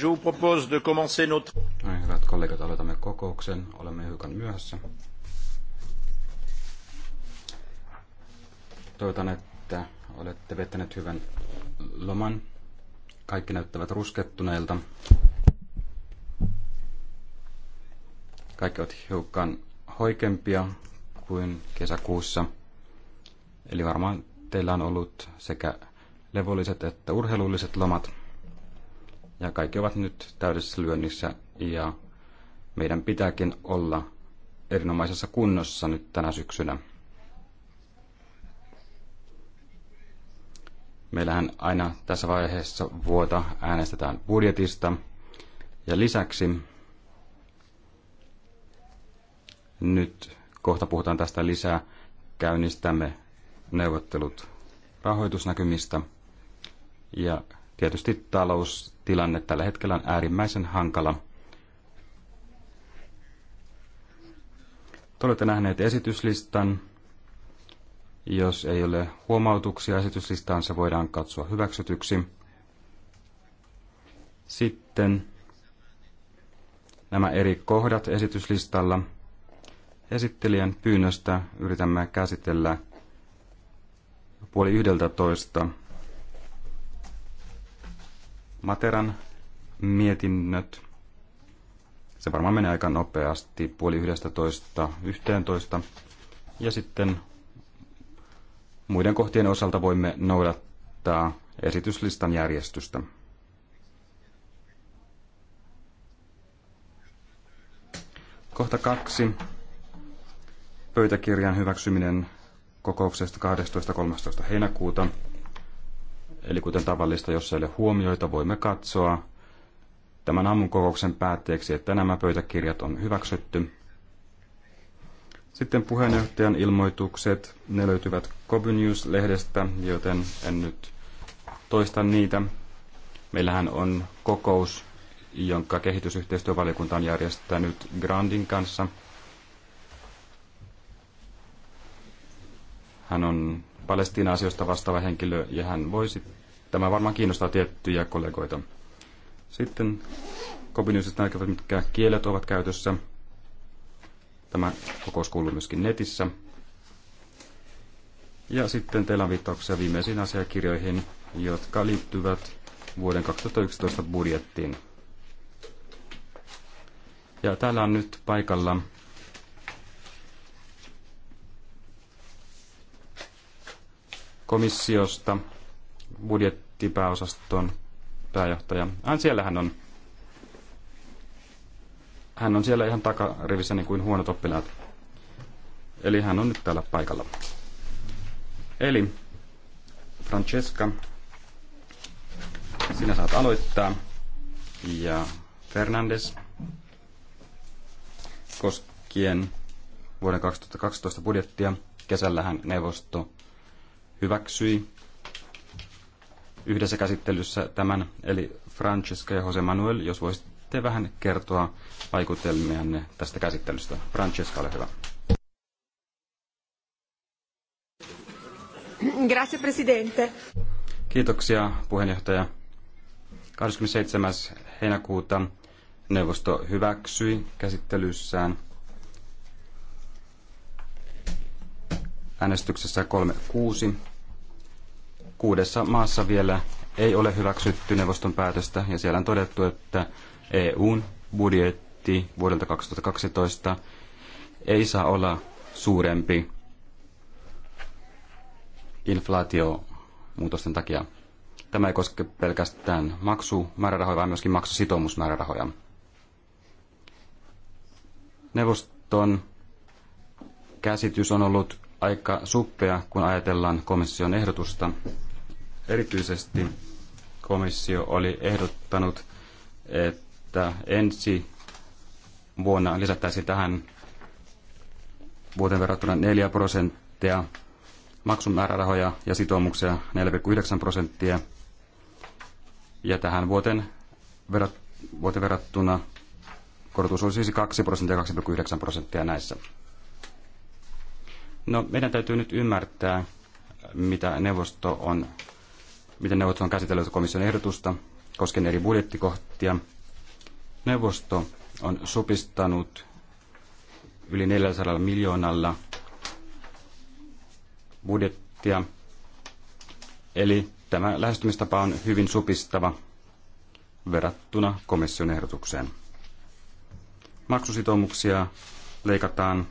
Je vous propose de commencer notre... Noin, hyvät kollegat, aloitamme kokouksen. Olemme hiukan myöhässä. Toivotan, että olette vettäneet hyvän loman. Kaikki näyttävät ruskettuneilta. Kaikki ovat hiukan hoikempia kuin kesäkuussa. Eli varmaan teillä on ollut sekä levolliset että urheilulliset lomat – ja kaikki ovat nyt täydessä lyönnissä ja meidän pitääkin olla erinomaisessa kunnossa nyt tänä syksynä. Meillähän aina tässä vaiheessa vuota äänestetään budjetista ja lisäksi nyt kohta puhutaan tästä lisää. Käynnistämme neuvottelut rahoitusnäkymistä ja Tietysti taloustilanne tällä hetkellä on äärimmäisen hankala. Te olette nähneet esityslistan. Jos ei ole huomautuksia esityslistaan, se voidaan katsoa hyväksytyksi. Sitten nämä eri kohdat esityslistalla. Esittelijän pyynnöstä yritämme käsitellä puoli yhdeltä toista Materan mietinnöt. Se varmaan menee aika nopeasti, puoli yhdestä toista, yhteen toista. Ja sitten muiden kohtien osalta voimme noudattaa esityslistan järjestystä. Kohta kaksi. Pöytäkirjan hyväksyminen kokouksesta 12.13. heinäkuuta Eli kuten tavallista, jos ei ole huomioita, voimme katsoa tämän aamun kokouksen päätteeksi, että nämä pöytäkirjat on hyväksytty. Sitten puheenjohtajan ilmoitukset, ne löytyvät Kobynews-lehdestä, joten en nyt toista niitä. Meillähän on kokous, jonka kehitysyhteistyövaliokunta on järjestänyt Grandin kanssa. Hän on Palestiina-asioista vastaava henkilö, ja hän voisi, tämä varmaan kiinnostaa tiettyjä kollegoita. Sitten Kobiniuset näkevät, mitkä kielet ovat käytössä. Tämä kokous kuuluu myöskin netissä. Ja sitten teillä on viittauksia viimeisiin asiakirjoihin, jotka liittyvät vuoden 2011 budjettiin. Ja täällä on nyt paikalla komissiosta budjettipääosaston pääjohtaja. Hän siellä hän on. Hän on siellä ihan takarivissä niin kuin huonot oppilaat. Eli hän on nyt täällä paikalla. Eli Francesca, sinä saat aloittaa. Ja Fernandes koskien vuoden 2012 budjettia. Kesällähän neuvosto hyväksyi yhdessä käsittelyssä tämän, eli Francesca ja Jose Manuel, jos voisitte vähän kertoa vaikutelmianne tästä käsittelystä. Francesca, ole hyvä. Grazie, Presidente. Kiitoksia, puheenjohtaja. 27. heinäkuuta neuvosto hyväksyi käsittelyssään äänestyksessä 36 kuudessa maassa vielä ei ole hyväksytty neuvoston päätöstä ja siellä on todettu, että EUn budjetti vuodelta 2012 ei saa olla suurempi inflaatiomuutosten takia. Tämä ei koske pelkästään maksumäärärahoja, vaan myöskin maksusitoumusmäärärahoja. Neuvoston käsitys on ollut aika suppea, kun ajatellaan komission ehdotusta, Erityisesti komissio oli ehdottanut, että ensi vuonna lisättäisiin tähän vuoteen verrattuna 4 prosenttia maksumäärärahoja ja sitoumuksia 4,9 prosenttia. Ja tähän vuoteen, verrat, vuoteen verrattuna korotus olisi siis 2 prosenttia ja 2,9 prosenttia näissä. No, meidän täytyy nyt ymmärtää, mitä neuvosto on miten neuvosto on käsitellyt komission ehdotusta koskien eri budjettikohtia. Neuvosto on supistanut yli 400 miljoonalla budjettia. Eli tämä lähestymistapa on hyvin supistava verrattuna komission ehdotukseen. Maksusitoumuksia leikataan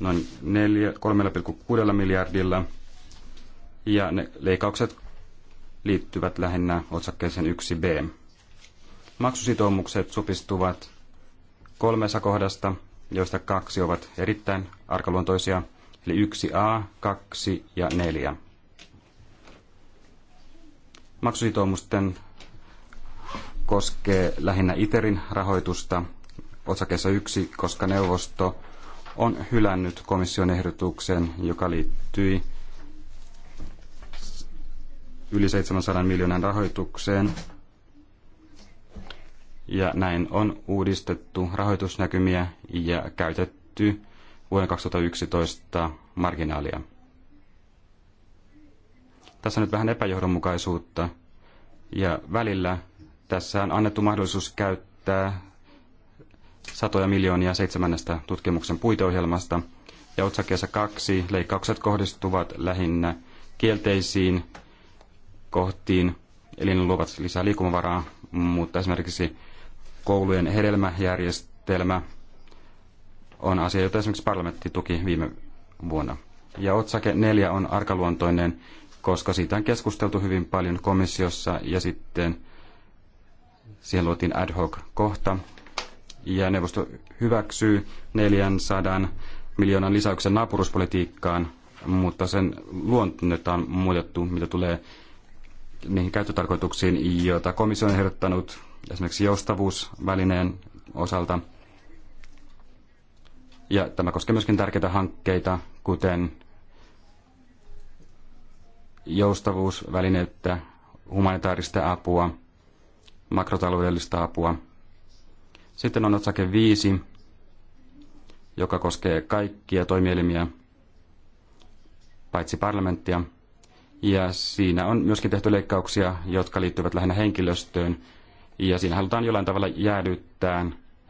noin 3,6 miljardilla ja ne leikaukset liittyvät lähinnä otsakkeeseen 1b. Maksusitoumukset supistuvat kolmessa kohdasta, joista kaksi ovat erittäin arkaluontoisia, eli 1a, 2 ja 4. Maksusitoumusten koskee lähinnä ITERin rahoitusta otsakkeessa 1, koska neuvosto on hylännyt komission ehdotuksen, joka liittyi yli 700 miljoonan rahoitukseen. Ja näin on uudistettu rahoitusnäkymiä ja käytetty vuoden 2011 marginaalia. Tässä on nyt vähän epäjohdonmukaisuutta ja välillä tässä on annettu mahdollisuus käyttää satoja miljoonia seitsemännestä tutkimuksen puiteohjelmasta ja otsakkeessa kaksi leikkaukset kohdistuvat lähinnä kielteisiin kohtiin, eli ne luovat lisää liikumavaraa, mutta esimerkiksi koulujen hedelmäjärjestelmä on asia, jota esimerkiksi parlamentti tuki viime vuonna. Ja otsake neljä on arkaluontoinen, koska siitä on keskusteltu hyvin paljon komissiossa ja sitten siihen luotiin ad hoc kohta. Ja neuvosto hyväksyy 400 miljoonan lisäyksen naapuruspolitiikkaan, mutta sen luonnetta on muutettu, mitä tulee niihin käyttötarkoituksiin, joita komissio on ehdottanut esimerkiksi joustavuusvälineen osalta. Ja tämä koskee myöskin tärkeitä hankkeita, kuten joustavuusvälineitä, humanitaarista apua, makrotaloudellista apua. Sitten on otsake 5, joka koskee kaikkia toimielimiä, paitsi parlamenttia – ja siinä on myöskin tehty leikkauksia, jotka liittyvät lähinnä henkilöstöön. Ja siinä halutaan jollain tavalla jäädyttää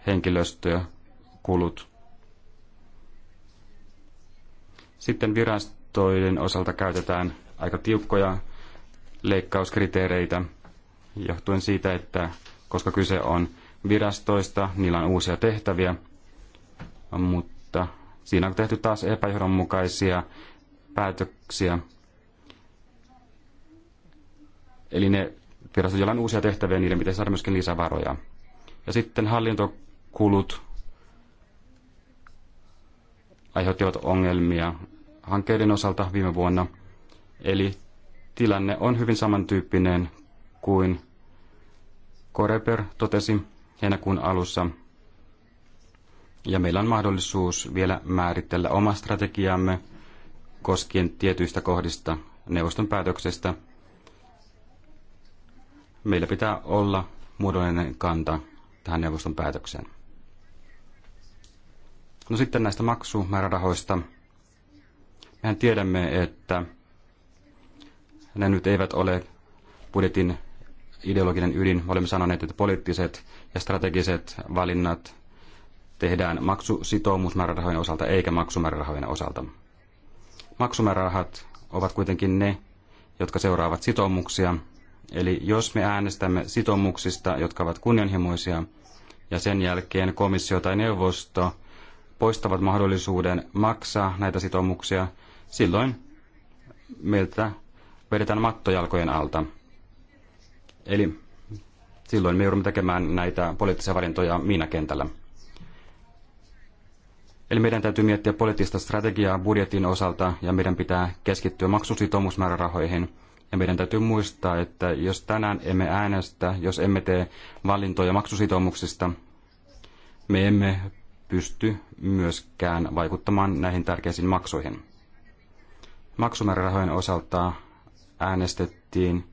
henkilöstökulut. Sitten virastoiden osalta käytetään aika tiukkoja leikkauskriteereitä johtuen siitä, että koska kyse on virastoista, niillä on uusia tehtäviä, mutta siinä on tehty taas epäjohdonmukaisia päätöksiä Eli ne virastot, joilla on uusia tehtäviä, niiden pitäisi saada myöskin lisävaroja. Ja sitten hallintokulut aiheuttivat ongelmia hankkeiden osalta viime vuonna. Eli tilanne on hyvin samantyyppinen kuin Koreper totesi heinäkuun alussa. Ja meillä on mahdollisuus vielä määritellä oma strategiamme koskien tietyistä kohdista neuvoston päätöksestä – meillä pitää olla muodollinen kanta tähän neuvoston päätökseen. No sitten näistä maksumäärärahoista. Mehän tiedämme, että ne nyt eivät ole budjetin ideologinen ydin. Olemme sanoneet, että poliittiset ja strategiset valinnat tehdään maksusitoumusmäärärahojen osalta eikä maksumäärärahojen osalta. Maksumäärärahat ovat kuitenkin ne, jotka seuraavat sitoumuksia, Eli jos me äänestämme sitoumuksista, jotka ovat kunnianhimoisia, ja sen jälkeen komissio tai neuvosto poistavat mahdollisuuden maksaa näitä sitoumuksia, silloin meiltä vedetään mattojalkojen alta. Eli silloin me joudumme tekemään näitä poliittisia valintoja miinakentällä. Eli meidän täytyy miettiä poliittista strategiaa budjetin osalta ja meidän pitää keskittyä maksusitoumusmäärärahoihin – ja meidän täytyy muistaa, että jos tänään emme äänestä, jos emme tee valintoja maksusitoumuksista, me emme pysty myöskään vaikuttamaan näihin tärkeisiin maksuihin. Maksumäärärahojen osalta äänestettiin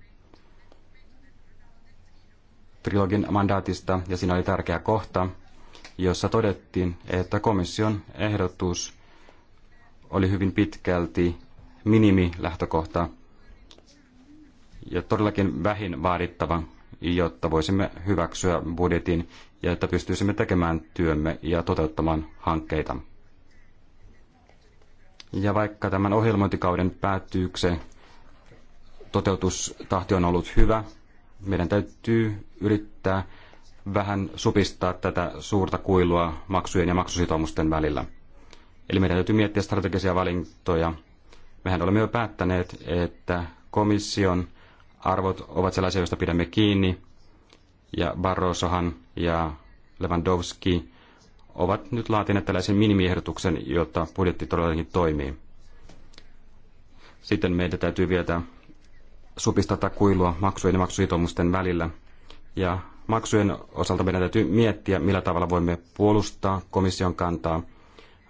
trilogin mandaatista ja siinä oli tärkeä kohta, jossa todettiin, että komission ehdotus oli hyvin pitkälti minimilähtökohta ja todellakin vähin vaadittava, jotta voisimme hyväksyä budjetin ja että pystyisimme tekemään työmme ja toteuttamaan hankkeita. Ja vaikka tämän ohjelmointikauden päättyykseen toteutustahti on ollut hyvä, meidän täytyy yrittää vähän supistaa tätä suurta kuilua maksujen ja maksusitoumusten välillä. Eli meidän täytyy miettiä strategisia valintoja. Mehän olemme jo päättäneet, että komission arvot ovat sellaisia, joista pidämme kiinni. Ja Barrosohan ja Lewandowski ovat nyt laatineet tällaisen minimiehdotuksen, jotta budjetti todellakin toimii. Sitten meidän täytyy vielä supistaa kuilua maksujen ja maksusitoumusten välillä. Ja maksujen osalta meidän täytyy miettiä, millä tavalla voimme puolustaa komission kantaa,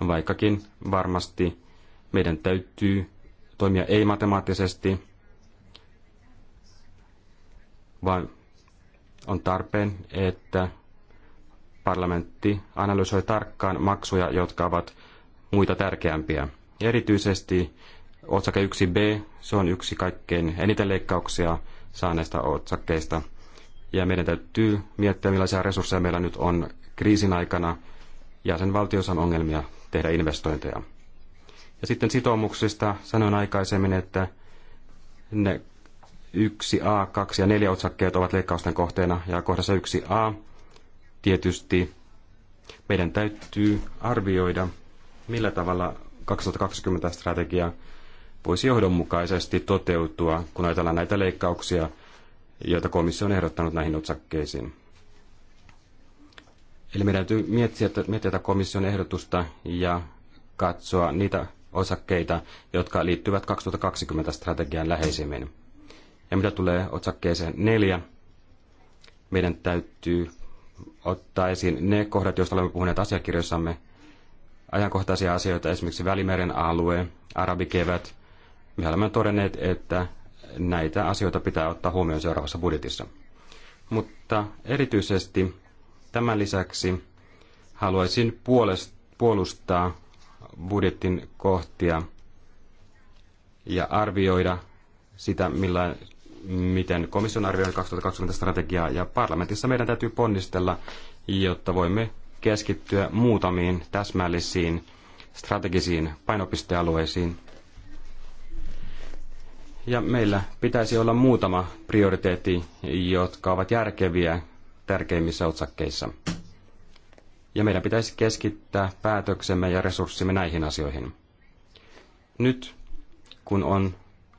vaikkakin varmasti meidän täytyy toimia ei-matemaattisesti, vaan on tarpeen, että parlamentti analysoi tarkkaan maksuja, jotka ovat muita tärkeämpiä. Erityisesti otsake 1b, se on yksi kaikkein eniten leikkauksia saaneista otsakkeista. Ja meidän täytyy miettiä, millaisia resursseja meillä nyt on kriisin aikana ja sen on ongelmia tehdä investointeja. Ja sitten sitoumuksista sanoin aikaisemmin, että ne 1a, 2 ja 4 otsakkeet ovat leikkausten kohteena ja kohdassa 1a tietysti meidän täytyy arvioida, millä tavalla 2020 strategia voisi johdonmukaisesti toteutua, kun ajatellaan näitä leikkauksia, joita komissio on ehdottanut näihin otsakkeisiin. Eli meidän täytyy miettiä, miettiä tätä komission ehdotusta ja katsoa niitä osakkeita, jotka liittyvät 2020 strategian läheisemmin. Ja mitä tulee otsakkeeseen neljä, meidän täytyy ottaa esiin ne kohdat, joista olemme puhuneet asiakirjoissamme, ajankohtaisia asioita, esimerkiksi Välimeren alue, arabikevät. Me olemme todenneet, että näitä asioita pitää ottaa huomioon seuraavassa budjetissa. Mutta erityisesti tämän lisäksi haluaisin puolustaa budjetin kohtia ja arvioida sitä, millä, miten komission arvioi 2020 strategiaa ja parlamentissa meidän täytyy ponnistella, jotta voimme keskittyä muutamiin täsmällisiin strategisiin painopistealueisiin. Ja meillä pitäisi olla muutama prioriteetti, jotka ovat järkeviä tärkeimmissä otsakkeissa. Ja meidän pitäisi keskittää päätöksemme ja resurssimme näihin asioihin. Nyt, kun on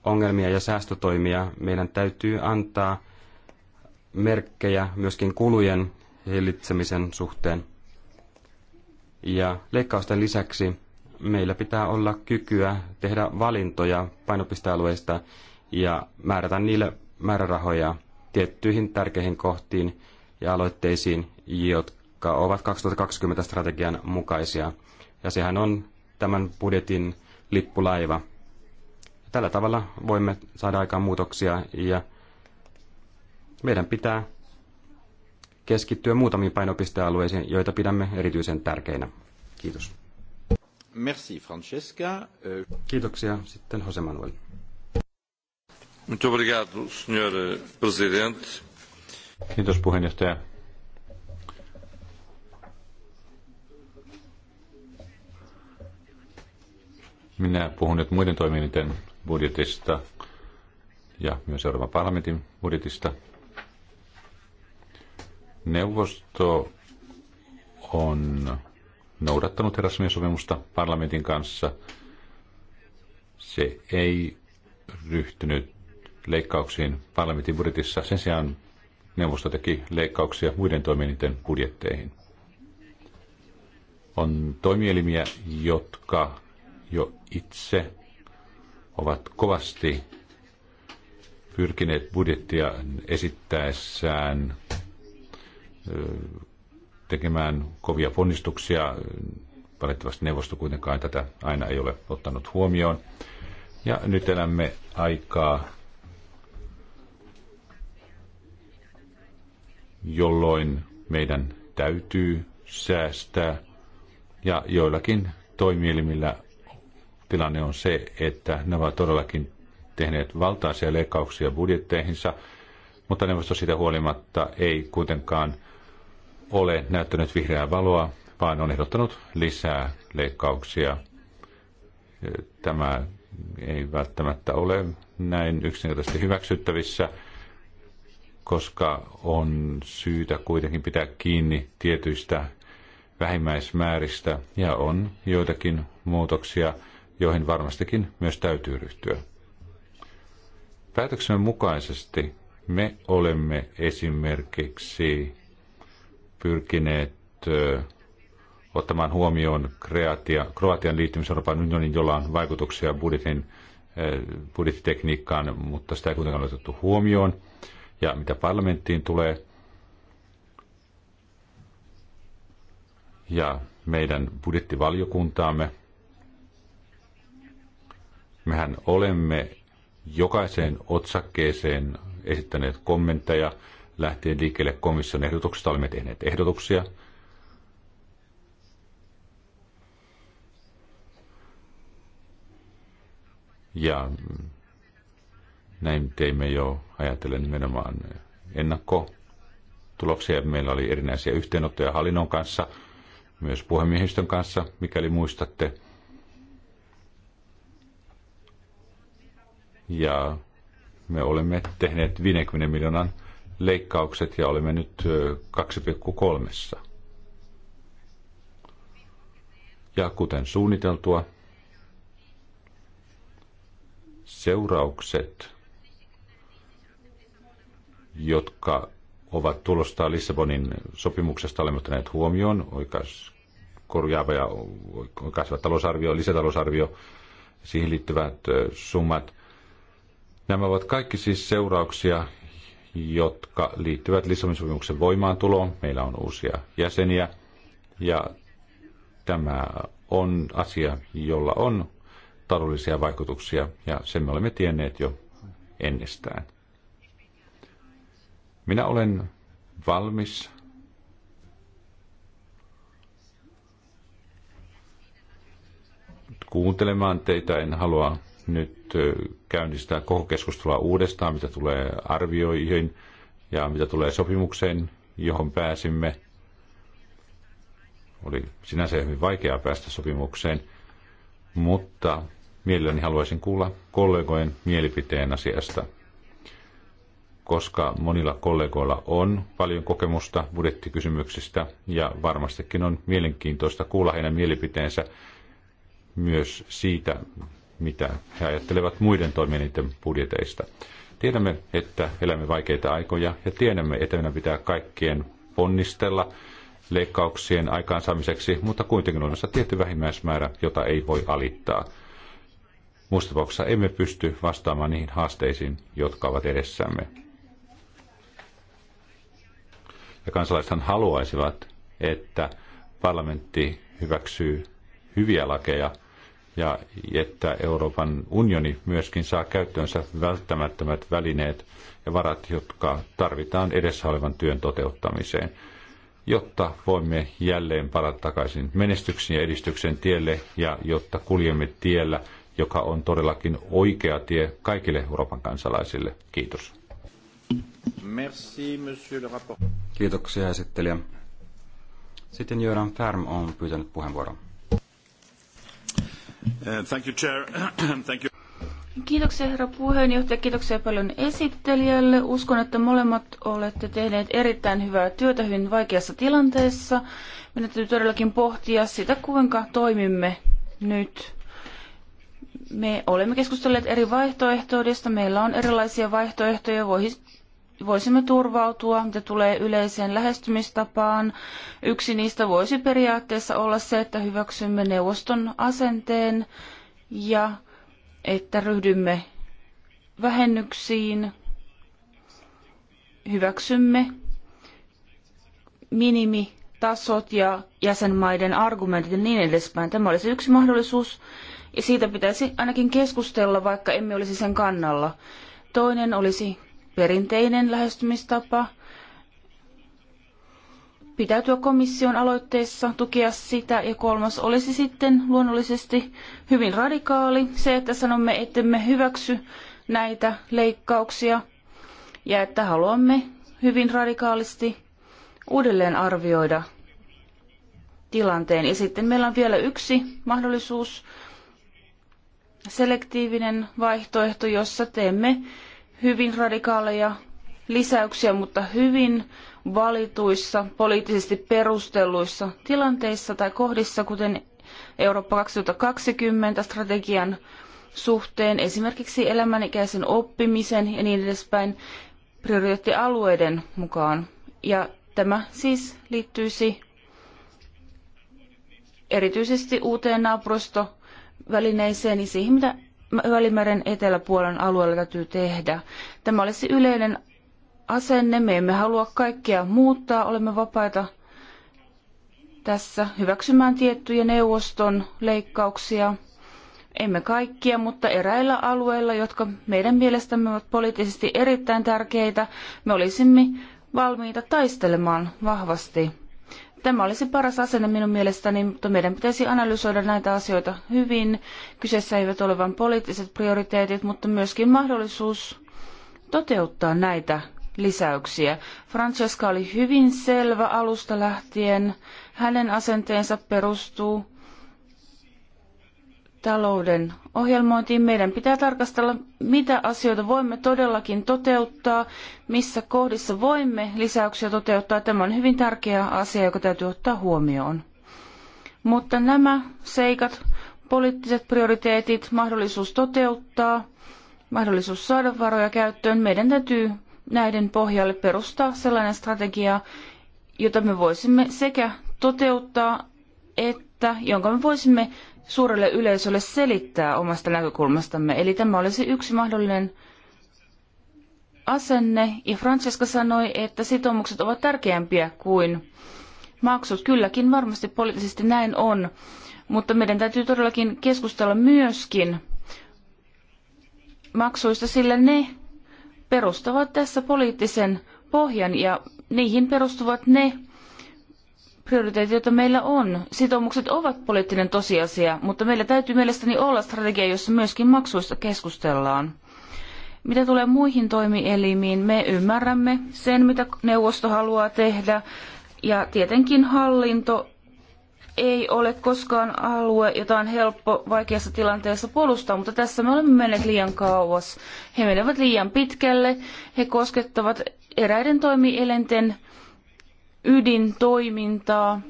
ongelmia ja säästötoimia, meidän täytyy antaa merkkejä myöskin kulujen hillitsemisen suhteen. Ja leikkausten lisäksi meillä pitää olla kykyä tehdä valintoja painopistealueista ja määrätä niille määrärahoja tiettyihin tärkeihin kohtiin ja aloitteisiin, jotka ovat 2020 strategian mukaisia. Ja sehän on tämän budjetin lippulaiva – Tällä tavalla voimme saada aikaan muutoksia ja meidän pitää keskittyä muutamiin painopistealueisiin, joita pidämme erityisen tärkeinä. Kiitos. Merci Francesca. Euh, Kiitoksia. Sitten Jose Manuel. Muito obrigado, senhor presidente. Kiitos puheenjohtaja. Minä puhun nyt muiden toimijoiden budjetista ja myös Euroopan parlamentin budjetista. Neuvosto on noudattanut Erasmin sopimusta parlamentin kanssa. Se ei ryhtynyt leikkauksiin parlamentin budjetissa. Sen sijaan neuvosto teki leikkauksia muiden toimielinten budjetteihin. On toimielimiä, jotka jo itse ovat kovasti pyrkineet budjettia esittäessään tekemään kovia ponnistuksia. Valitettavasti neuvosto kuitenkaan tätä aina ei ole ottanut huomioon. Ja nyt elämme aikaa, jolloin meidän täytyy säästää ja joillakin toimielimillä tilanne on se, että ne ovat todellakin tehneet valtaisia leikkauksia budjetteihinsa, mutta neuvosto siitä huolimatta ei kuitenkaan ole näyttänyt vihreää valoa, vaan on ehdottanut lisää leikkauksia. Tämä ei välttämättä ole näin yksinkertaisesti hyväksyttävissä, koska on syytä kuitenkin pitää kiinni tietyistä vähimmäismääristä ja on joitakin muutoksia – joihin varmastikin myös täytyy ryhtyä. Päätöksemme mukaisesti me olemme esimerkiksi pyrkineet ottamaan huomioon Kreatia, Kroatian liittymisen Euroopan unionin, jolla on vaikutuksia budjetin, budjettitekniikkaan, mutta sitä ei kuitenkaan otettu huomioon. Ja mitä parlamenttiin tulee, ja meidän budjettivaliokuntaamme, Mehän olemme jokaiseen otsakkeeseen esittäneet kommentteja, lähtien liikkeelle komission ehdotuksesta olemme tehneet ehdotuksia. Ja näin teimme jo ajatellen nimenomaan ennakkotuloksia. Meillä oli erinäisiä yhteenottoja hallinnon kanssa, myös puhemiehistön kanssa, mikäli muistatte – ja me olemme tehneet 50 miljoonan leikkaukset ja olemme nyt 2,3. Ja kuten suunniteltua, seuraukset, jotka ovat tulosta Lissabonin sopimuksesta, olemme ottaneet huomioon, oikas korjaava ja oikaiseva talousarvio, lisätalousarvio, siihen liittyvät summat – Nämä ovat kaikki siis seurauksia, jotka liittyvät Lissabonin sopimuksen voimaantuloon. Meillä on uusia jäseniä ja tämä on asia, jolla on taloudellisia vaikutuksia ja sen me olemme tienneet jo ennestään. Minä olen valmis kuuntelemaan teitä. En halua nyt käynnistää koko keskustelua uudestaan, mitä tulee arvioihin ja mitä tulee sopimukseen, johon pääsimme. Oli sinänsä hyvin vaikeaa päästä sopimukseen, mutta mielelläni haluaisin kuulla kollegojen mielipiteen asiasta. Koska monilla kollegoilla on paljon kokemusta budjettikysymyksistä ja varmastikin on mielenkiintoista kuulla heidän mielipiteensä myös siitä, mitä he ajattelevat muiden toimielinten budjeteista. Tiedämme, että elämme vaikeita aikoja ja tiedämme, että meidän pitää kaikkien ponnistella leikkauksien aikaansaamiseksi, mutta kuitenkin on olemassa tietty vähimmäismäärä, jota ei voi alittaa. Muussa emme pysty vastaamaan niihin haasteisiin, jotka ovat edessämme. Ja kansalaisethan haluaisivat, että parlamentti hyväksyy hyviä lakeja, ja että Euroopan unioni myöskin saa käyttöönsä välttämättömät välineet ja varat, jotka tarvitaan edessä olevan työn toteuttamiseen, jotta voimme jälleen palata takaisin menestyksen ja edistyksen tielle ja jotta kuljemme tiellä, joka on todellakin oikea tie kaikille Euroopan kansalaisille. Kiitos. Merci, monsieur le Kiitoksia esittelijä. Sitten Jöran Färm on pyytänyt puheenvuoron. Uh, thank you, Chair. Thank you. Kiitoksia herra puheenjohtaja, kiitoksia paljon esittelijälle. Uskon, että molemmat olette tehneet erittäin hyvää työtä hyvin vaikeassa tilanteessa. Meidän täytyy todellakin pohtia sitä, kuinka toimimme nyt. Me olemme keskustelleet eri vaihtoehtoista, meillä on erilaisia vaihtoehtoja, voisi voisimme turvautua, mitä tulee yleiseen lähestymistapaan. Yksi niistä voisi periaatteessa olla se, että hyväksymme neuvoston asenteen ja että ryhdymme vähennyksiin, hyväksymme minimitasot ja jäsenmaiden argumentit ja niin edespäin. Tämä olisi yksi mahdollisuus ja siitä pitäisi ainakin keskustella, vaikka emme olisi sen kannalla. Toinen olisi perinteinen lähestymistapa pitäytyä komission aloitteessa, tukea sitä, ja kolmas olisi sitten luonnollisesti hyvin radikaali se, että sanomme, ettemme hyväksy näitä leikkauksia ja että haluamme hyvin radikaalisti uudelleen arvioida tilanteen. Ja sitten meillä on vielä yksi mahdollisuus, selektiivinen vaihtoehto, jossa teemme hyvin radikaaleja lisäyksiä, mutta hyvin valituissa, poliittisesti perustelluissa tilanteissa tai kohdissa, kuten Eurooppa 2020 strategian suhteen, esimerkiksi elämänikäisen oppimisen ja niin edespäin prioriteettialueiden mukaan. Ja tämä siis liittyisi erityisesti uuteen naapurustovälineeseen ja siihen, mitä Välimeren eteläpuolen alueella täytyy tehdä. Tämä olisi yleinen asenne. Me emme halua kaikkea muuttaa. Olemme vapaita tässä hyväksymään tiettyjä neuvoston leikkauksia. Emme kaikkia, mutta eräillä alueilla, jotka meidän mielestämme ovat poliittisesti erittäin tärkeitä, me olisimme valmiita taistelemaan vahvasti. Tämä olisi paras asenne minun mielestäni, mutta meidän pitäisi analysoida näitä asioita hyvin. Kyseessä eivät ole vain poliittiset prioriteetit, mutta myöskin mahdollisuus toteuttaa näitä lisäyksiä. Francesca oli hyvin selvä alusta lähtien. Hänen asenteensa perustuu talouden ohjelmointiin. Meidän pitää tarkastella, mitä asioita voimme todellakin toteuttaa, missä kohdissa voimme lisäyksiä toteuttaa. Tämä on hyvin tärkeä asia, joka täytyy ottaa huomioon. Mutta nämä seikat, poliittiset prioriteetit, mahdollisuus toteuttaa, mahdollisuus saada varoja käyttöön, meidän täytyy näiden pohjalle perustaa sellainen strategia, jota me voisimme sekä toteuttaa että jonka me voisimme suurelle yleisölle selittää omasta näkökulmastamme. Eli tämä olisi yksi mahdollinen asenne. Ja Francesca sanoi, että sitoumukset ovat tärkeämpiä kuin maksut. Kylläkin varmasti poliittisesti näin on, mutta meidän täytyy todellakin keskustella myöskin maksuista, sillä ne perustavat tässä poliittisen pohjan ja niihin perustuvat ne prioriteetti, jota meillä on. Sitoumukset ovat poliittinen tosiasia, mutta meillä täytyy mielestäni olla strategia, jossa myöskin maksuista keskustellaan. Mitä tulee muihin toimielimiin, me ymmärrämme sen, mitä neuvosto haluaa tehdä. Ja tietenkin hallinto ei ole koskaan alue, jota on helppo vaikeassa tilanteessa puolustaa, mutta tässä me olemme menneet liian kauas. He menevät liian pitkälle, he koskettavat eräiden toimielenten ydintoimintaa,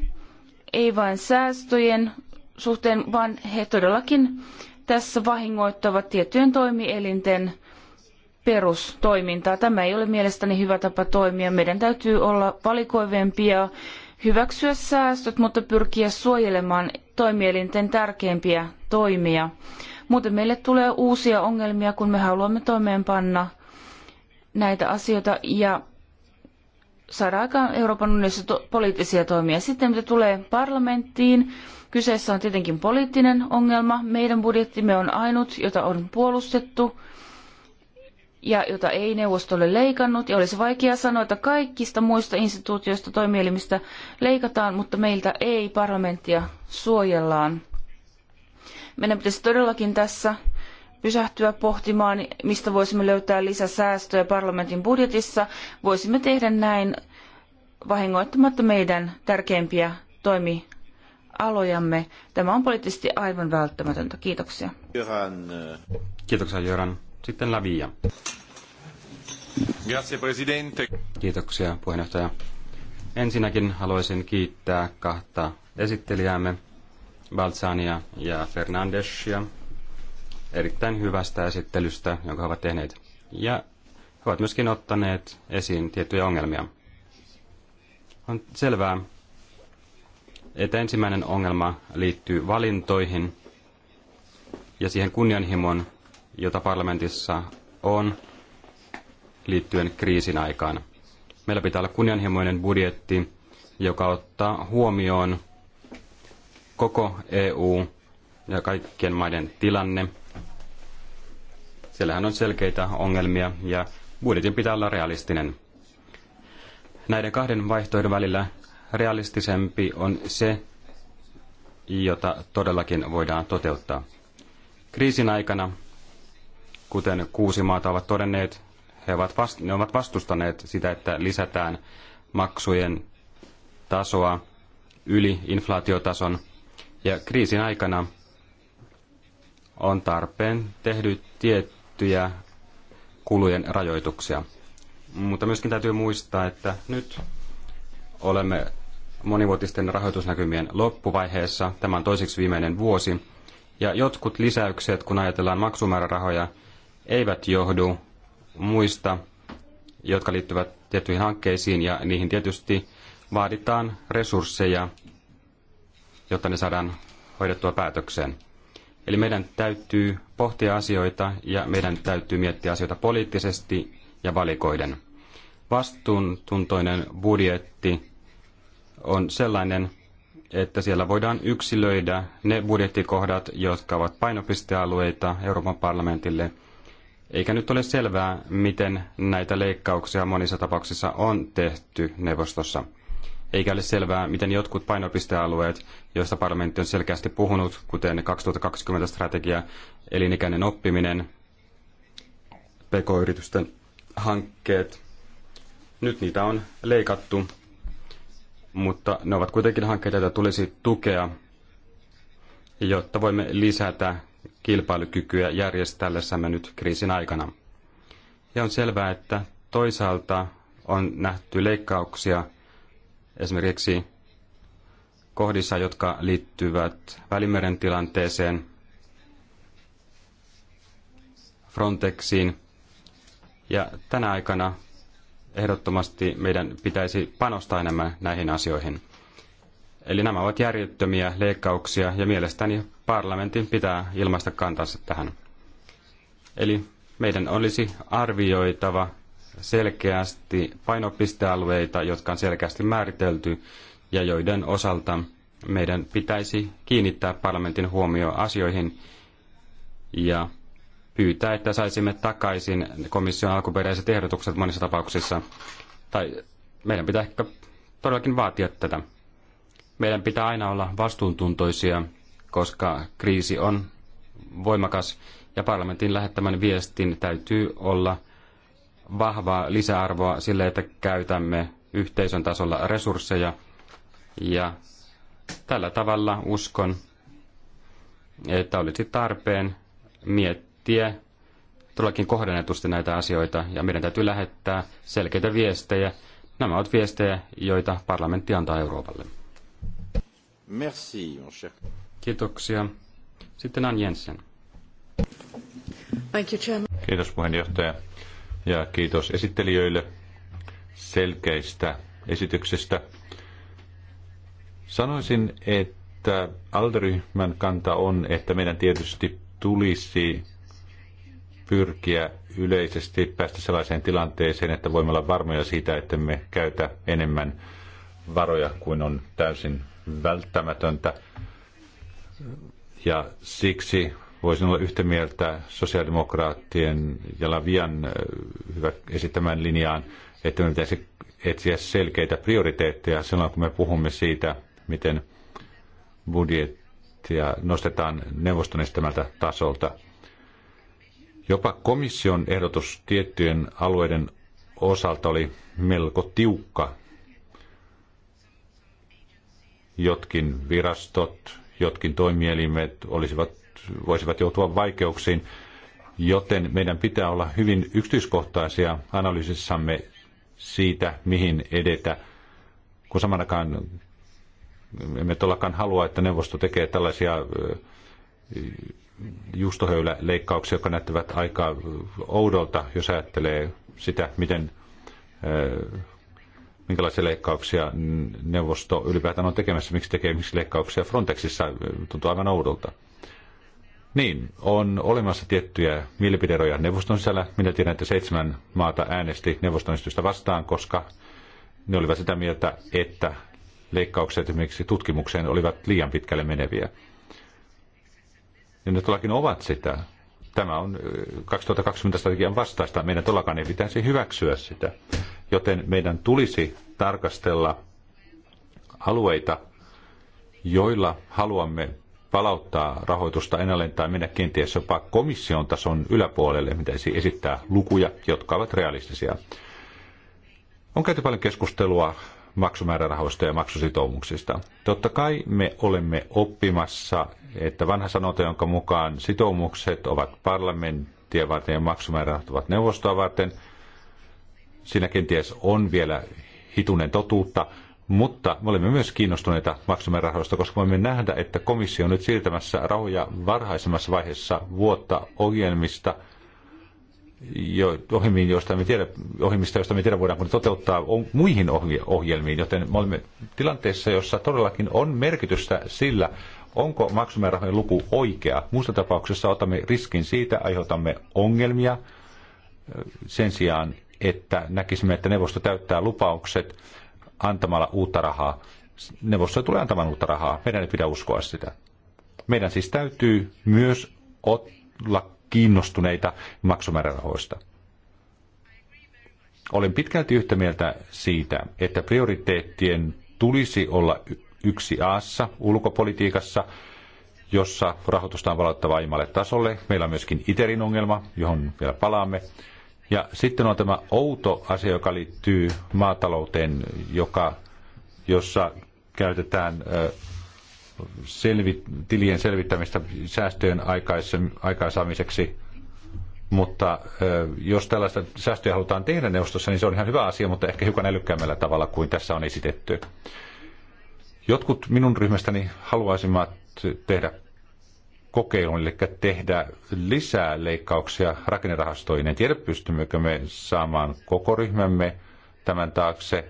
ei vain säästöjen suhteen, vaan he todellakin tässä vahingoittavat tiettyjen toimielinten perustoimintaa. Tämä ei ole mielestäni hyvä tapa toimia. Meidän täytyy olla valikoivempia, hyväksyä säästöt, mutta pyrkiä suojelemaan toimielinten tärkeimpiä toimia. Muuten meille tulee uusia ongelmia, kun me haluamme toimeenpanna näitä asioita ja saada aikaan Euroopan unionissa to- poliittisia toimia. Sitten mitä tulee parlamenttiin, kyseessä on tietenkin poliittinen ongelma. Meidän budjettimme on ainut, jota on puolustettu ja jota ei ole leikannut. Ja olisi vaikea sanoa, että kaikista muista instituutioista toimielimistä leikataan, mutta meiltä ei parlamenttia suojellaan. Meidän pitäisi todellakin tässä pysähtyä pohtimaan, mistä voisimme löytää lisäsäästöjä parlamentin budjetissa. Voisimme tehdä näin vahingoittamatta meidän tärkeimpiä toimialojamme. Tämä on poliittisesti aivan välttämätöntä. Kiitoksia. Jöran. Kiitoksia Jöran. Sitten Lavia. Grazie, presidente. Kiitoksia puheenjohtaja. Ensinnäkin haluaisin kiittää kahta esittelijäämme, Balzania ja Fernandesia erittäin hyvästä esittelystä, jonka he ovat tehneet. Ja he ovat myöskin ottaneet esiin tiettyjä ongelmia. On selvää, että ensimmäinen ongelma liittyy valintoihin ja siihen kunnianhimon, jota parlamentissa on liittyen kriisin aikaan. Meillä pitää olla kunnianhimoinen budjetti, joka ottaa huomioon koko EU ja kaikkien maiden tilanne – Siellähän on selkeitä ongelmia ja budjetin pitää olla realistinen. Näiden kahden vaihtoehdon välillä realistisempi on se, jota todellakin voidaan toteuttaa. Kriisin aikana, kuten kuusi maata ovat todenneet, he ovat vast, ne ovat vastustaneet sitä, että lisätään maksujen tasoa yli inflaatiotason. Ja kriisin aikana on tarpeen tehdy tietty tiettyjä kulujen rajoituksia. Mutta myöskin täytyy muistaa, että nyt olemme monivuotisten rahoitusnäkymien loppuvaiheessa. Tämä on toiseksi viimeinen vuosi. Ja jotkut lisäykset, kun ajatellaan maksumäärärahoja, eivät johdu muista, jotka liittyvät tiettyihin hankkeisiin, ja niihin tietysti vaaditaan resursseja, jotta ne saadaan hoidettua päätökseen. Eli meidän täytyy pohtia asioita ja meidän täytyy miettiä asioita poliittisesti ja valikoiden. Vastuuntuntoinen budjetti on sellainen, että siellä voidaan yksilöidä ne budjettikohdat, jotka ovat painopistealueita Euroopan parlamentille. Eikä nyt ole selvää, miten näitä leikkauksia monissa tapauksissa on tehty neuvostossa eikä ole selvää, miten jotkut painopistealueet, joista parlamentti on selkeästi puhunut, kuten 2020-strategia, elinikäinen oppiminen, pk-yritysten hankkeet, nyt niitä on leikattu, mutta ne ovat kuitenkin hankkeita, joita tulisi tukea, jotta voimme lisätä kilpailukykyä järjestellessämme nyt kriisin aikana. Ja on selvää, että toisaalta on nähty leikkauksia – Esimerkiksi kohdissa, jotka liittyvät Välimeren tilanteeseen, Frontexiin. Ja tänä aikana ehdottomasti meidän pitäisi panostaa enemmän näihin asioihin. Eli nämä ovat järjettömiä leikkauksia ja mielestäni parlamentin pitää ilmaista kantansa tähän. Eli meidän olisi arvioitava selkeästi painopistealueita, jotka on selkeästi määritelty ja joiden osalta meidän pitäisi kiinnittää parlamentin huomio asioihin ja pyytää, että saisimme takaisin komission alkuperäiset ehdotukset monissa tapauksissa. Tai meidän pitää ehkä todellakin vaatia tätä. Meidän pitää aina olla vastuuntuntoisia, koska kriisi on voimakas ja parlamentin lähettämän viestin täytyy olla – vahvaa lisäarvoa sille, että käytämme yhteisön tasolla resursseja. Ja tällä tavalla uskon, että olisi tarpeen miettiä todellakin kohdennetusti näitä asioita ja meidän täytyy lähettää selkeitä viestejä. Nämä ovat viestejä, joita parlamentti antaa Euroopalle. Merci, mon cher. Kiitoksia. Sitten Ann Jensen. Thank you, Kiitos puheenjohtaja ja kiitos esittelijöille selkeistä esityksestä. Sanoisin, että alderyhmän kanta on, että meidän tietysti tulisi pyrkiä yleisesti päästä sellaiseen tilanteeseen, että voimme olla varmoja siitä, että me käytä enemmän varoja kuin on täysin välttämätöntä. Ja siksi Voisin olla yhtä mieltä sosiaalidemokraattien ja Lavian hyvä esittämään linjaan, että me pitäisi etsiä selkeitä prioriteetteja silloin, kun me puhumme siitä, miten budjettia nostetaan neuvoston estämältä tasolta. Jopa komission ehdotus tiettyjen alueiden osalta oli melko tiukka. Jotkin virastot, jotkin toimielimet olisivat voisivat joutua vaikeuksiin, joten meidän pitää olla hyvin yksityiskohtaisia analyysissamme siitä, mihin edetä, kun samanakaan emme todellakaan halua, että neuvosto tekee tällaisia juustohöyläleikkauksia, jotka näyttävät aika oudolta, jos ajattelee sitä, miten minkälaisia leikkauksia neuvosto ylipäätään on tekemässä, miksi tekee miksi leikkauksia Frontexissa, tuntuu aivan oudolta. Niin, on olemassa tiettyjä mielipideroja neuvoston sisällä. Minä tiedän, että seitsemän maata äänesti neuvoston esitystä vastaan, koska ne olivat sitä mieltä, että leikkaukset esimerkiksi tutkimukseen olivat liian pitkälle meneviä. Ja ne todellakin ovat sitä. Tämä on 2020 strategian vastaista. Meidän todellakaan ei pitäisi hyväksyä sitä. Joten meidän tulisi tarkastella alueita, joilla haluamme palauttaa rahoitusta ennalleen tai mennä kenties jopa komission tason yläpuolelle, pitäisi esittää lukuja, jotka ovat realistisia. On käyty paljon keskustelua maksumäärärahoista ja maksusitoumuksista. Totta kai me olemme oppimassa, että vanha sanota, jonka mukaan sitoumukset ovat parlamenttia varten ja maksumäärärahat ovat neuvostoa varten, siinä kenties on vielä hitunen totuutta, mutta me olemme myös kiinnostuneita rahoista, koska voimme nähdä, että komissio on nyt siirtämässä rahoja varhaisemmassa vaiheessa vuotta ohjelmista, jo, ohjelmiin, joista me tiedä, ohjelmista, joista me tiedä voidaanko ne toteuttaa muihin ohjelmiin, joten me olemme tilanteessa, jossa todellakin on merkitystä sillä, onko maksumäärärahojen luku oikea. Muussa tapauksessa otamme riskin siitä, aiheutamme ongelmia sen sijaan, että näkisimme, että neuvosto täyttää lupaukset antamalla uutta rahaa. Neuvosto tulee antamaan uutta rahaa. Meidän ei pidä uskoa sitä. Meidän siis täytyy myös olla kiinnostuneita maksumäärärahoista. Olen pitkälti yhtä mieltä siitä, että prioriteettien tulisi olla yksi aassa ulkopolitiikassa, jossa rahoitusta on valottava aimalle tasolle. Meillä on myöskin ITERin ongelma, johon vielä palaamme. Ja sitten on tämä outo asia, joka liittyy maatalouteen, joka, jossa käytetään selvi, tilien selvittämistä säästöjen aikaansaamiseksi. Mutta jos tällaista säästöjä halutaan tehdä neuvostossa, niin se on ihan hyvä asia, mutta ehkä hiukan älykkäämmällä tavalla kuin tässä on esitetty. Jotkut minun ryhmästäni haluaisivat tehdä kokeilun, eli tehdä lisää leikkauksia rakennerahastoihin. En tiedä, pystymmekö me saamaan koko ryhmämme tämän taakse.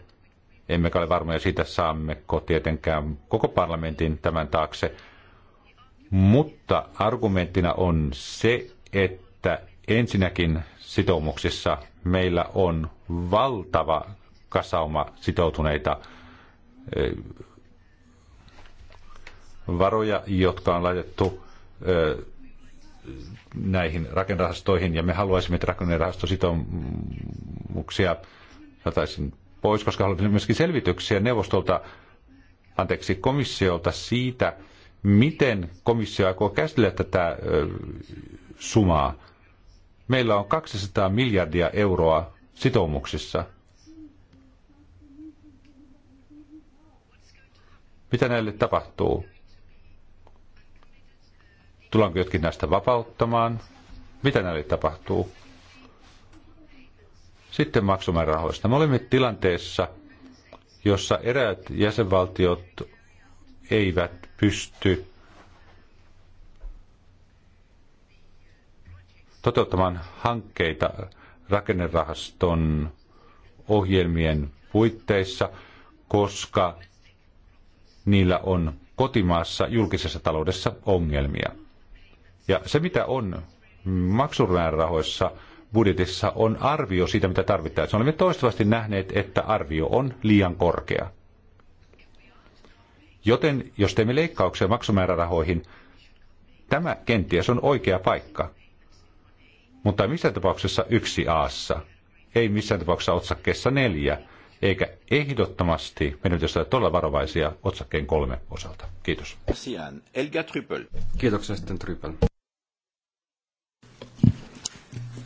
Emmekä ole varmoja siitä, saammeko tietenkään koko parlamentin tämän taakse. Mutta argumenttina on se, että ensinnäkin sitoumuksissa meillä on valtava kasauma sitoutuneita eh, varoja, jotka on laitettu näihin rakennerahastoihin, ja me haluaisimme, että rakennerahastositoumuksia saataisiin pois, koska haluaisimme myöskin selvityksiä neuvostolta, anteeksi, komissiolta siitä, miten komissio aikoo käsitellä tätä sumaa. Meillä on 200 miljardia euroa sitoumuksissa. Mitä näille tapahtuu? Tullaanko jotkin näistä vapauttamaan? Mitä näille tapahtuu? Sitten maksumäärärahoista. Me olemme tilanteessa, jossa eräät jäsenvaltiot eivät pysty toteuttamaan hankkeita rakennerahaston ohjelmien puitteissa, koska niillä on kotimaassa julkisessa taloudessa ongelmia. Ja se, mitä on maksumäärärahoissa budjetissa, on arvio siitä, mitä Se Olemme toistuvasti nähneet, että arvio on liian korkea. Joten jos teemme leikkauksia maksumäärärahoihin, tämä kenties on oikea paikka. Mutta missään tapauksessa yksi aassa, ei missään tapauksessa otsakkeessa neljä, eikä ehdottomasti meidän pitäisi olla todella varovaisia otsakkeen kolme osalta. Kiitos. Elga Kiitoksia sitten Trypel.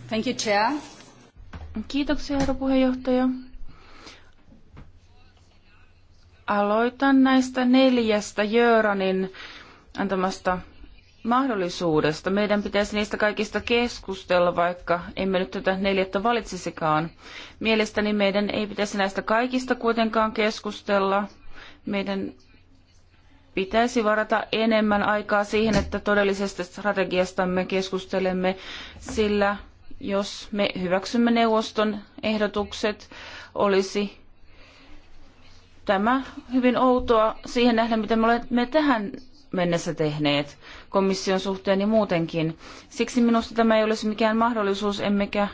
Thank you, Chair. Kiitoksia, herra puheenjohtaja. Aloitan näistä neljästä Jöranin antamasta mahdollisuudesta. Meidän pitäisi niistä kaikista keskustella, vaikka emme nyt tätä neljättä valitsisikaan. Mielestäni meidän ei pitäisi näistä kaikista kuitenkaan keskustella. Meidän pitäisi varata enemmän aikaa siihen, että todellisesta strategiastamme keskustelemme, sillä jos me hyväksymme neuvoston ehdotukset, olisi tämä hyvin outoa siihen nähden, mitä me olemme tähän mennessä tehneet komission suhteen ja muutenkin. Siksi minusta tämä ei olisi mikään mahdollisuus, emmekä,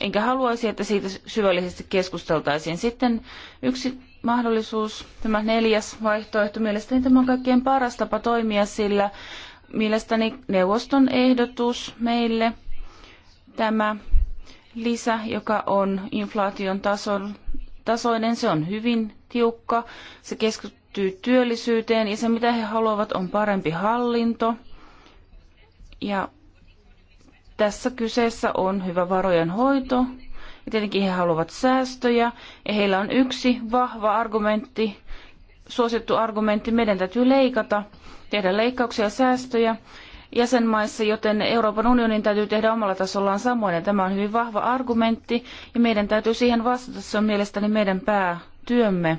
enkä haluaisi, että siitä syvällisesti keskusteltaisiin. Sitten yksi mahdollisuus, tämä neljäs vaihtoehto, mielestäni tämä on kaikkein paras tapa toimia, sillä mielestäni neuvoston ehdotus meille – Tämä lisä, joka on inflaation tason, tasoinen, se on hyvin tiukka. Se keskittyy työllisyyteen ja se, mitä he haluavat, on parempi hallinto. Ja tässä kyseessä on hyvä varojen hoito. Ja tietenkin he haluavat säästöjä ja heillä on yksi vahva argumentti, suosittu argumentti, meidän täytyy leikata, tehdä leikkauksia ja säästöjä jäsenvaltioissa joten Euroopan unionin täytyy tehdä omalla tasollaan samoin. Ja tämä on hyvin vahva argumentti ja meidän täytyy siihen vastata. Se on mielestäni meidän päätyömme.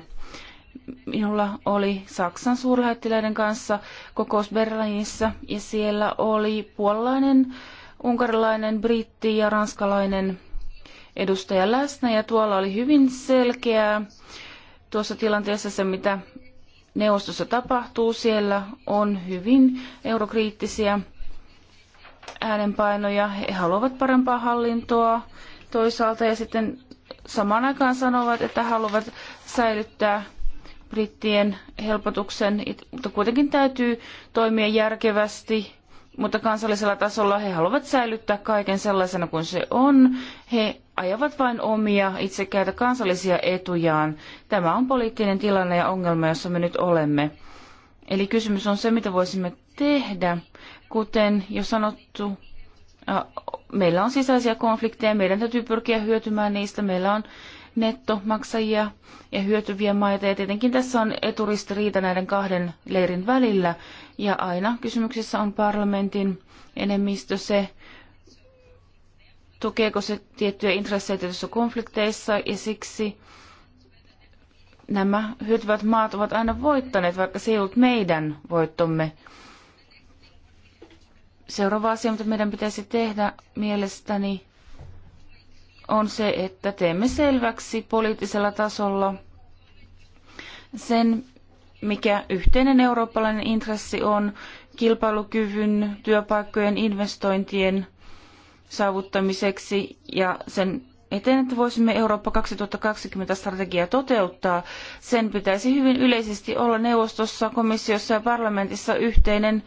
Minulla oli Saksan suurlähettiläiden kanssa kokous Berliinissä ja siellä oli puolalainen, unkarilainen, britti ja ranskalainen edustaja läsnä ja tuolla oli hyvin selkeää tuossa tilanteessa se, mitä neuvostossa tapahtuu. Siellä on hyvin eurokriittisiä äänenpainoja. He haluavat parempaa hallintoa toisaalta ja sitten samaan aikaan sanovat, että haluavat säilyttää brittien helpotuksen, mutta kuitenkin täytyy toimia järkevästi mutta kansallisella tasolla he haluavat säilyttää kaiken sellaisena kuin se on. He ajavat vain omia itsekäitä kansallisia etujaan. Tämä on poliittinen tilanne ja ongelma, jossa me nyt olemme. Eli kysymys on se, mitä voisimme tehdä. Kuten jo sanottu, äh, meillä on sisäisiä konflikteja, meidän täytyy pyrkiä hyötymään niistä. Meillä on nettomaksajia ja hyötyviä maita. Ja tietenkin tässä on eturistiriita näiden kahden leirin välillä. Ja aina kysymyksessä on parlamentin enemmistö se, tukeeko se tiettyjä intressejä tietyissä konflikteissa ja siksi nämä hyötyvät maat ovat aina voittaneet, vaikka se ei ollut meidän voittomme. Seuraava asia, mitä meidän pitäisi tehdä mielestäni, on se, että teemme selväksi poliittisella tasolla sen, mikä yhteinen eurooppalainen intressi on kilpailukyvyn, työpaikkojen, investointien saavuttamiseksi ja sen eteen, että voisimme Eurooppa 2020 strategiaa toteuttaa. Sen pitäisi hyvin yleisesti olla neuvostossa, komissiossa ja parlamentissa yhteinen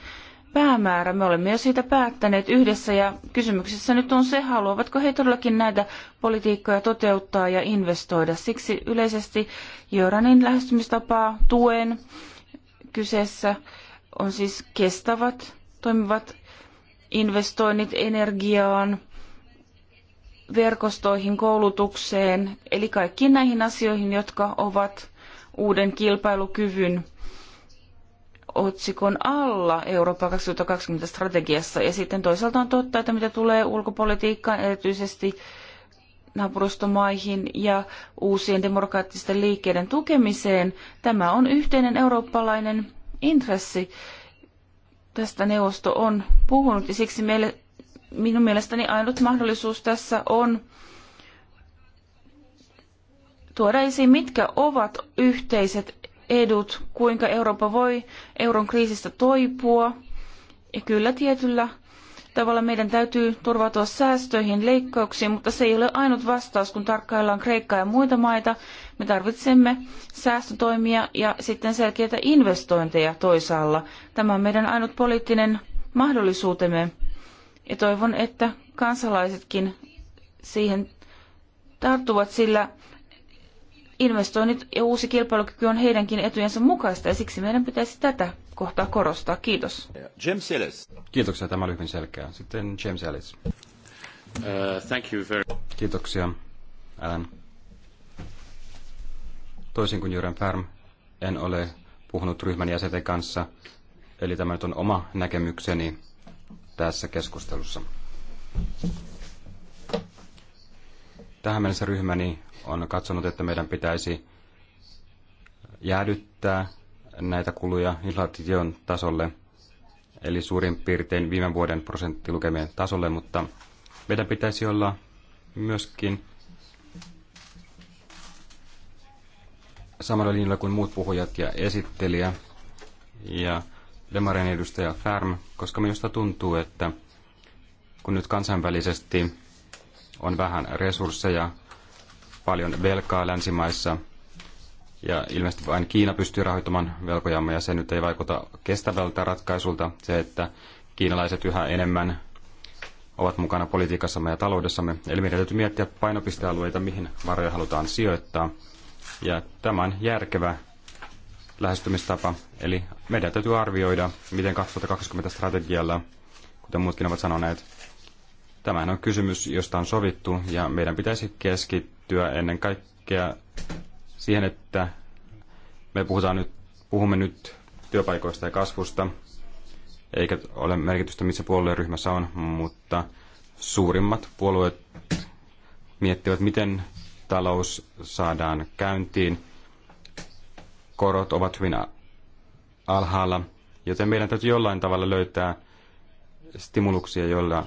päämäärä. Me olemme jo siitä päättäneet yhdessä ja kysymyksessä nyt on se, haluavatko he todellakin näitä politiikkoja toteuttaa ja investoida. Siksi yleisesti Jöranin lähestymistapaa tuen kyseessä on siis kestävät, toimivat investoinnit energiaan, verkostoihin, koulutukseen, eli kaikkiin näihin asioihin, jotka ovat uuden kilpailukyvyn otsikon alla Eurooppa 2020 strategiassa. Ja sitten toisaalta on totta, että mitä tulee ulkopolitiikkaan, erityisesti naapurustomaihin ja uusien demokraattisten liikkeiden tukemiseen, tämä on yhteinen eurooppalainen intressi. Tästä neuvosto on puhunut ja siksi meille, minun mielestäni ainut mahdollisuus tässä on tuoda esiin, mitkä ovat yhteiset edut, kuinka Eurooppa voi euron kriisistä toipua. Ja kyllä tietyllä tavalla meidän täytyy turvautua säästöihin, leikkauksiin, mutta se ei ole ainut vastaus, kun tarkkaillaan Kreikkaa ja muita maita. Me tarvitsemme säästötoimia ja sitten selkeitä investointeja toisaalla. Tämä on meidän ainut poliittinen mahdollisuutemme. Ja toivon, että kansalaisetkin siihen tarttuvat, sillä investoinnit ja uusi kilpailukyky on heidänkin etujensa mukaista ja siksi meidän pitäisi tätä kohtaa korostaa. Kiitos. James Ellis. Kiitoksia, tämä oli hyvin selkeä. Sitten James Ellis. Uh, thank you very... Kiitoksia, Alan. Toisin kuin Jyrän Färm, en ole puhunut ryhmän jäsenten kanssa, eli tämä nyt on oma näkemykseni tässä keskustelussa. Tähän mennessä ryhmäni on katsonut, että meidän pitäisi jäädyttää näitä kuluja inflaation tasolle, eli suurin piirtein viime vuoden prosenttilukemien tasolle, mutta meidän pitäisi olla myöskin samalla linjalla kuin muut puhujat ja esittelijä ja Demarien edustaja Färm, koska minusta tuntuu, että kun nyt kansainvälisesti on vähän resursseja, paljon velkaa länsimaissa ja ilmeisesti vain Kiina pystyy rahoittamaan velkojamme ja se nyt ei vaikuta kestävältä ratkaisulta. Se, että kiinalaiset yhä enemmän ovat mukana politiikassamme ja taloudessamme. Eli meidän täytyy miettiä painopistealueita, mihin varoja halutaan sijoittaa. Ja tämä on järkevä lähestymistapa. Eli meidän täytyy arvioida, miten 2020 strategialla, kuten muutkin ovat sanoneet, Tämähän on kysymys, josta on sovittu, ja meidän pitäisi keskittyä ennen kaikkea siihen, että me puhutaan nyt, puhumme nyt työpaikoista ja kasvusta, eikä ole merkitystä, missä puolueryhmässä on, mutta suurimmat puolueet miettivät, miten talous saadaan käyntiin. Korot ovat hyvin alhaalla, joten meidän täytyy jollain tavalla löytää stimuluksia, joilla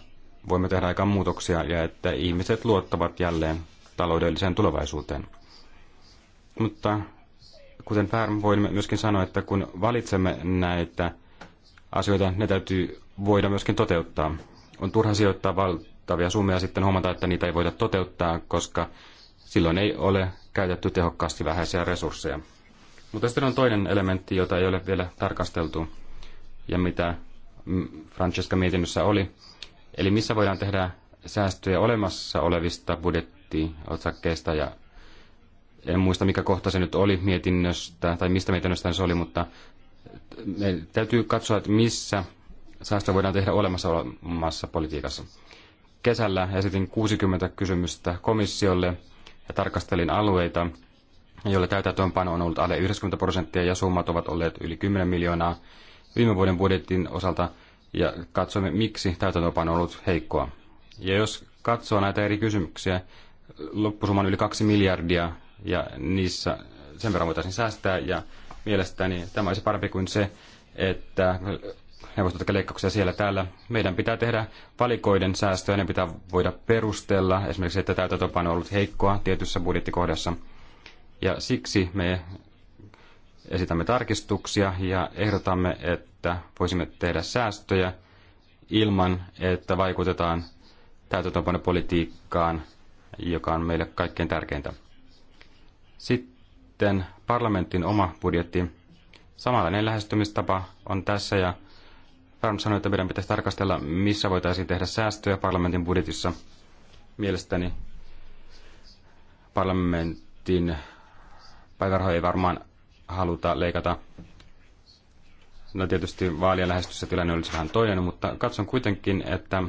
voimme tehdä aika muutoksia ja että ihmiset luottavat jälleen taloudelliseen tulevaisuuteen. Mutta kuten Färm voimme myöskin sanoa, että kun valitsemme näitä asioita, ne täytyy voida myöskin toteuttaa. On turha sijoittaa valtavia summia sitten huomata, että niitä ei voida toteuttaa, koska silloin ei ole käytetty tehokkaasti vähäisiä resursseja. Mutta sitten on toinen elementti, jota ei ole vielä tarkasteltu ja mitä Francesca mietinnössä oli, Eli missä voidaan tehdä säästöjä olemassa olevista budjettiotsakkeista ja en muista mikä kohta se nyt oli mietinnöstä tai mistä mietinnöstä se oli, mutta me täytyy katsoa, että missä säästöjä voidaan tehdä olemassa olemassa politiikassa. Kesällä esitin 60 kysymystä komissiolle ja tarkastelin alueita, joilla täytäntöönpano on ollut alle 90 prosenttia ja summat ovat olleet yli 10 miljoonaa. Viime vuoden budjetin osalta ja katsomme, miksi täytäntöpano on ollut heikkoa. Ja jos katsoo näitä eri kysymyksiä, loppusumma on yli kaksi miljardia ja niissä sen verran voitaisiin säästää ja mielestäni tämä olisi parempi kuin se, että neuvosto leikkauksia siellä täällä. Meidän pitää tehdä valikoiden säästöjä, ne pitää voida perustella, esimerkiksi että täytäntöpano on ollut heikkoa tietyssä budjettikohdassa. Ja siksi me esitämme tarkistuksia ja ehdotamme, että voisimme tehdä säästöjä ilman, että vaikutetaan täytäntöönpanopolitiikkaan, joka on meille kaikkein tärkeintä. Sitten parlamentin oma budjetti. Samanlainen lähestymistapa on tässä ja Färm sanoi, että meidän pitäisi tarkastella, missä voitaisiin tehdä säästöjä parlamentin budjetissa. Mielestäni parlamentin päivärahoja ei varmaan haluta leikata. No tietysti vaalien lähestyssä tilanne olisi vähän toinen, mutta katson kuitenkin, että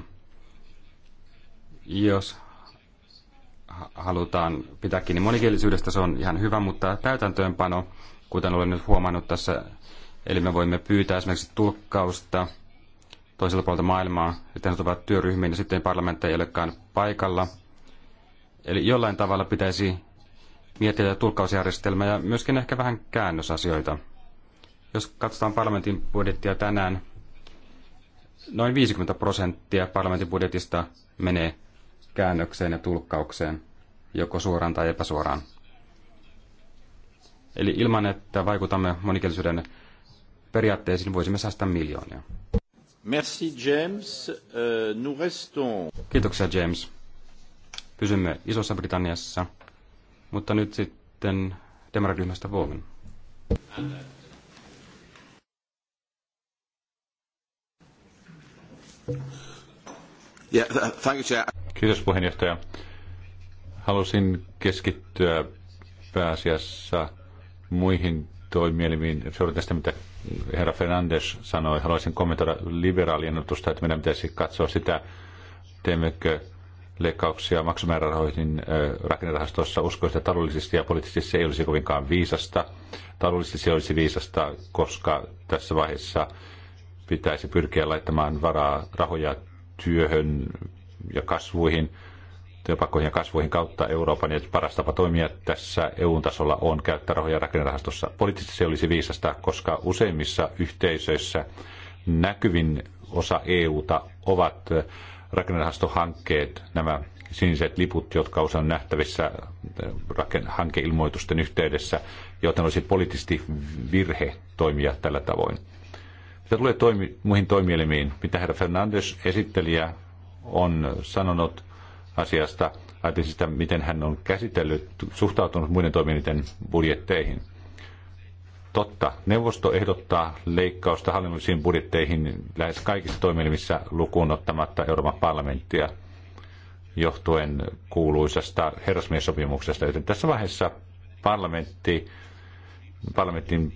jos halutaan pitää kiinni monikielisyydestä, se on ihan hyvä, mutta täytäntöönpano, kuten olen nyt huomannut tässä, eli me voimme pyytää esimerkiksi tulkkausta toisella puolta maailmaa, sitten ovat työryhmiin ja sitten parlamentti ei olekaan paikalla. Eli jollain tavalla pitäisi miettiä ja tulkkausjärjestelmää ja myöskin ehkä vähän käännösasioita. Jos katsotaan parlamentin budjettia tänään, noin 50 prosenttia parlamentin budjetista menee käännökseen ja tulkkaukseen, joko suoraan tai epäsuoraan. Eli ilman, että vaikutamme monikielisyyden periaatteisiin, voisimme säästää miljoonia. Merci James. Euh, nous restons... Kiitoksia James. Pysymme Isossa Britanniassa. Mutta nyt sitten demariryhmästä Vuomen. Kiitos puheenjohtaja. Halusin keskittyä pääasiassa muihin toimielimiin. Seuraan tästä, mitä herra Fernandes sanoi. Haluaisin kommentoida liberaalien että meidän pitäisi katsoa sitä, teemmekö leikkauksia maksumäärärahoihin rakennerahastossa. Uskoisin, että taloudellisesti ja poliittisesti se ei olisi kovinkaan viisasta. Taloudellisesti se olisi viisasta, koska tässä vaiheessa pitäisi pyrkiä laittamaan varaa rahoja työhön ja kasvuihin, työpaikkoihin ja kasvuihin kautta Euroopan. Ja paras tapa toimia tässä EU-tasolla on käyttää rahoja rakennerahastossa. Poliittisesti se olisi viisasta, koska useimmissa yhteisöissä näkyvin osa EUta ovat rakennerahastohankkeet, nämä siniset liput, jotka usein on nähtävissä eh, hankeilmoitusten yhteydessä, joten olisi poliittisesti virhe toimia tällä tavoin. Mitä tulee toimi, muihin toimielimiin, mitä herra Fernandes esittelijä on sanonut asiasta, ajatellen sitä, miten hän on käsitellyt, suhtautunut muiden toimielinten budjetteihin. Totta, neuvosto ehdottaa leikkausta hallinnollisiin budjetteihin lähes kaikissa toimielimissä lukuun ottamatta Euroopan parlamenttia johtuen kuuluisasta herrasmiesopimuksesta, joten tässä vaiheessa parlamentti, parlamentin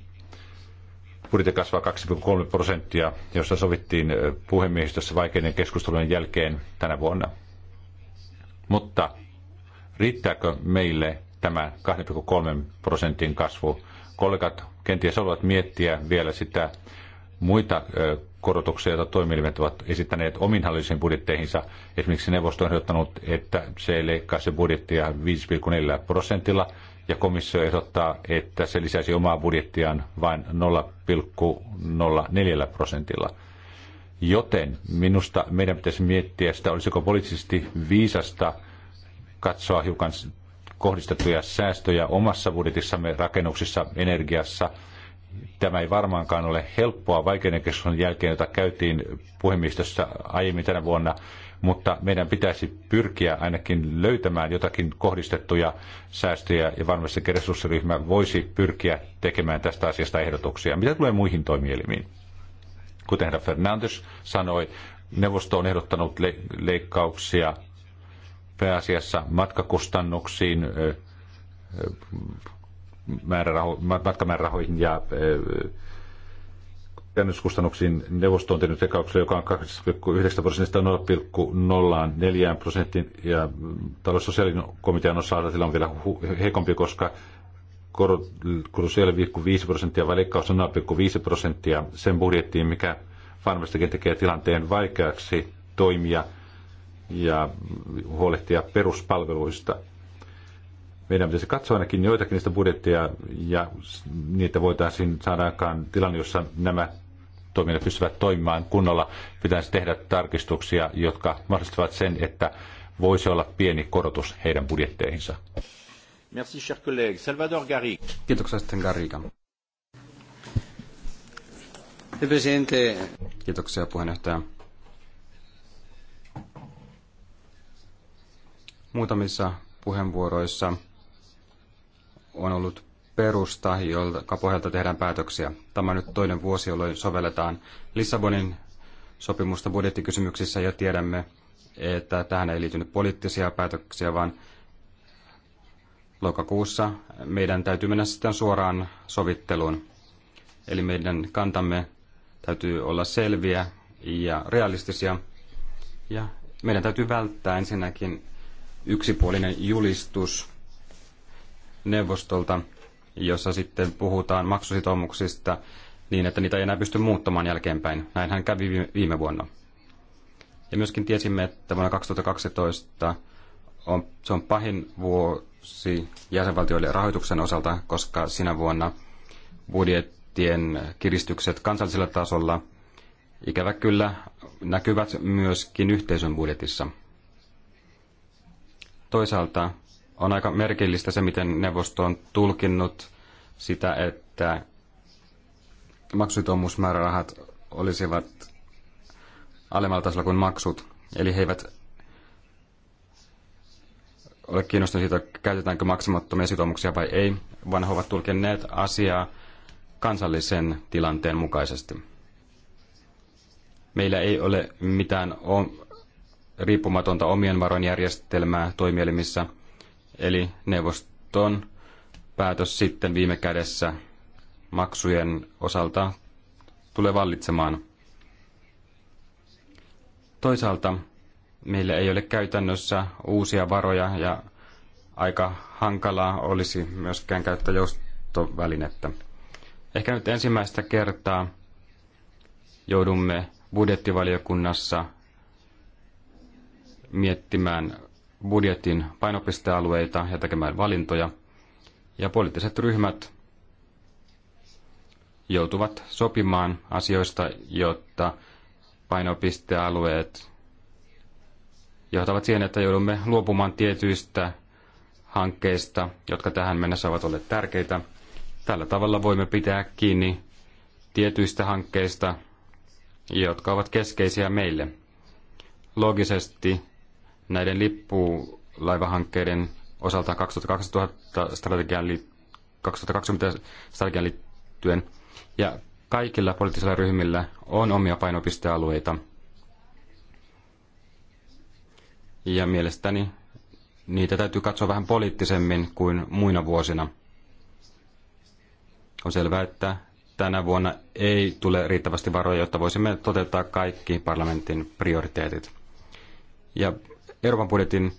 budjetti kasvaa 2,3 prosenttia, jossa sovittiin puhemiehistössä vaikeiden keskustelujen jälkeen tänä vuonna. Mutta riittääkö meille tämä 2,3 prosentin kasvu? Kollegat kenties haluavat miettiä vielä sitä muita korotuksia, joita toimielimet ovat esittäneet omin hallillisiin budjetteihinsa. Esimerkiksi neuvosto on ehdottanut, että se se budjettia 5,4 prosentilla, ja komissio ehdottaa, että se lisäisi omaa budjettiaan vain 0,04 prosentilla. Joten minusta meidän pitäisi miettiä sitä, olisiko poliittisesti viisasta katsoa hiukan kohdistettuja säästöjä omassa budjetissamme rakennuksissa, energiassa. Tämä ei varmaankaan ole helppoa vaikeiden keskustelun jälkeen, jota käytiin puhemistossa aiemmin tänä vuonna, mutta meidän pitäisi pyrkiä ainakin löytämään jotakin kohdistettuja säästöjä ja varmasti resurssiryhmä voisi pyrkiä tekemään tästä asiasta ehdotuksia. Mitä tulee muihin toimielimiin? Kuten herra Fernandes sanoi, neuvosto on ehdottanut leikkauksia pääasiassa matkakustannuksiin, määräraho, matkamäärärahoihin ja käännöskustannuksiin neuvosto on tehnyt tekauksella, joka on 2,9 prosentista 0,04 prosenttiin. ja talous- sosiaalinen komitean osalta sillä on vielä heikompi, koska korotus ei 5 prosenttia, vaan leikkaus on 0,5 prosenttia sen budjettiin, mikä varmastikin tekee tilanteen vaikeaksi toimia – ja huolehtia peruspalveluista. Meidän pitäisi katsoa ainakin joitakin niistä budjetteja ja niitä voitaisiin saada aikaan tilanne, jossa nämä toimijat pystyvät toimimaan kunnolla. Pitäisi tehdä tarkistuksia, jotka mahdollistavat sen, että voisi olla pieni korotus heidän budjetteihinsa. Merci, cher collègue. Salvador Garriga. Kiitoksia sitten Garriga. Kiitoksia puheenjohtaja. Muutamissa puheenvuoroissa on ollut perusta, jolta pohjalta tehdään päätöksiä. Tämä on nyt toinen vuosi, jolloin sovelletaan Lissabonin sopimusta budjettikysymyksissä ja tiedämme, että tähän ei liittynyt poliittisia päätöksiä, vaan lokakuussa meidän täytyy mennä sitten suoraan sovitteluun. Eli meidän kantamme täytyy olla selviä ja realistisia. Ja meidän täytyy välttää ensinnäkin yksipuolinen julistus neuvostolta, jossa sitten puhutaan maksusitoumuksista niin, että niitä ei enää pysty muuttamaan jälkeenpäin. Näinhän kävi viime vuonna. Ja myöskin tiesimme, että vuonna 2012 on, se on pahin vuosi jäsenvaltioiden rahoituksen osalta, koska sinä vuonna budjettien kiristykset kansallisella tasolla ikävä kyllä näkyvät myöskin yhteisön budjetissa – Toisaalta on aika merkillistä se, miten neuvosto on tulkinnut sitä, että maksutomuusmäärärahat olisivat alemmalla tasolla kuin maksut. Eli he eivät ole kiinnostuneet siitä, käytetäänkö maksamattomia sitoumuksia vai ei, vaan he ovat tulkenneet asiaa kansallisen tilanteen mukaisesti. Meillä ei ole mitään riippumatonta omien varojen järjestelmää toimielimissä, eli neuvoston päätös sitten viime kädessä maksujen osalta tulee vallitsemaan. Toisaalta meillä ei ole käytännössä uusia varoja ja aika hankalaa olisi myöskään käyttää joustovälinettä. Ehkä nyt ensimmäistä kertaa joudumme budjettivaliokunnassa miettimään budjetin painopistealueita ja tekemään valintoja. Ja poliittiset ryhmät joutuvat sopimaan asioista, jotta painopistealueet johtavat siihen, että joudumme luopumaan tietyistä hankkeista, jotka tähän mennessä ovat olleet tärkeitä. Tällä tavalla voimme pitää kiinni tietyistä hankkeista, jotka ovat keskeisiä meille. Logisesti näiden lippulaivahankkeiden osalta 2020 strategian, 2020 strategian liittyen. Ja kaikilla poliittisilla ryhmillä on omia painopistealueita. Ja mielestäni niitä täytyy katsoa vähän poliittisemmin kuin muina vuosina. On selvää, että tänä vuonna ei tule riittävästi varoja, jotta voisimme toteuttaa kaikki parlamentin prioriteetit. Ja Euroopan, budjetin,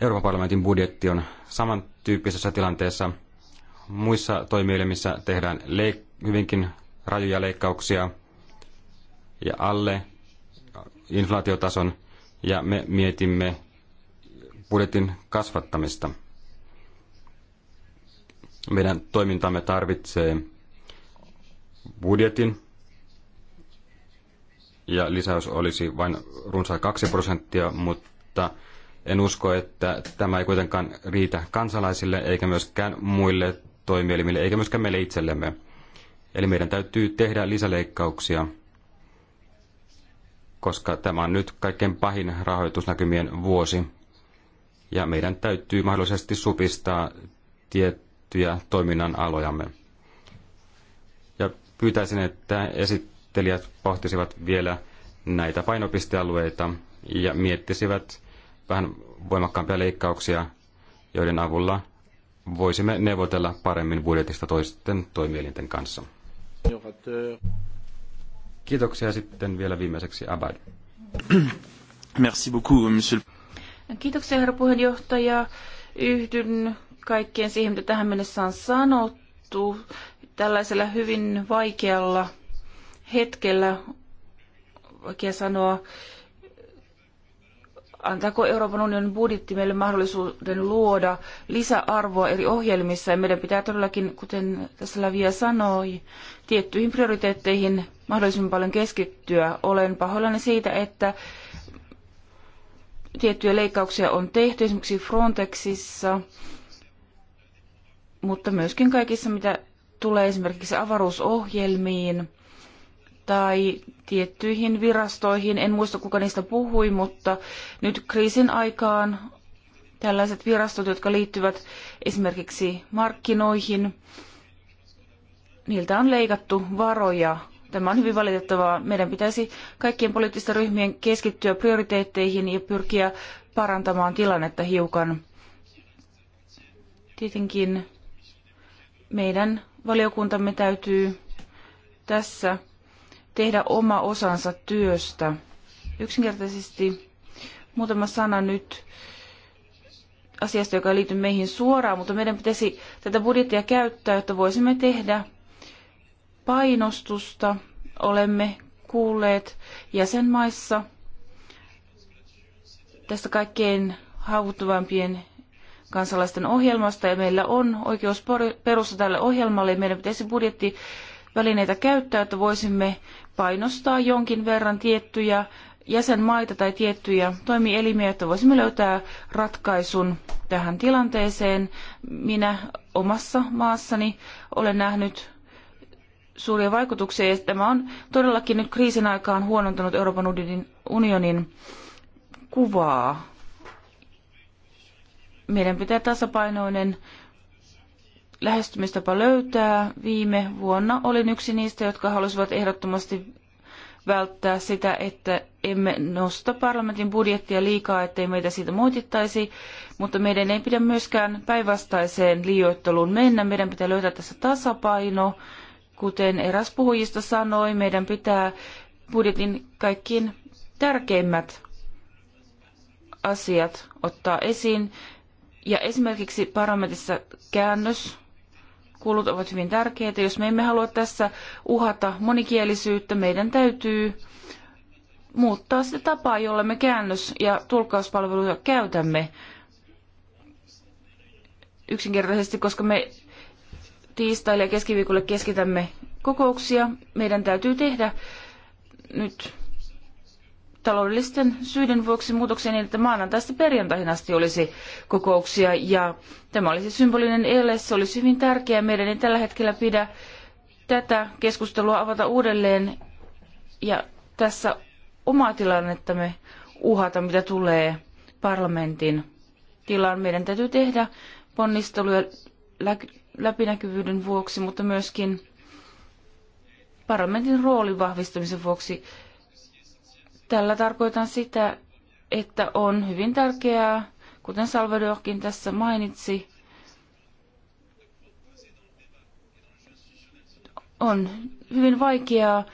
Euroopan parlamentin budjetti on samantyyppisessä tilanteessa. Muissa toimielimissä tehdään leik- hyvinkin rajuja leikkauksia ja alle inflaatiotason, ja me mietimme budjetin kasvattamista. Meidän toimintamme tarvitsee budjetin, ja lisäys olisi vain runsaa 2 prosenttia, mutta mutta en usko, että tämä ei kuitenkaan riitä kansalaisille eikä myöskään muille toimielimille eikä myöskään meille itsellemme. Eli meidän täytyy tehdä lisäleikkauksia, koska tämä on nyt kaikkein pahin rahoitusnäkymien vuosi. Ja meidän täytyy mahdollisesti supistaa tiettyjä toiminnan alojamme. Ja pyytäisin, että esittelijät pohtisivat vielä näitä painopistealueita ja miettisivät, vähän voimakkaampia leikkauksia, joiden avulla voisimme neuvotella paremmin budjetista toisten toimielinten kanssa. Kiitoksia sitten vielä viimeiseksi Abad. Merci beaucoup, monsieur. Kiitoksia, herra puheenjohtaja. Yhdyn kaikkeen siihen, mitä tähän mennessä on sanottu. Tällaisella hyvin vaikealla hetkellä, vaikea sanoa, antaako Euroopan unionin budjetti meille mahdollisuuden luoda lisäarvoa eri ohjelmissa. Ja meidän pitää todellakin, kuten tässä Lavia sanoi, tiettyihin prioriteetteihin mahdollisimman paljon keskittyä. Olen pahoillani siitä, että tiettyjä leikkauksia on tehty esimerkiksi Frontexissa, mutta myöskin kaikissa, mitä tulee esimerkiksi avaruusohjelmiin tai tiettyihin virastoihin. En muista, kuka niistä puhui, mutta nyt kriisin aikaan tällaiset virastot, jotka liittyvät esimerkiksi markkinoihin, niiltä on leikattu varoja. Tämä on hyvin valitettavaa. Meidän pitäisi kaikkien poliittisten ryhmien keskittyä prioriteetteihin ja pyrkiä parantamaan tilannetta hiukan. Tietenkin meidän valiokuntamme täytyy tässä tehdä oma osansa työstä. Yksinkertaisesti muutama sana nyt asiasta, joka liittyy meihin suoraan, mutta meidän pitäisi tätä budjettia käyttää, jotta voisimme tehdä painostusta. Olemme kuulleet jäsenmaissa tästä kaikkein haavoittuvampien kansalaisten ohjelmasta ja meillä on oikeus perusta tälle ohjelmalle ja meidän pitäisi budjetti välineitä käyttää, että voisimme painostaa jonkin verran tiettyjä jäsenmaita tai tiettyjä toimielimiä, että voisimme löytää ratkaisun tähän tilanteeseen. Minä omassa maassani olen nähnyt suuria vaikutuksia ja tämä on todellakin nyt kriisin aikaan huonontanut Euroopan unionin kuvaa. Meidän pitää tasapainoinen lähestymistapa löytää. Viime vuonna olin yksi niistä, jotka halusivat ehdottomasti välttää sitä, että emme nosta parlamentin budjettia liikaa, ettei meitä siitä moitittaisi, mutta meidän ei pidä myöskään päinvastaiseen liioitteluun mennä. Meidän pitää löytää tässä tasapaino. Kuten eräs puhujista sanoi, meidän pitää budjetin kaikkiin tärkeimmät asiat ottaa esiin. Ja esimerkiksi parlamentissa käännös kulut ovat hyvin tärkeitä. Jos me emme halua tässä uhata monikielisyyttä, meidän täytyy muuttaa sitä tapaa, jolla me käännös- ja tulkkauspalveluja käytämme yksinkertaisesti, koska me tiistaille ja keskiviikolle keskitämme kokouksia. Meidän täytyy tehdä nyt taloudellisten syiden vuoksi muutoksen niin, että maanantaista perjantaihin asti olisi kokouksia. Ja tämä olisi symbolinen ele, se olisi hyvin tärkeää. Meidän ei tällä hetkellä pidä tätä keskustelua avata uudelleen ja tässä omaa tilannettamme uhata, mitä tulee parlamentin tilaan. Meidän täytyy tehdä ponnisteluja läpinäkyvyyden vuoksi, mutta myöskin parlamentin roolin vahvistamisen vuoksi Tällä tarkoitan sitä, että on hyvin tärkeää, kuten Salvadorkin tässä mainitsi, on hyvin vaikeaa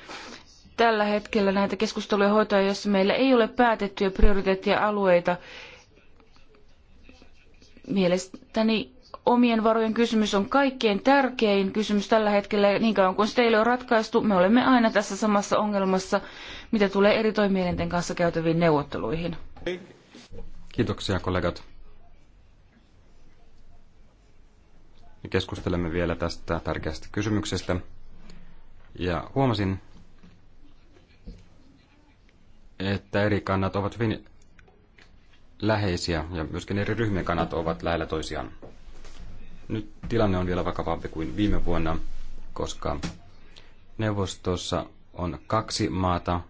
tällä hetkellä näitä keskusteluja hoitaa, jos meillä ei ole päätettyjä alueita. Mielestäni omien varojen kysymys on kaikkein tärkein kysymys tällä hetkellä. Niin kauan kuin se on ratkaistu, me olemme aina tässä samassa ongelmassa, mitä tulee eri toimielinten kanssa käytäviin neuvotteluihin. Kiitoksia kollegat. Me keskustelemme vielä tästä tärkeästä kysymyksestä. Ja huomasin, että eri kannat ovat hyvin läheisiä ja myöskin eri ryhmien kannat ovat lähellä toisiaan. Nyt tilanne on vielä vakavampi kuin viime vuonna, koska neuvostossa on kaksi maata,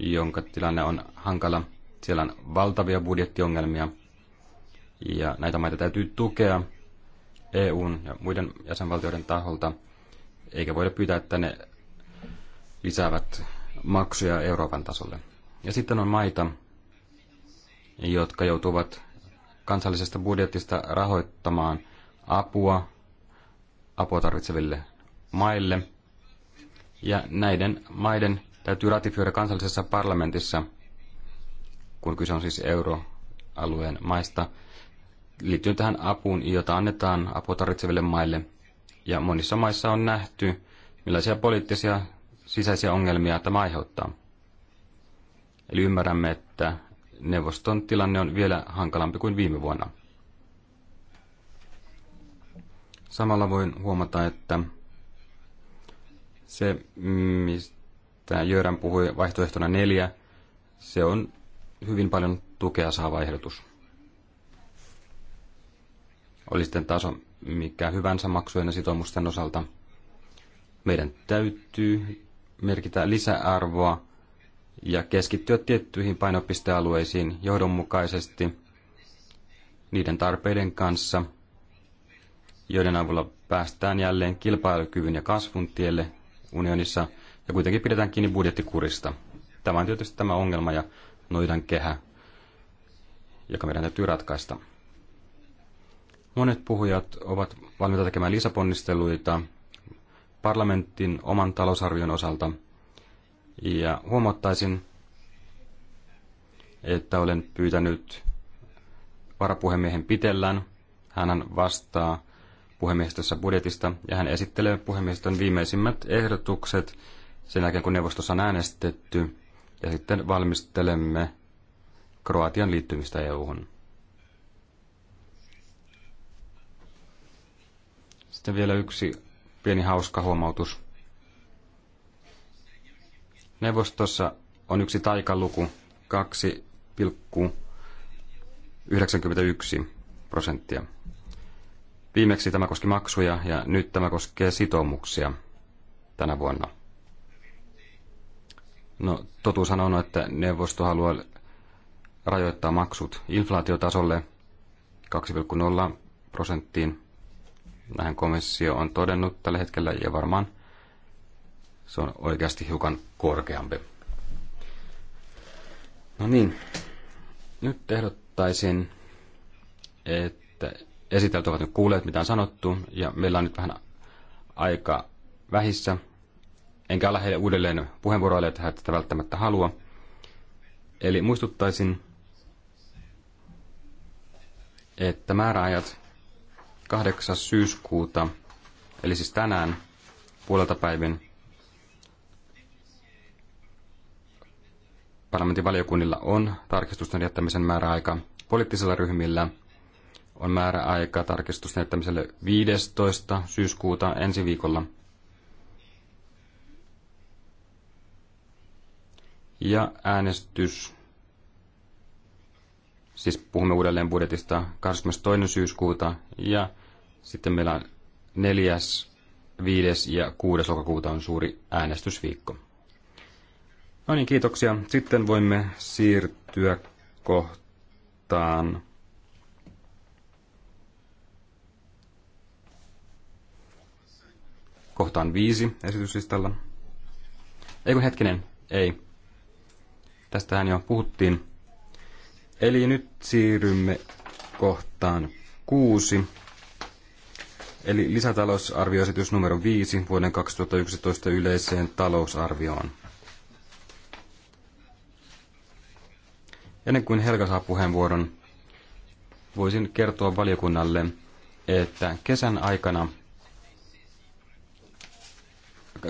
jonka tilanne on hankala. Siellä on valtavia budjettiongelmia ja näitä maita täytyy tukea EUn ja muiden jäsenvaltioiden taholta, eikä voida pyytää, että ne lisäävät maksuja Euroopan tasolle. Ja sitten on maita, jotka joutuvat kansallisesta budjettista rahoittamaan – apua apua tarvitseville maille. Ja näiden maiden täytyy ratifioida kansallisessa parlamentissa, kun kyse on siis euroalueen maista, liittyen tähän apuun, jota annetaan apua tarvitseville maille. Ja monissa maissa on nähty, millaisia poliittisia sisäisiä ongelmia tämä aiheuttaa. Eli ymmärrämme, että neuvoston tilanne on vielä hankalampi kuin viime vuonna. Samalla voin huomata, että se, mistä Jörän puhui vaihtoehtona neljä, se on hyvin paljon tukea saava ehdotus. Oli sitten taso mikä hyvänsä maksujen ja sitoumusten osalta. Meidän täytyy merkitä lisäarvoa ja keskittyä tiettyihin painopistealueisiin johdonmukaisesti niiden tarpeiden kanssa – joiden avulla päästään jälleen kilpailukyvyn ja kasvun tielle unionissa ja kuitenkin pidetään kiinni budjettikurista. Tämä on tietysti tämä ongelma ja noidan kehä, joka meidän täytyy ratkaista. Monet puhujat ovat valmiita tekemään lisäponnisteluita parlamentin oman talousarvion osalta. Ja huomauttaisin, että olen pyytänyt varapuhemiehen pitellään. Hän vastaa puhemiehistössä budjetista ja hän esittelee puhemiehistön viimeisimmät ehdotukset sen jälkeen, kun neuvostossa on äänestetty ja sitten valmistelemme Kroatian liittymistä EU-hun. Sitten vielä yksi pieni hauska huomautus. Neuvostossa on yksi taikaluku 2,91 prosenttia. Viimeksi tämä koski maksuja ja nyt tämä koskee sitoumuksia tänä vuonna. No, totuushan on, että neuvosto haluaa rajoittaa maksut inflaatiotasolle 2,0 prosenttiin. Näin komissio on todennut tällä hetkellä ja varmaan se on oikeasti hiukan korkeampi. No niin, nyt ehdottaisin, että esitelty ovat nyt kuulleet, mitä on sanottu, ja meillä on nyt vähän aika vähissä. Enkä ala heille uudelleen puheenvuoroille, että he tätä välttämättä halua. Eli muistuttaisin, että määräajat 8. syyskuuta, eli siis tänään puolelta päivin, parlamentin valiokunnilla on tarkistusten jättämisen määräaika poliittisilla ryhmillä – on määräaika tarkistusten jättämiselle 15. syyskuuta ensi viikolla. Ja äänestys, siis puhumme uudelleen budjetista 22. syyskuuta ja sitten meillä on 4., 5. ja 6. lokakuuta on suuri äänestysviikko. No niin, kiitoksia. Sitten voimme siirtyä kohtaan kohtaan viisi esityslistalla. Ei hetkinen, ei. Tästähän jo puhuttiin. Eli nyt siirrymme kohtaan kuusi. Eli lisätalousarvioesitys numero viisi vuoden 2011 yleiseen talousarvioon. Ennen kuin Helga saa puheenvuoron, voisin kertoa valiokunnalle, että kesän aikana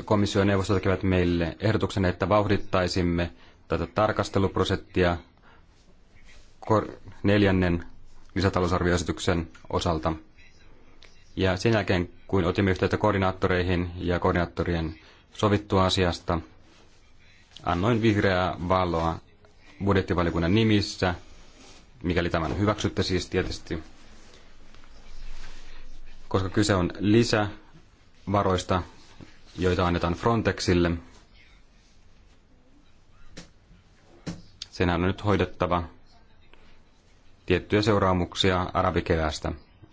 komissio ja neuvosto tekevät meille ehdotuksen, että vauhdittaisimme tätä tarkasteluprosenttia neljännen lisätalousarvioesityksen osalta. Ja sen jälkeen, kun otimme yhteyttä koordinaattoreihin ja koordinaattorien sovittua asiasta, annoin vihreää valoa budjettivaliokunnan nimissä, mikäli tämän hyväksytte siis tietysti, koska kyse on lisävaroista, joita annetaan Frontexille. Senhän on nyt hoidettava tiettyjä seuraamuksia arabikeväästä.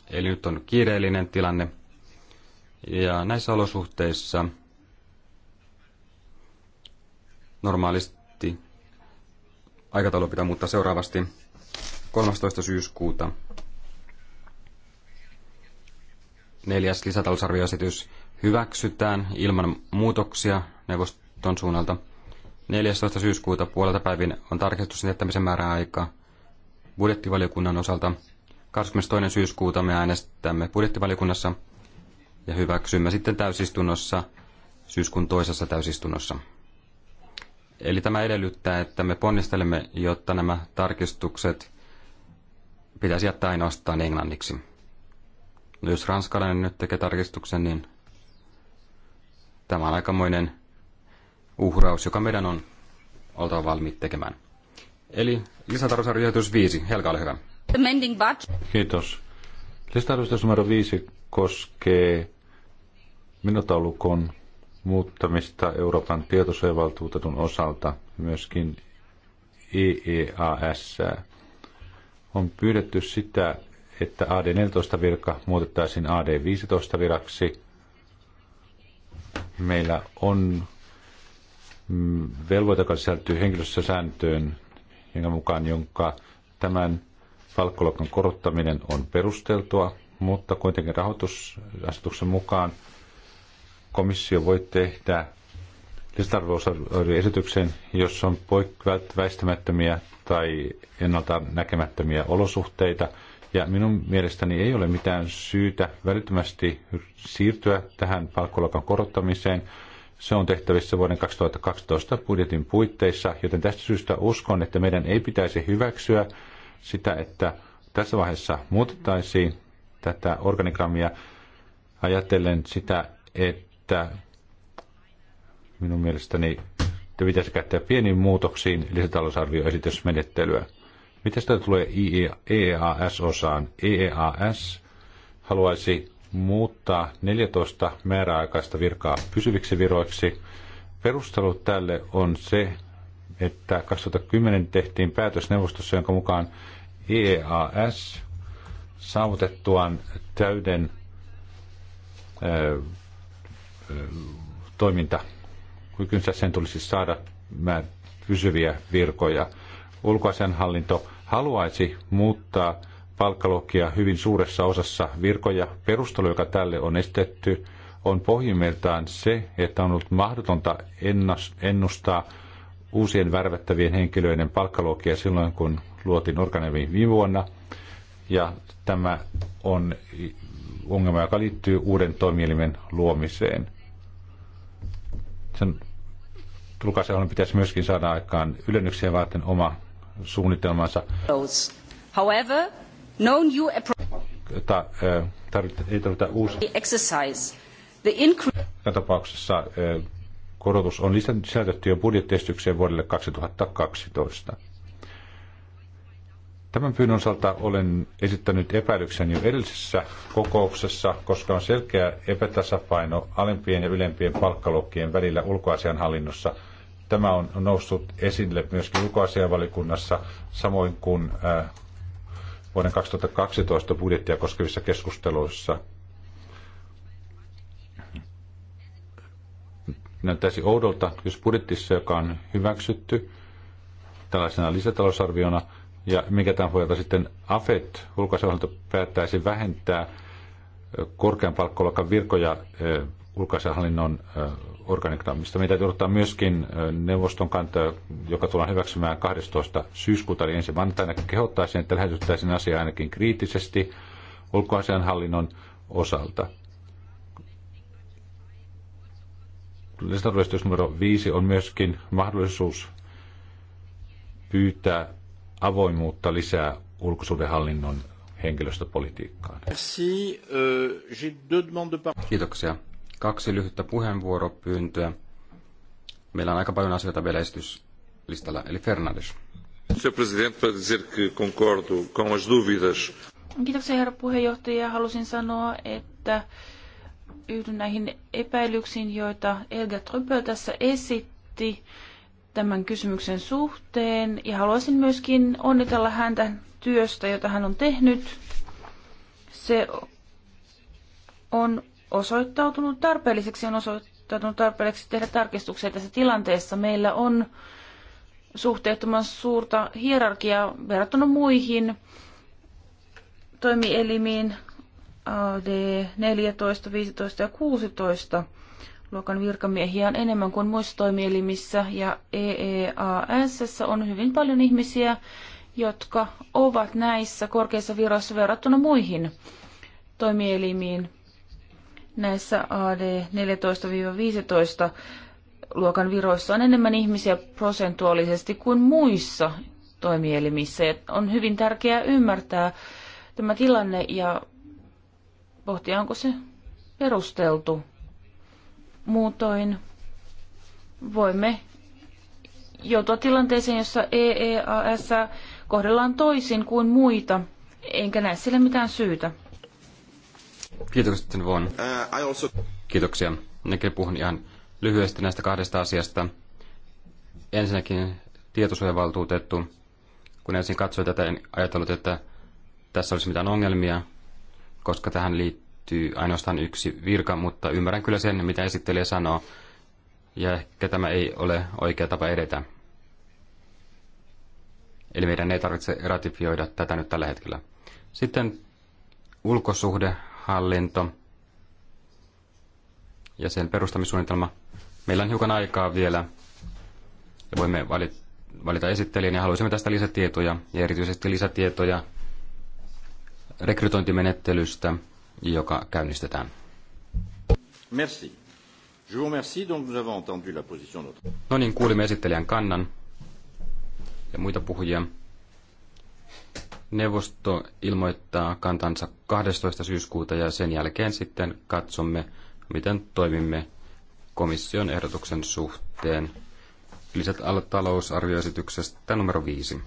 Eli nyt on kiireellinen tilanne. Ja näissä olosuhteissa normaalisti aikataulu pitää muuttaa seuraavasti 13. syyskuuta. Neljäs lisätalousarvioesitys hyväksytään ilman muutoksia neuvoston suunnalta. 14. syyskuuta puolelta päivin on tarkistus jättämisen määräaika budjettivaliokunnan osalta. 22. syyskuuta me äänestämme budjettivaliokunnassa ja hyväksymme sitten täysistunnossa syyskuun toisessa täysistunnossa. Eli tämä edellyttää, että me ponnistelemme, jotta nämä tarkistukset pitäisi jättää ainoastaan englanniksi. No jos ranskalainen nyt tekee tarkistuksen, niin Tämä on aikamoinen uhraus, joka meidän on oltava valmiit tekemään. Eli lisätalousarvioitus 5. Helka, ole hyvä. Kiitos. Lisätalousarvioitus numero 5 koskee minotaulukon muuttamista Euroopan tietosuojavaltuutetun osalta, myöskin EEAS. On pyydetty sitä, että AD14-virka muutettaisiin AD15-viraksi meillä on velvoite, joka sisältyy henkilöstösääntöön, jonka mukaan jonka tämän palkkoluokan korottaminen on perusteltua, mutta kuitenkin rahoitusasetuksen mukaan komissio voi tehdä lisätalousarvioesityksen, jos on poik- väistämättömiä tai ennalta näkemättömiä olosuhteita – ja minun mielestäni ei ole mitään syytä välittömästi siirtyä tähän palkkoluokan korottamiseen. Se on tehtävissä vuoden 2012 budjetin puitteissa, joten tästä syystä uskon, että meidän ei pitäisi hyväksyä sitä, että tässä vaiheessa muutettaisiin tätä organigrammia ajatellen sitä, että minun mielestäni te pitäisi käyttää pieniin muutoksiin lisätalousarvioesitysmenettelyä. Miten sitä tulee EEAS-osaan? EEAS haluaisi muuttaa 14 määräaikaista virkaa pysyviksi viroiksi. Perustelu tälle on se, että 2010 tehtiin päätös neuvostossa, jonka mukaan EEAS saavutettuaan täyden ö, toimintakykynsä sen tulisi saada pysyviä virkoja ulkoasianhallinto haluaisi muuttaa palkkaluokkia hyvin suuressa osassa virkoja. Perustelu, joka tälle on estetty, on pohjimmiltaan se, että on ollut mahdotonta ennustaa uusien värvättävien henkilöiden palkkaluokkia silloin, kun luotiin organeviin viime vuonna. Ja tämä on ongelma, joka liittyy uuden toimielimen luomiseen. Sen tulkaisen pitäisi myöskin saada aikaan ylennyksiä varten oma suunnitelmansa. However, no new ta, tarvita, ei tarvita Joka tapauksessa korotus on sisältetty jo budjettiesitykseen vuodelle 2012. Tämän pyynnön osalta olen esittänyt epäilyksen jo edellisessä kokouksessa, koska on selkeä epätasapaino alempien ja ylempien palkkaluokkien välillä ulkoasianhallinnossa – Tämä on noussut esille myöskin ulkoasianvalikunnassa, samoin kuin äh, vuoden 2012 budjettia koskevissa keskusteluissa. Näyttäisi oudolta, jos budjettissa, joka on hyväksytty tällaisena lisätalousarviona, ja mikä tämän pohjalta sitten AFET ulkoasianhallinto päättäisi vähentää korkean palkkoluokan virkoja äh, ulkoasianhallinnon organigrammista. Meitä täytyy odottaa myöskin neuvoston kantaa, joka tullaan hyväksymään 12. syyskuuta, eli ensi maanantaina kehottaisin, että lähetyttäisiin asiaa ainakin kriittisesti ulkoasianhallinnon osalta. Listaturvallisuus numero 5 on myöskin mahdollisuus pyytää avoimuutta lisää ulkosuhdehallinnon henkilöstöpolitiikkaan. Euh, Kiitoksia. Kaksi lyhyttä puheenvuoropyyntöä. Meillä on aika paljon asioita vielä esityslistalla, eli Fernandes. Kiitoksia herra puheenjohtaja. Halusin sanoa, että yhdyn näihin epäilyksiin, joita Elga Trypö tässä esitti tämän kysymyksen suhteen. Ja haluaisin myöskin onnitella häntä työstä, jota hän on tehnyt. Se on osoittautunut tarpeelliseksi, on osoittautunut tarpeelliseksi tehdä tarkistuksia tässä tilanteessa. Meillä on suhteettoman suurta hierarkiaa verrattuna muihin toimielimiin AD 14, 15 ja 16 luokan virkamiehiä on enemmän kuin muissa toimielimissä ja EEAS on hyvin paljon ihmisiä, jotka ovat näissä korkeissa viroissa verrattuna muihin toimielimiin näissä AD 14-15 luokan viroissa on enemmän ihmisiä prosentuaalisesti kuin muissa toimielimissä. Et on hyvin tärkeää ymmärtää tämä tilanne ja pohtia, onko se perusteltu. Muutoin voimme joutua tilanteeseen, jossa EEAS kohdellaan toisin kuin muita, enkä näe sille mitään syytä. Kiitokset Von. Uh, I also... Kiitoksia. Minäkin puhun ihan lyhyesti näistä kahdesta asiasta. Ensinnäkin tietosuojavaltuutettu. Kun ensin katsoin tätä, en ajatellut, että tässä olisi mitään ongelmia, koska tähän liittyy ainoastaan yksi virka, mutta ymmärrän kyllä sen, mitä esittelijä sanoo, ja ehkä tämä ei ole oikea tapa edetä. Eli meidän ei tarvitse ratifioida tätä nyt tällä hetkellä. Sitten ulkosuhde hallinto ja sen perustamissuunnitelma. Meillä on hiukan aikaa vielä ja voimme valita esittelijän ja haluaisimme tästä lisätietoja ja erityisesti lisätietoja rekrytointimenettelystä, joka käynnistetään. Merci. Je vous remercie, donc nous avons entendu la position notre... No niin, kuulimme esittelijän kannan ja muita puhujia. Neuvosto ilmoittaa kantansa 12. syyskuuta ja sen jälkeen sitten katsomme, miten toimimme komission ehdotuksen suhteen. Lisät talousarvioesityksestä numero 5.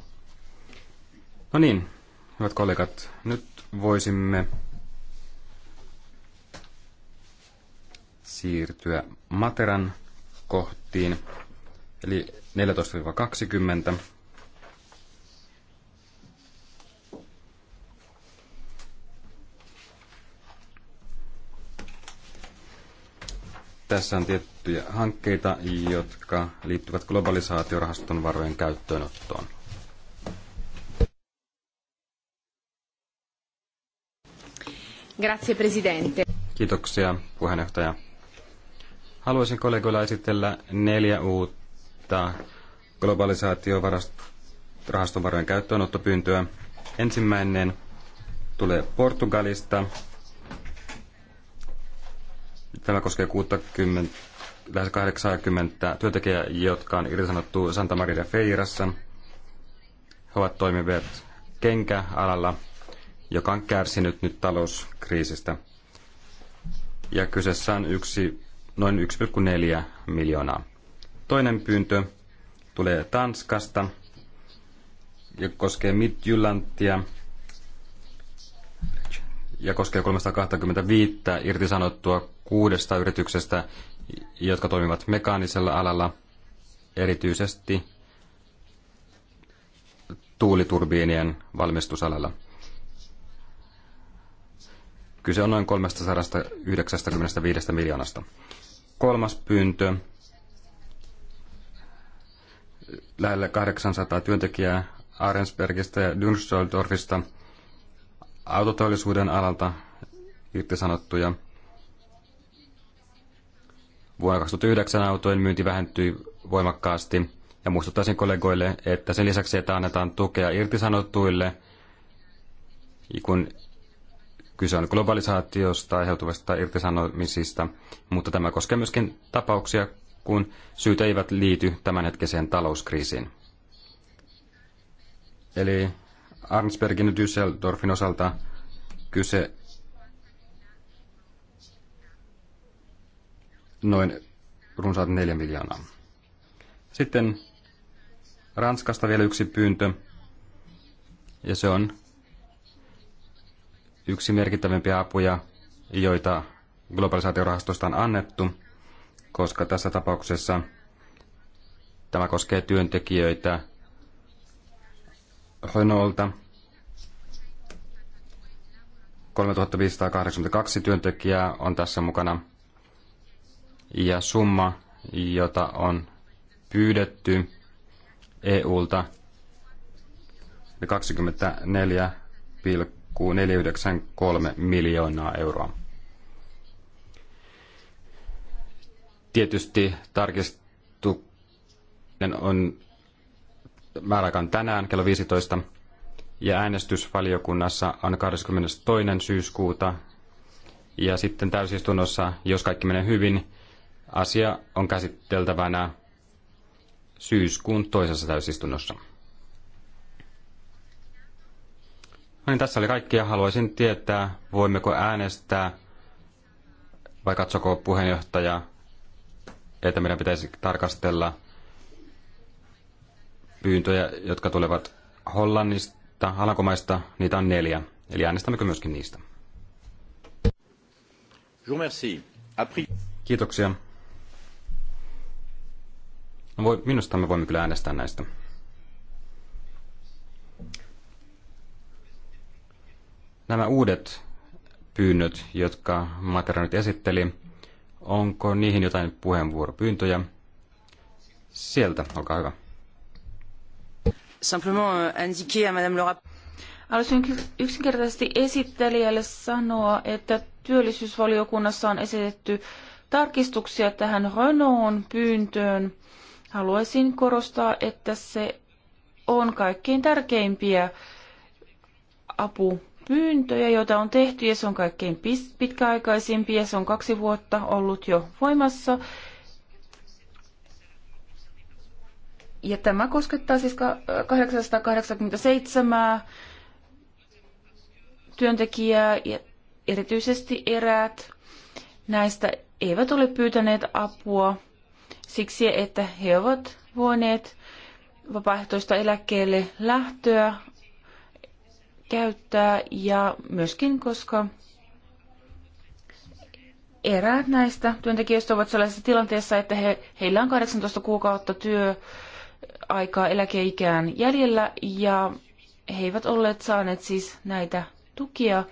No niin, hyvät kollegat, nyt voisimme siirtyä Materan kohtiin, eli 14-20. Tässä on tiettyjä hankkeita, jotka liittyvät globalisaatiorahaston varojen käyttöönottoon. Grazie, presidente. Kiitoksia, puheenjohtaja. Haluaisin kollegoilla esitellä neljä uutta globalisaatiorahaston varojen käyttöönottopyyntöä. Ensimmäinen tulee Portugalista Tämä koskee 60, lähes 80 työntekijää, jotka on irtisanottu Santa Maria Feirassa. He ovat toimivat kenkäalalla, joka on kärsinyt nyt talouskriisistä. Ja kyseessä on yksi, noin 1,4 miljoonaa. Toinen pyyntö tulee Tanskasta ja koskee Midjyllantia ja koskee 325 irtisanottua kuudesta yrityksestä, jotka toimivat mekaanisella alalla, erityisesti tuuliturbiinien valmistusalalla. Kyse on noin 395 miljoonasta. Kolmas pyyntö. Lähellä 800 työntekijää Arensbergistä ja Dünsseldorfista autoteollisuuden alalta irtisanottuja Vuonna 2009 autojen myynti vähentyi voimakkaasti ja muistuttaisin kollegoille, että sen lisäksi, että annetaan tukea irtisanottuille, kun kyse on globalisaatiosta aiheutuvista irtisanomisista, mutta tämä koskee myöskin tapauksia, kun syyt eivät liity tämänhetkiseen talouskriisiin. Eli Arnsbergin ja Düsseldorfin osalta kyse noin runsaat 4 miljoonaa. Sitten Ranskasta vielä yksi pyyntö, ja se on yksi merkittävimpiä apuja, joita globalisaatiorahastosta on annettu, koska tässä tapauksessa tämä koskee työntekijöitä Hönolta, 3582 työntekijää on tässä mukana ja summa, jota on pyydetty EUlta 24,493 miljoonaa euroa. Tietysti tarkistuksen on määräaikaan tänään kello 15 ja äänestysvaliokunnassa on 22. syyskuuta ja sitten täysistunnossa, jos kaikki menee hyvin, Asia on käsiteltävänä syyskuun toisessa täysistunnossa. No niin, tässä oli kaikki ja haluaisin tietää, voimmeko äänestää vai katsoko puheenjohtaja, että meidän pitäisi tarkastella pyyntöjä, jotka tulevat Hollannista, Alankomaista, niitä on neljä. Eli äänestämmekö myöskin niistä? Kiitoksia voi, minusta me voimme kyllä äänestää näistä. Nämä uudet pyynnöt, jotka Matera nyt esitteli, onko niihin jotain puheenvuoropyyntöjä? Sieltä, olkaa hyvä. Simplement euh, indiquer à Madame le Haluaisin yksinkertaisesti esittelijälle sanoa, että työllisyysvaliokunnassa on esitetty tarkistuksia tähän Renaultin pyyntöön. Haluaisin korostaa, että se on kaikkein tärkeimpiä apupyyntöjä, joita on tehty, ja se on kaikkein pitkäaikaisimpia. Ja se on kaksi vuotta ollut jo voimassa. Ja tämä koskettaa siis 887 työntekijää ja erityisesti eräät näistä eivät ole pyytäneet apua siksi, että he ovat voineet vapaaehtoista eläkkeelle lähtöä käyttää ja myöskin koska eräät näistä työntekijöistä ovat sellaisessa tilanteessa, että he, heillä on 18 kuukautta työaikaa eläkeikään jäljellä ja he eivät olleet saaneet siis näitä tukia.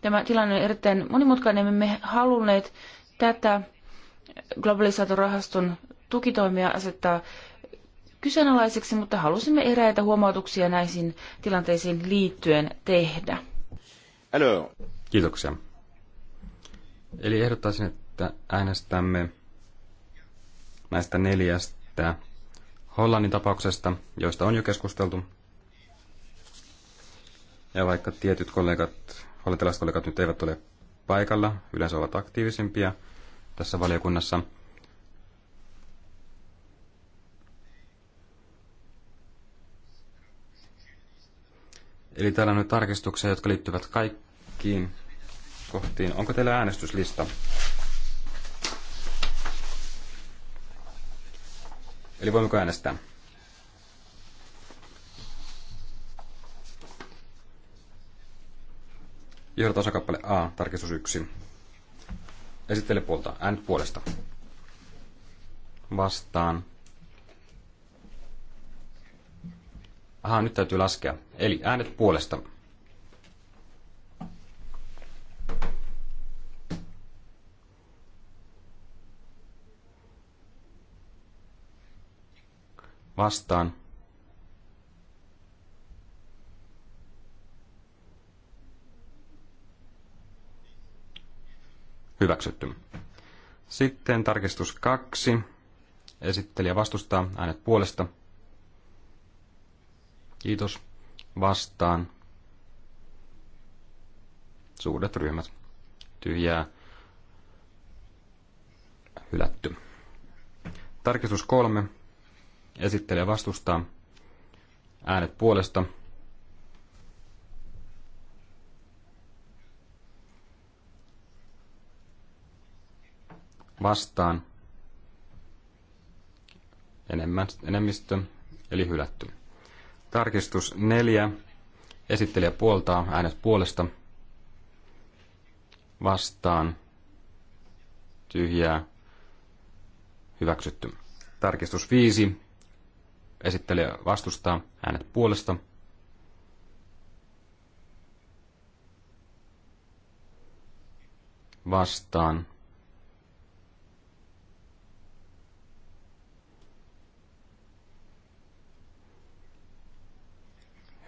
Tämä tilanne on erittäin monimutkainen. Me halunneet tätä globalisaatorahaston tukitoimia asettaa kyseenalaiseksi, mutta halusimme eräitä huomautuksia näihin tilanteisiin liittyen tehdä. Hello. Kiitoksia. Eli ehdottaisin, että äänestämme näistä neljästä Hollannin tapauksesta, joista on jo keskusteltu. Ja vaikka tietyt kollegat, hollantilaiset kollegat nyt eivät ole paikalla, yleensä ovat aktiivisempia tässä valiokunnassa, Eli täällä on nyt tarkistuksia, jotka liittyvät kaikkiin kohtiin. Onko teillä äänestyslista? Eli voimmeko äänestää? Johdat osakappale A, tarkistus 1. Esittele puolta, äänet puolesta. Vastaan. Ahaa, nyt täytyy laskea. Eli äänet puolesta. Vastaan. Hyväksytty. Sitten tarkistus kaksi. Esittelijä vastustaa äänet puolesta. Kiitos. Vastaan. Suuret ryhmät. Tyhjää. Hylätty. Tarkistus kolme. Esittelee vastustaa. Äänet puolesta. Vastaan. Enemmän, enemmistö, eli hylätty. Tarkistus neljä. Esittelijä puoltaa äänet puolesta. Vastaan. Tyhjää. Hyväksytty. Tarkistus viisi. Esittelijä vastustaa äänet puolesta. Vastaan.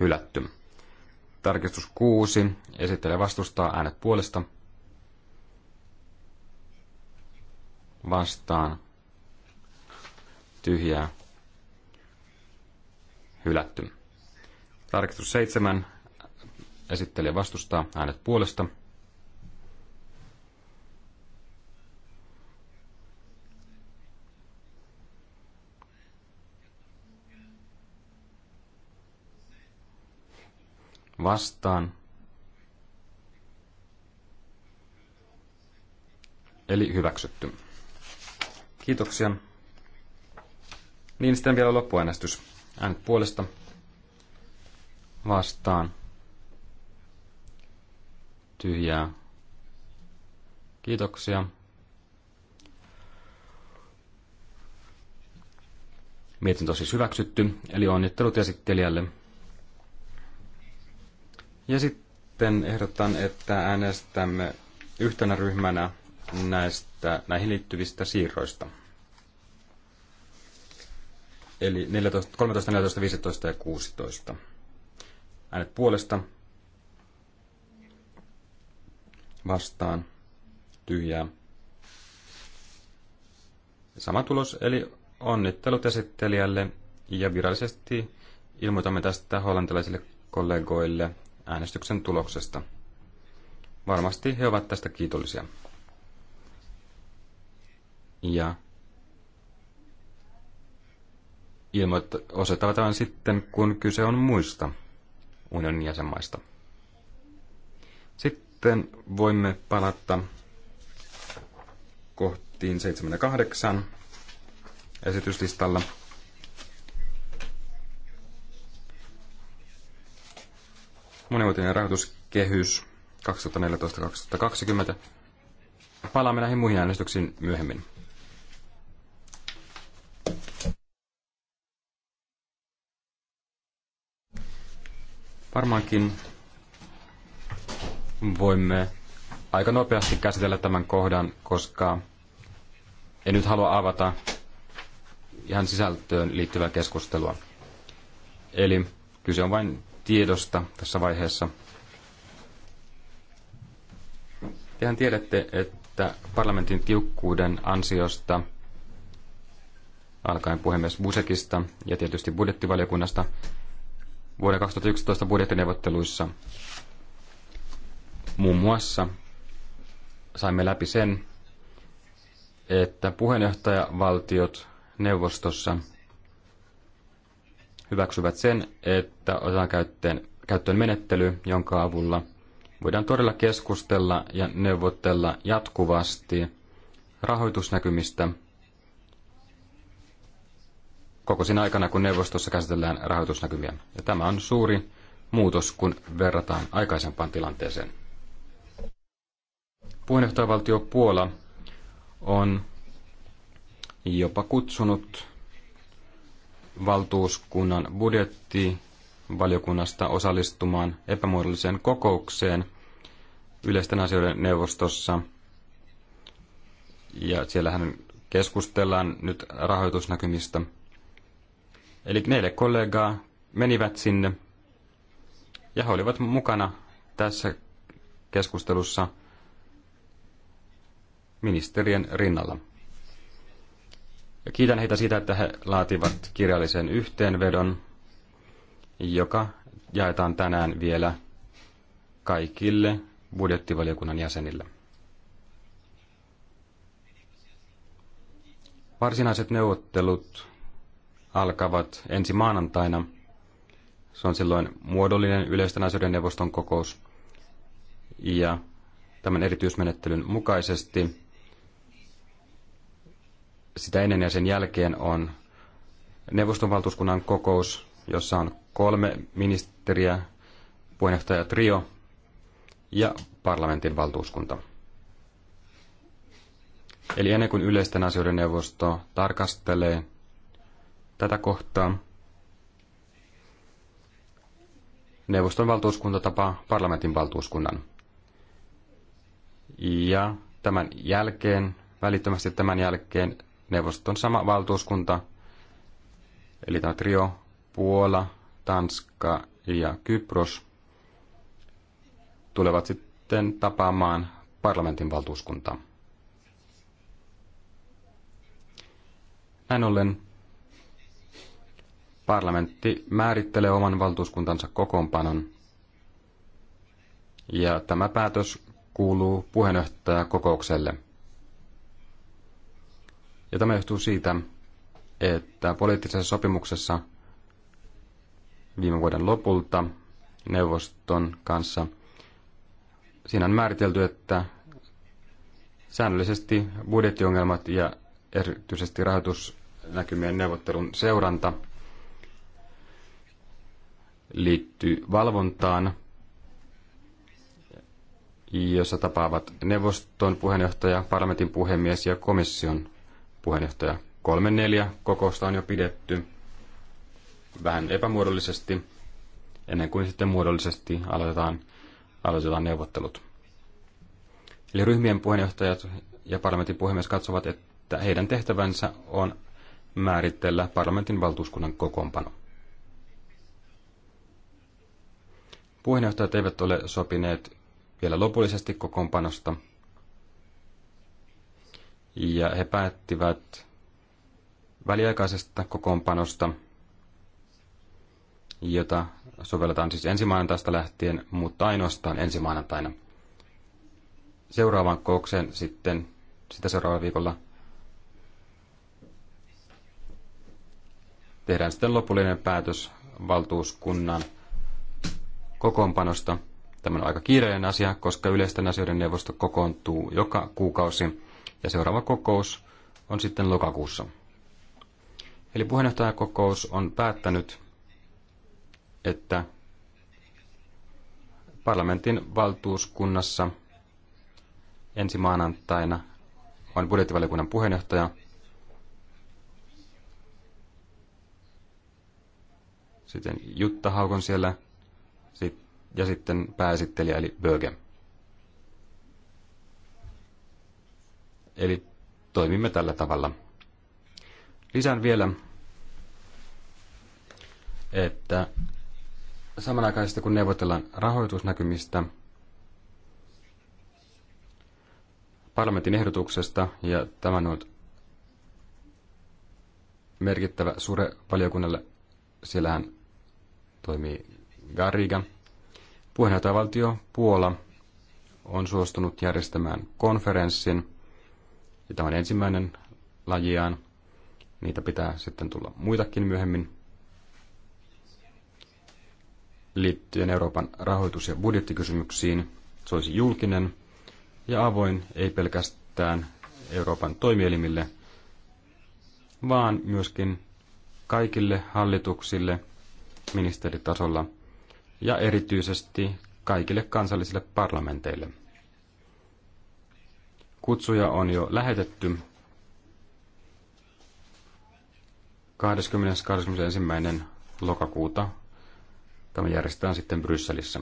hylätty. Tarkistus 6. Esittelee vastustaa äänet puolesta. Vastaan. Tyhjää. Hylätty. Tarkistus 7. Esittelee vastustaa äänet puolesta. vastaan. Eli hyväksytty. Kiitoksia. Niin sitten vielä loppuäänestys. Äänet puolesta vastaan. Tyhjää. Kiitoksia. Mietintö on siis hyväksytty, eli onnittelut esittelijälle. Ja sitten ehdotan, että äänestämme yhtenä ryhmänä näistä, näihin liittyvistä siirroista. Eli 14, 13, 14, 15 ja 16. Äänet puolesta. Vastaan. Tyhjää. Sama tulos, eli onnittelut esittelijälle ja virallisesti ilmoitamme tästä hollantilaisille kollegoille äänestyksen tuloksesta. Varmasti he ovat tästä kiitollisia. Ja ilmoit- osoittavat sitten, kun kyse on muista unionin jäsenmaista. Sitten voimme palata kohtiin 78 esityslistalla. monivuotinen rahoituskehys 2014-2020. Palaamme näihin muihin äänestyksiin myöhemmin. Varmaankin voimme aika nopeasti käsitellä tämän kohdan, koska en nyt halua avata ihan sisältöön liittyvää keskustelua. Eli kyse on vain tiedosta tässä vaiheessa. Tehän tiedätte, että parlamentin tiukkuuden ansiosta, alkaen puhemies Busekista ja tietysti budjettivaliokunnasta, vuoden 2011 budjettineuvotteluissa muun muassa saimme läpi sen, että puheenjohtajavaltiot neuvostossa hyväksyvät sen, että otetaan käyttöön, käyttöön menettely, jonka avulla voidaan todella keskustella ja neuvotella jatkuvasti rahoitusnäkymistä koko siinä aikana, kun neuvostossa käsitellään rahoitusnäkymiä. Ja tämä on suuri muutos, kun verrataan aikaisempaan tilanteeseen. Puheenjohtajavaltio Puola on jopa kutsunut valtuuskunnan budjettivaliokunnasta osallistumaan epämuodolliseen kokoukseen yleisten asioiden neuvostossa. Ja siellähän keskustellaan nyt rahoitusnäkymistä. Eli neljä kollegaa menivät sinne ja he olivat mukana tässä keskustelussa ministerien rinnalla. Ja kiitän heitä siitä, että he laativat kirjallisen yhteenvedon, joka jaetaan tänään vielä kaikille budjettivaliokunnan jäsenille. Varsinaiset neuvottelut alkavat ensi maanantaina. Se on silloin muodollinen yleisten asioiden neuvoston kokous. Ja tämän erityismenettelyn mukaisesti sitä ennen ja sen jälkeen on neuvoston valtuuskunnan kokous, jossa on kolme ministeriä, puheenjohtaja Trio ja parlamentin valtuuskunta. Eli ennen kuin yleisten asioiden neuvosto tarkastelee tätä kohtaa, neuvoston valtuuskunta tapaa parlamentin valtuuskunnan. Ja tämän jälkeen, välittömästi tämän jälkeen, Neuvoston sama valtuuskunta, eli tämä trio Puola, Tanska ja Kypros, tulevat sitten tapaamaan parlamentin valtuuskuntaa. Näin ollen parlamentti määrittelee oman valtuuskuntansa kokoonpanon, ja tämä päätös kuuluu puheenjohtajakokoukselle – ja tämä johtuu siitä, että poliittisessa sopimuksessa viime vuoden lopulta neuvoston kanssa siinä on määritelty, että säännöllisesti budjettiongelmat ja erityisesti rahoitusnäkymien neuvottelun seuranta liittyy valvontaan, jossa tapaavat neuvoston puheenjohtaja, parlamentin puhemies ja komission puheenjohtaja. Kolme neljä kokousta on jo pidetty vähän epämuodollisesti, ennen kuin sitten muodollisesti aloitetaan, aloitetaan neuvottelut. Eli ryhmien puheenjohtajat ja parlamentin puhemies katsovat, että heidän tehtävänsä on määritellä parlamentin valtuuskunnan kokoonpano. Puheenjohtajat eivät ole sopineet vielä lopullisesti kokoonpanosta, ja he päättivät väliaikaisesta kokoonpanosta, jota sovelletaan siis maanantaista lähtien, mutta ainoastaan maanantaina. Seuraavan kokouksen sitten sitä seuraavalla viikolla tehdään sitten lopullinen päätös valtuuskunnan kokoonpanosta. Tämä on aika kiireinen asia, koska yleisten asioiden neuvosto kokoontuu joka kuukausi ja seuraava kokous on sitten lokakuussa. Eli puheenjohtajakokous on päättänyt, että parlamentin valtuuskunnassa ensi maanantaina on budjettivaliokunnan puheenjohtaja. Sitten Jutta Haukon siellä ja sitten pääesittelijä eli Böge. Eli toimimme tällä tavalla. Lisään vielä, että samanaikaisesti kun neuvotellaan rahoitusnäkymistä, parlamentin ehdotuksesta, ja tämä on merkittävä suure valiokunnalle, siellähän toimii Garriga. Puheenjohtajavaltio Puola on suostunut järjestämään konferenssin ja tämä on ensimmäinen lajiaan. Niitä pitää sitten tulla muitakin myöhemmin. Liittyen Euroopan rahoitus- ja budjettikysymyksiin, se olisi julkinen ja avoin ei pelkästään Euroopan toimielimille, vaan myöskin kaikille hallituksille ministeritasolla ja erityisesti kaikille kansallisille parlamenteille. Kutsuja on jo lähetetty 20.21. lokakuuta. Tämä järjestetään sitten Brysselissä.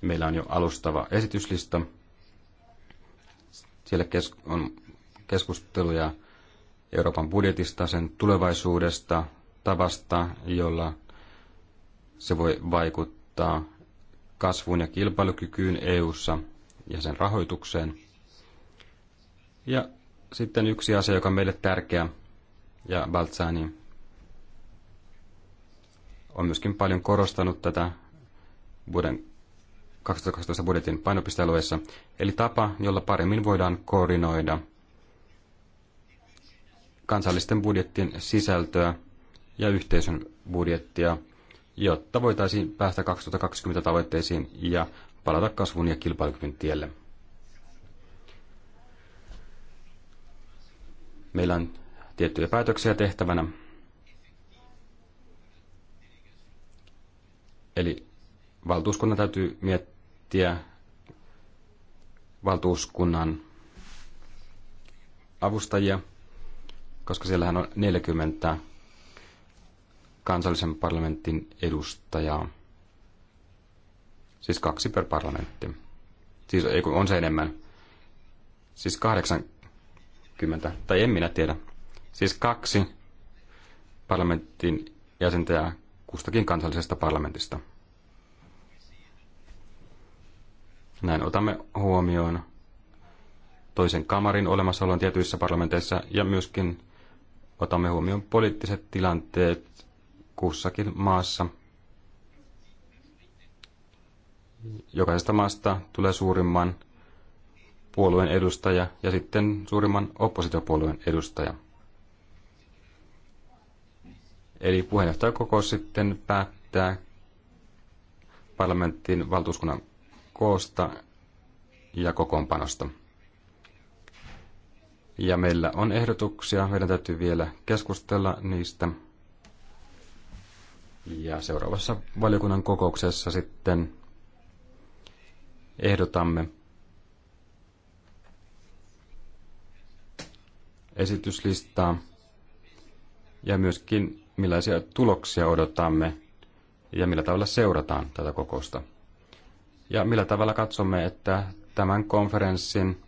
Meillä on jo alustava esityslista. Siellä kes- on keskusteluja Euroopan budjetista, sen tulevaisuudesta, tavasta, jolla se voi vaikuttaa kasvuun ja kilpailukykyyn EU:ssa ja sen rahoitukseen – ja sitten yksi asia, joka on meille tärkeä, ja Baltsani on myöskin paljon korostanut tätä vuoden 2012 budjetin painopistealueessa, eli tapa, jolla paremmin voidaan koordinoida kansallisten budjettien sisältöä ja yhteisön budjettia, jotta voitaisiin päästä 2020 tavoitteisiin ja palata kasvun ja kilpailukyvyn tielle. Meillä on tiettyjä päätöksiä tehtävänä. Eli valtuuskunnan täytyy miettiä valtuuskunnan avustajia, koska siellähän on 40 kansallisen parlamentin edustajaa. Siis kaksi per parlamentti. Siis ei kun on se enemmän. Siis kahdeksan 20, tai en minä tiedä, siis kaksi parlamentin jäsentä kustakin kansallisesta parlamentista. Näin otamme huomioon toisen kamarin olemassaolon tietyissä parlamenteissa ja myöskin otamme huomioon poliittiset tilanteet kussakin maassa. Jokaisesta maasta tulee suurimman puolueen edustaja ja sitten suurimman oppositiopuolueen edustaja. Eli puheenjohtajakokous sitten päättää parlamentin valtuuskunnan koosta ja kokoonpanosta. Ja meillä on ehdotuksia, meidän täytyy vielä keskustella niistä. Ja seuraavassa valiokunnan kokouksessa sitten ehdotamme, esityslistaa ja myöskin millaisia tuloksia odotamme ja millä tavalla seurataan tätä kokousta. Ja millä tavalla katsomme, että tämän konferenssin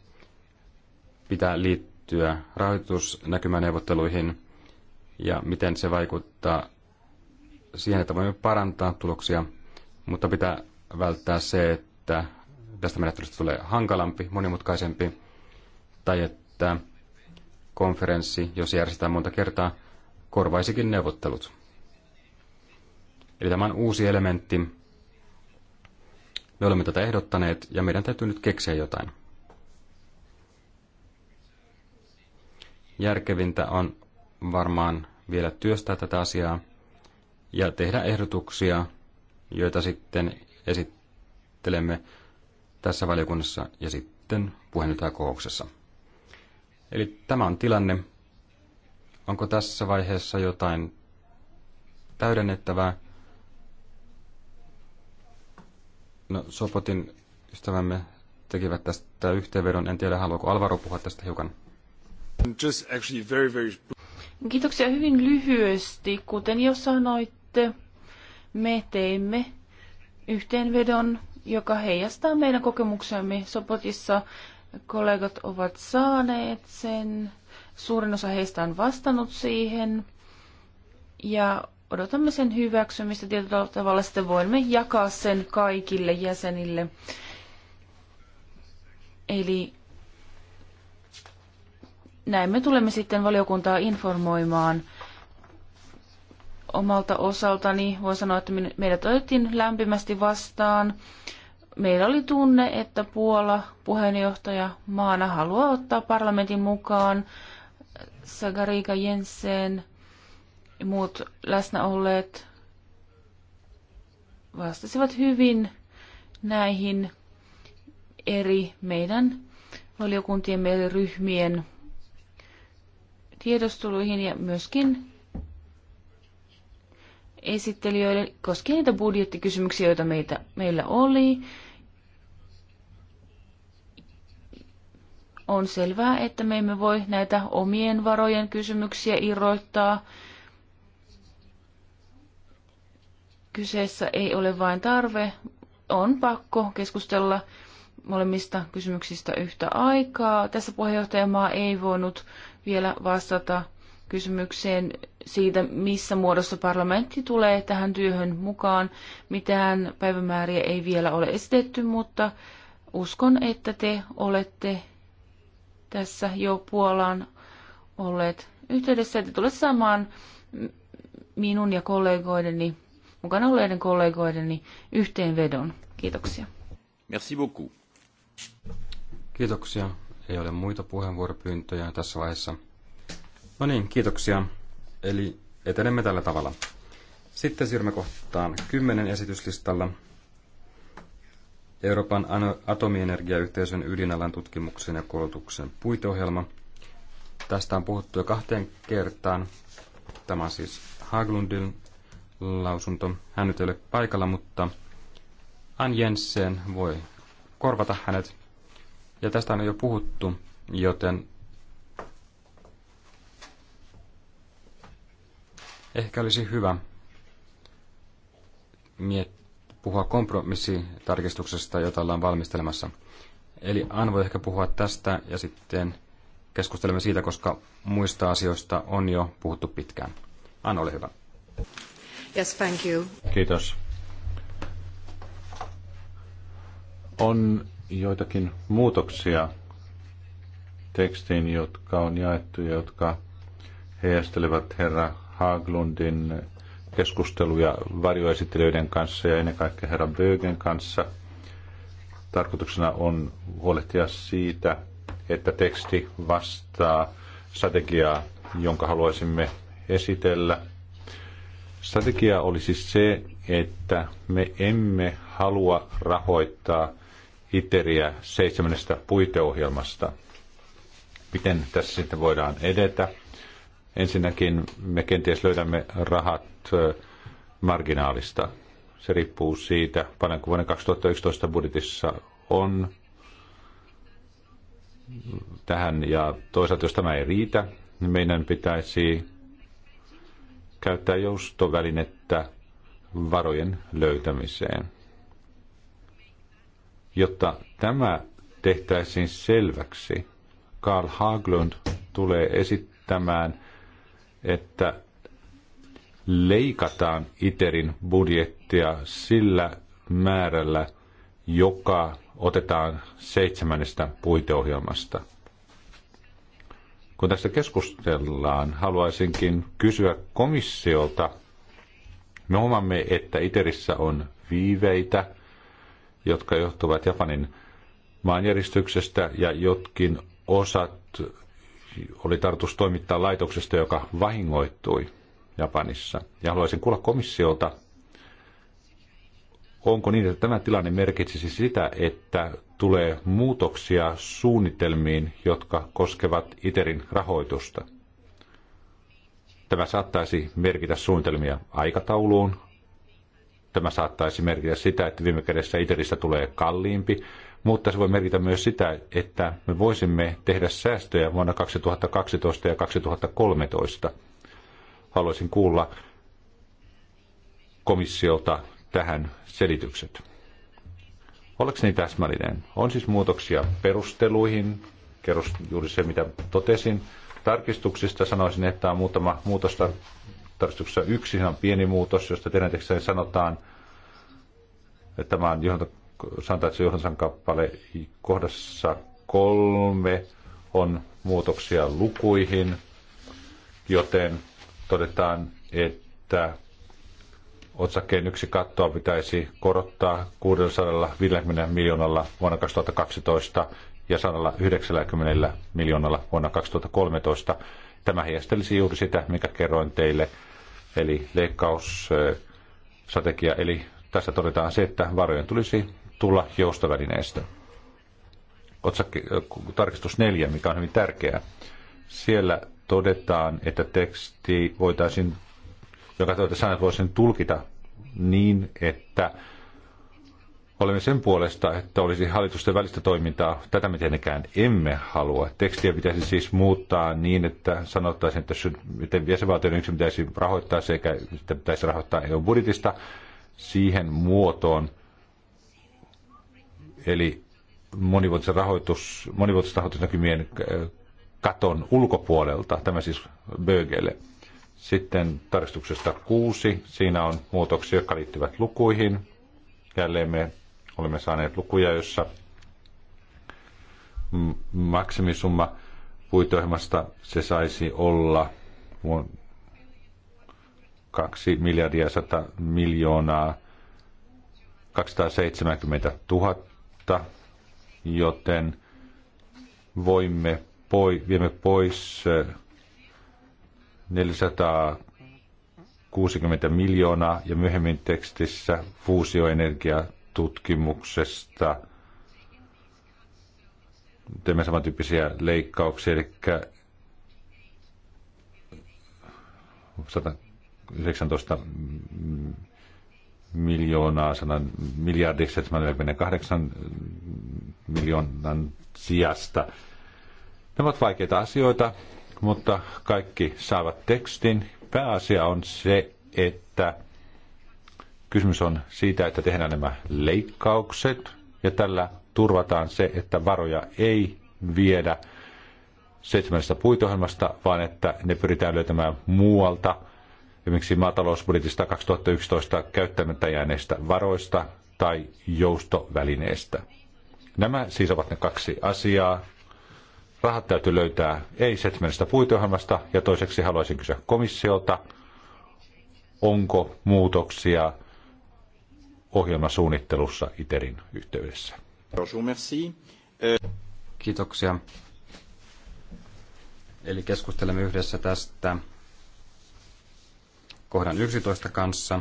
pitää liittyä rahoitusnäkymäneuvotteluihin ja miten se vaikuttaa siihen, että voimme parantaa tuloksia, mutta pitää välttää se, että tästä menettelystä tulee hankalampi, monimutkaisempi tai että konferenssi, jos järjestetään monta kertaa, korvaisikin neuvottelut. Eli tämä on uusi elementti. Me olemme tätä ehdottaneet ja meidän täytyy nyt keksiä jotain. Järkevintä on varmaan vielä työstää tätä asiaa ja tehdä ehdotuksia, joita sitten esittelemme tässä valiokunnassa ja sitten puheenjohtajakouksessa. Eli tämä on tilanne. Onko tässä vaiheessa jotain täydennettävää? No, Sopotin ystävämme tekivät tästä yhteenvedon. En tiedä, haluaako Alvaro puhua tästä hiukan. Just actually very, very... Kiitoksia hyvin lyhyesti. Kuten jo sanoitte, me teimme yhteenvedon, joka heijastaa meidän kokemuksemme Sopotissa kollegat ovat saaneet sen. Suurin osa heistä on vastannut siihen. Ja odotamme sen hyväksymistä tietyllä tavalla. Sitten voimme jakaa sen kaikille jäsenille. Eli näin me tulemme sitten valiokuntaa informoimaan omalta osaltani. Voin sanoa, että meidät otettiin lämpimästi vastaan meillä oli tunne, että Puola puheenjohtaja maana haluaa ottaa parlamentin mukaan Sagarika Jensen ja muut läsnä olleet vastasivat hyvin näihin eri meidän valiokuntien meidän ryhmien tiedosteluihin ja myöskin esittelijöille koskien niitä budjettikysymyksiä, joita meitä, meillä oli. On selvää, että me emme voi näitä omien varojen kysymyksiä irrottaa. Kyseessä ei ole vain tarve, on pakko keskustella molemmista kysymyksistä yhtä aikaa. Tässä puheenjohtajamaa ei voinut vielä vastata kysymykseen siitä, missä muodossa parlamentti tulee tähän työhön mukaan. Mitään päivämääriä ei vielä ole esitetty, mutta uskon, että te olette tässä jo Puolaan olleet yhteydessä, että tulette saamaan minun ja kollegoideni, mukana olleiden kollegoideni yhteenvedon. Kiitoksia. Merci beaucoup. Kiitoksia. Ei ole muita puheenvuoropyyntöjä tässä vaiheessa. No niin, kiitoksia. Eli etenemme tällä tavalla. Sitten siirrymme kohtaan kymmenen esityslistalla. Euroopan atomienergiayhteisön ydinalan tutkimuksen ja koulutuksen puiteohjelma. Tästä on puhuttu jo kahteen kertaan. Tämä on siis Haglundin lausunto. Hän nyt ei ole paikalla, mutta Ann Jensen voi korvata hänet. Ja tästä on jo puhuttu, joten Ehkä olisi hyvä miettiä puhua kompromissitarkistuksesta, jota ollaan valmistelemassa. Eli An voi ehkä puhua tästä ja sitten keskustelemme siitä, koska muista asioista on jo puhuttu pitkään. An, ole hyvä. Yes, thank you. Kiitos. On joitakin muutoksia tekstiin, jotka on jaettu ja jotka heijastelevat herra Haglundin keskusteluja varjoesittelijöiden kanssa ja ennen kaikkea herran Bögen kanssa. Tarkoituksena on huolehtia siitä, että teksti vastaa strategiaa, jonka haluaisimme esitellä. Strategia oli siis se, että me emme halua rahoittaa ITERiä seitsemännestä puiteohjelmasta. Miten tässä sitten voidaan edetä? Ensinnäkin me kenties löydämme rahat marginaalista. Se riippuu siitä, paljonko vuoden 2011 budjetissa on tähän. Ja toisaalta, jos tämä ei riitä, niin meidän pitäisi käyttää joustovälinettä varojen löytämiseen. Jotta tämä tehtäisiin selväksi, Karl Haglund tulee esittämään että leikataan ITERin budjettia sillä määrällä, joka otetaan seitsemännestä puiteohjelmasta. Kun tästä keskustellaan, haluaisinkin kysyä komissiolta. Me huomaamme, että ITERissä on viiveitä, jotka johtuvat Japanin maanjäristyksestä ja jotkin osat oli tarkoitus toimittaa laitoksesta, joka vahingoittui Japanissa. Ja haluaisin kuulla komissiolta, onko niin, että tämä tilanne merkitsisi sitä, että tulee muutoksia suunnitelmiin, jotka koskevat ITERin rahoitusta. Tämä saattaisi merkitä suunnitelmia aikatauluun. Tämä saattaisi merkitä sitä, että viime kädessä ITERistä tulee kalliimpi, mutta se voi merkitä myös sitä, että me voisimme tehdä säästöjä vuonna 2012 ja 2013. Haluaisin kuulla komissiolta tähän selitykset. Olekseni täsmällinen. On siis muutoksia perusteluihin, kerros juuri se mitä totesin. Tarkistuksista sanoisin, että on muutama muutos tarkistuksessa yksi on pieni muutos, josta teidän sanotaan, että tämä on Santaitse Johansan kappale kohdassa kolme on muutoksia lukuihin, joten todetaan, että otsakkeen yksi kattoa pitäisi korottaa 650 miljoonalla vuonna 2012 ja 190 miljoonalla vuonna 2013. Tämä heijastelisi juuri sitä, mikä kerroin teille, eli leikkausstrategia. Eli tässä todetaan se, että varojen tulisi tulla joustovälineistä. Otsakki, tarkistus neljä, mikä on hyvin tärkeää. Siellä todetaan, että teksti voitaisiin, joka tuota sanat voisin tulkita niin, että olemme sen puolesta, että olisi hallitusten välistä toimintaa. Tätä me tietenkään emme halua. Tekstiä pitäisi siis muuttaa niin, että sanottaisiin, että, että jäsenvaltioiden yksin pitäisi rahoittaa sekä sitä pitäisi rahoittaa EU-budjetista siihen muotoon, eli monivuotisen rahoitus, monivuotisen rahoitusnäkymien äh, katon ulkopuolelta, tämä siis Bögelle. Sitten tarkistuksesta kuusi, siinä on muutoksia, jotka liittyvät lukuihin. Jälleen me olemme saaneet lukuja, joissa maksimisumma puitoihmasta se saisi olla 2 miljardia 100 miljoonaa 270 000 kautta, joten voimme poi, viemme pois 460 eh, miljoonaa ja myöhemmin tekstissä fuusioenergiatutkimuksesta teemme samantyyppisiä leikkauksia, eli 119 miljoonaa sanan, miljardiksi 78 miljoonan sijasta. Ne ovat vaikeita asioita, mutta kaikki saavat tekstin. Pääasia on se, että kysymys on siitä, että tehdään nämä leikkaukset ja tällä turvataan se, että varoja ei viedä seitsemästä puitohjelmasta, vaan että ne pyritään löytämään muualta – esimerkiksi maatalousbudjetista 2011 käyttämättä jääneistä varoista tai joustovälineestä. Nämä siis ovat ne kaksi asiaa. Rahat täytyy löytää ei seitsemännestä puitohjelmasta ja toiseksi haluaisin kysyä komissiolta, onko muutoksia ohjelmasuunnittelussa ITERin yhteydessä. Kiitoksia. Eli keskustelemme yhdessä tästä kohdan 11 kanssa,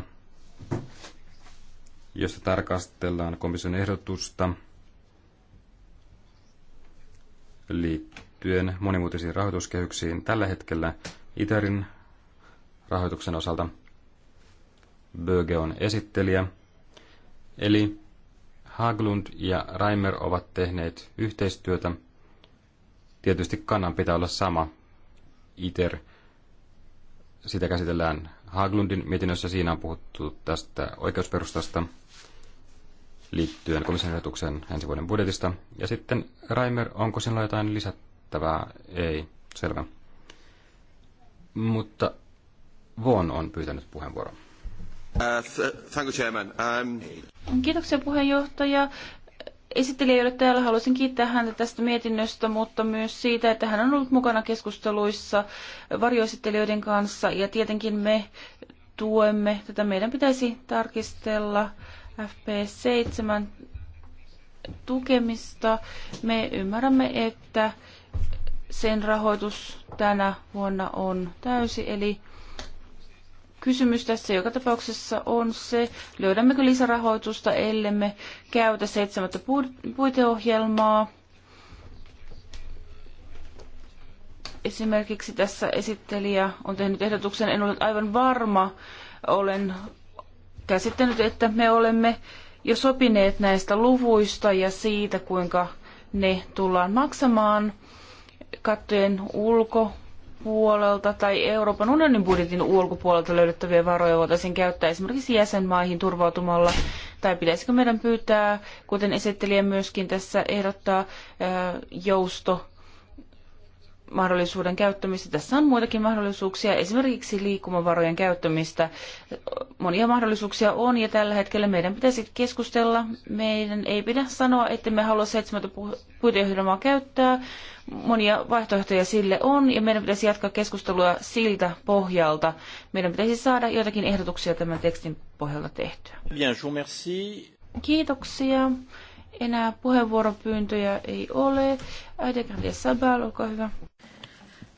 jossa tarkastellaan komission ehdotusta liittyen monimuotoisiin rahoituskehyksiin tällä hetkellä ITERin rahoituksen osalta. Böge on esittelijä. Eli Haglund ja Reimer ovat tehneet yhteistyötä. Tietysti kannan pitää olla sama. ITER, sitä käsitellään Haglundin mietinnössä siinä on puhuttu tästä oikeusperustasta liittyen komission ehdotuksen ensi vuoden budjetista. Ja sitten Raimer, onko sinulla jotain lisättävää? Ei, selvä. Mutta Von on pyytänyt puheenvuoron. Uh, um, Kiitoksia puheenjohtaja. Esittelijä ei ole täällä. Haluaisin kiittää häntä tästä mietinnöstä, mutta myös siitä, että hän on ollut mukana keskusteluissa varjoesittelijöiden kanssa. Ja tietenkin me tuemme tätä. Meidän pitäisi tarkistella FP7 tukemista. Me ymmärrämme, että sen rahoitus tänä vuonna on täysi, eli Kysymys tässä joka tapauksessa on se, löydämmekö lisärahoitusta, ellemme käytä seitsemättä puiteohjelmaa. Esimerkiksi tässä esittelijä on tehnyt ehdotuksen, en ole aivan varma, olen käsittänyt, että me olemme jo sopineet näistä luvuista ja siitä, kuinka ne tullaan maksamaan kattojen ulko puolelta tai Euroopan unionin budjetin ulkopuolelta löydettäviä varoja voitaisiin käyttää esimerkiksi jäsenmaihin turvautumalla, tai pitäisikö meidän pyytää, kuten esittelijä myöskin tässä ehdottaa, jousto mahdollisuuden käyttämistä. Tässä on muitakin mahdollisuuksia, esimerkiksi liikkumavarojen käyttämistä. Monia mahdollisuuksia on ja tällä hetkellä meidän pitäisi keskustella. Meidän ei pidä sanoa, että me halua seitsemältä puiteohjelmaa käyttää. Monia vaihtoehtoja sille on ja meidän pitäisi jatkaa keskustelua siltä pohjalta. Meidän pitäisi saada joitakin ehdotuksia tämän tekstin pohjalta tehtyä. Bien, Kiitoksia. Enää puheenvuoropyyntöjä ei ole. Aidekande Sabal, olkaa hyvä.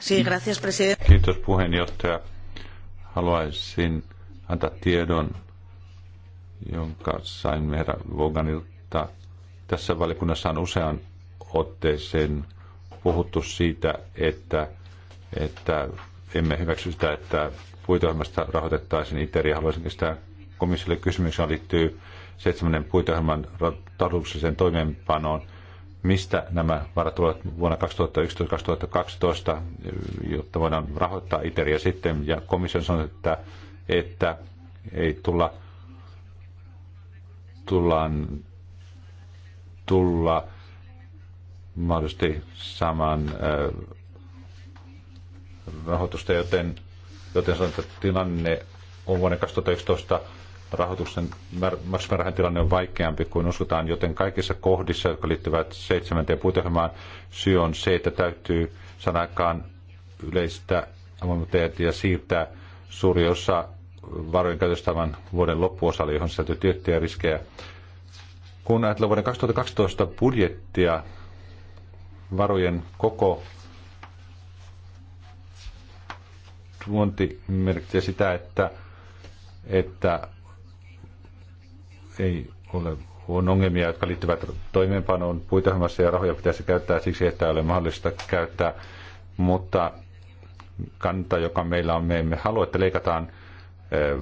Sí, gracias, presidente. Kiitos puheenjohtaja. Haluaisin antaa tiedon, jonka sain herra Voganilta. Tässä valikunnassa on usean otteeseen puhuttu siitä, että, että emme hyväksy sitä, että puitoimasta rahoitettaisiin ITERiä. Haluaisin sitä komissiolle kysymyksiä liittyy seitsemännen puiteohjelman tarkoituksellisen toimeenpanoon. Mistä nämä varat tulevat vuonna 2011-2012, jotta voidaan rahoittaa ITERiä sitten? Ja komissio sanoi, että, että ei tulla, tullaan, tulla mahdollisesti saman äh, rahoitusta, joten, joten sanotaan että tilanne on vuonna 2011 rahoituksen maksimäärähän tilanne on vaikeampi kuin uskotaan, joten kaikissa kohdissa, jotka liittyvät seitsemänteen puiteohjelmaan, syy on se, että täytyy sanakaan yleistä avoimuutta ja siirtää suuri osa varojen käytöstä tämän vuoden loppuosalle, johon sisältyy tiettyjä riskejä. Kun ajatellaan vuoden 2012 budjettia, varojen koko tuonti merkitsee sitä, että, että ei ole on ongelmia, jotka liittyvät toimeenpanoon puitohjelmassa ja rahoja pitäisi käyttää siksi, että ei ole mahdollista käyttää, mutta kanta, joka meillä on, me emme halua, että leikataan eh,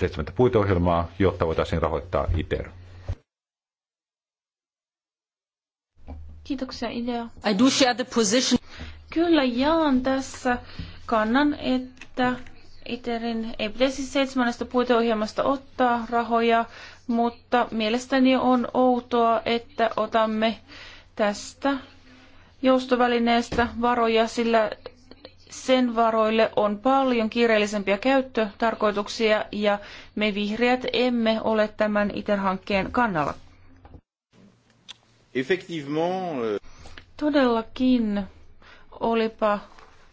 seitsemättä puiteohjelmaa, jotta voitaisiin rahoittaa ITER. Kiitoksia idea. I do share the position. Kyllä jaan tässä kannan, että ITERin ei pitäisi seitsemännestä puiteohjelmasta ottaa rahoja, mutta mielestäni on outoa, että otamme tästä joustovälineestä varoja, sillä sen varoille on paljon kiireellisempiä käyttötarkoituksia ja me vihreät emme ole tämän ITER-hankkeen kannalla. Euh, Todellakin, olipa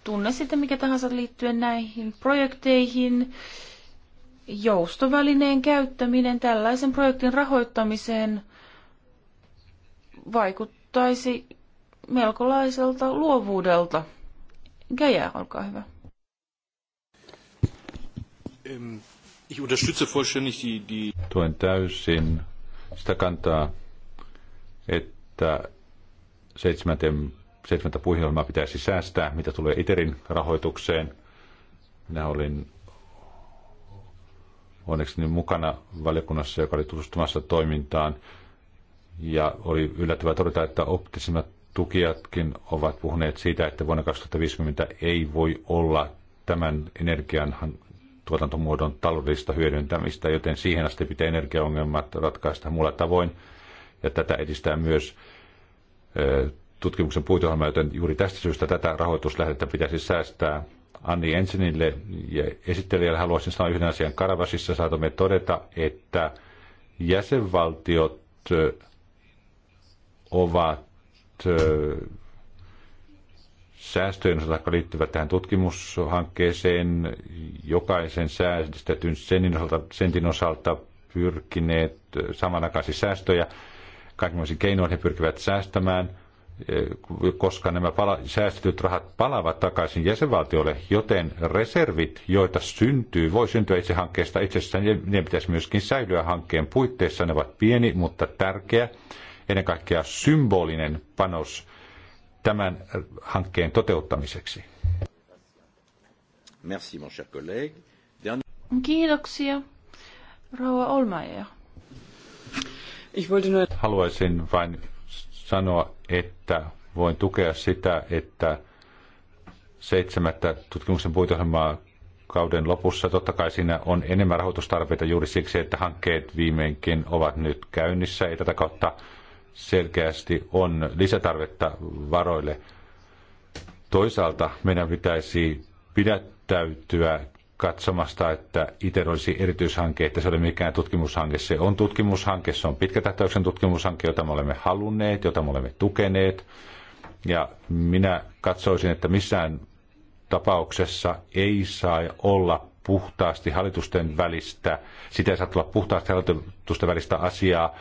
tunne sitten mikä tahansa liittyen näihin projekteihin, joustovälineen käyttäminen tällaisen projektin rahoittamiseen vaikuttaisi melkolaiselta luovuudelta. Gäjä, olkaa hyvä. Ähm, ich unterstütze vollständig die, Tuen täysin sitä kantaa, että seitsemänten, seitsemäntä puheenjohtajaa pitäisi säästää, mitä tulee ITERin rahoitukseen. Minä olin onneksi mukana valiokunnassa, joka oli tutustumassa toimintaan. Ja oli yllättävää todeta, että optisimmat tukijatkin ovat puhuneet siitä, että vuonna 2050 ei voi olla tämän energian tuotantomuodon taloudellista hyödyntämistä, joten siihen asti pitää energiaongelmat ratkaista muulla tavoin. Ja tätä edistää myös tutkimuksen puitohjelma, joten juuri tästä syystä tätä rahoituslähdettä pitäisi säästää Anni Ensinille ja esittelijälle haluaisin sanoa yhden asian. Karavasissa saatamme todeta, että jäsenvaltiot ovat säästöjen osalta, jotka liittyvät tähän tutkimushankkeeseen, jokaisen säästetyn sentin osalta, sentin osalta pyrkineet samanaikaisesti säästöjä. Kaikenlaisiin keinoin he pyrkivät säästämään – Eh, koska nämä pala- säästetyt rahat palaavat takaisin jäsenvaltiolle, joten reservit, joita syntyy, voi syntyä itse hankkeesta itsessään, ja ne pitäisi myöskin säilyä hankkeen puitteissa. Ne ovat pieni, mutta tärkeä, ennen kaikkea symbolinen panos tämän hankkeen toteuttamiseksi. Merci, mon cher collègue. Kiitoksia, Rauha Olmaja. Haluaisin vain sanoa, että voin tukea sitä, että seitsemättä tutkimuksen puitohjelmaa kauden lopussa. Totta kai siinä on enemmän rahoitustarpeita juuri siksi, että hankkeet viimeinkin ovat nyt käynnissä ja tätä kautta selkeästi on lisätarvetta varoille. Toisaalta meidän pitäisi pidättäytyä katsomasta, että ITER olisi erityishanke, että se ei ole mikään tutkimushanke. Se on tutkimushanke, se on pitkätähtäyksen tutkimushanke, jota me olemme halunneet, jota me olemme tukeneet. Ja minä katsoisin, että missään tapauksessa ei saa olla puhtaasti hallitusten välistä, sitä ei saa tulla puhtaasti hallitusten välistä asiaa,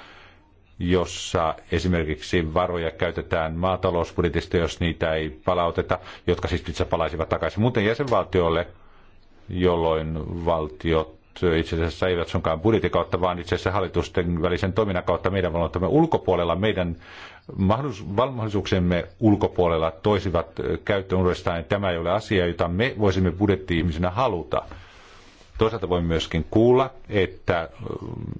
jossa esimerkiksi varoja käytetään maatalousbudjetista, jos niitä ei palauteta, jotka siis itse palaisivat takaisin muuten jäsenvaltiolle, jolloin valtiot itse asiassa eivät sunkaan budjetin kautta, vaan itse asiassa hallitusten välisen toiminnan kautta meidän valvontamme ulkopuolella, meidän mahdollisuuksemme ulkopuolella toisivat käyttöön uudestaan. Tämä ei ole asia, jota me voisimme budjetti-ihmisenä haluta. Toisaalta voi myöskin kuulla, että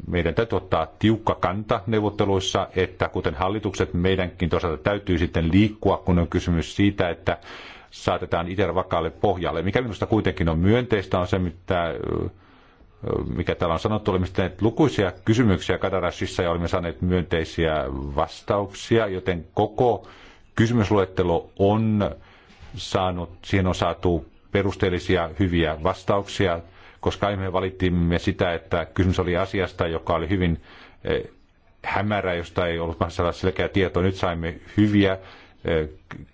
meidän täytyy ottaa tiukka kanta neuvotteluissa, että kuten hallitukset, meidänkin toisaalta täytyy sitten liikkua, kun on kysymys siitä, että saatetaan itse vakaalle pohjalle. Mikä minusta kuitenkin on myönteistä on se, mitä, mikä täällä on sanottu, olemme tehneet lukuisia kysymyksiä Kadarashissa ja olemme saaneet myönteisiä vastauksia, joten koko kysymysluettelo on saanut, siihen on saatu perusteellisia hyviä vastauksia, koska me valittimme sitä, että kysymys oli asiasta, joka oli hyvin eh, hämärä, josta ei ollut mahdollista selkeää tietoa. Nyt saimme hyviä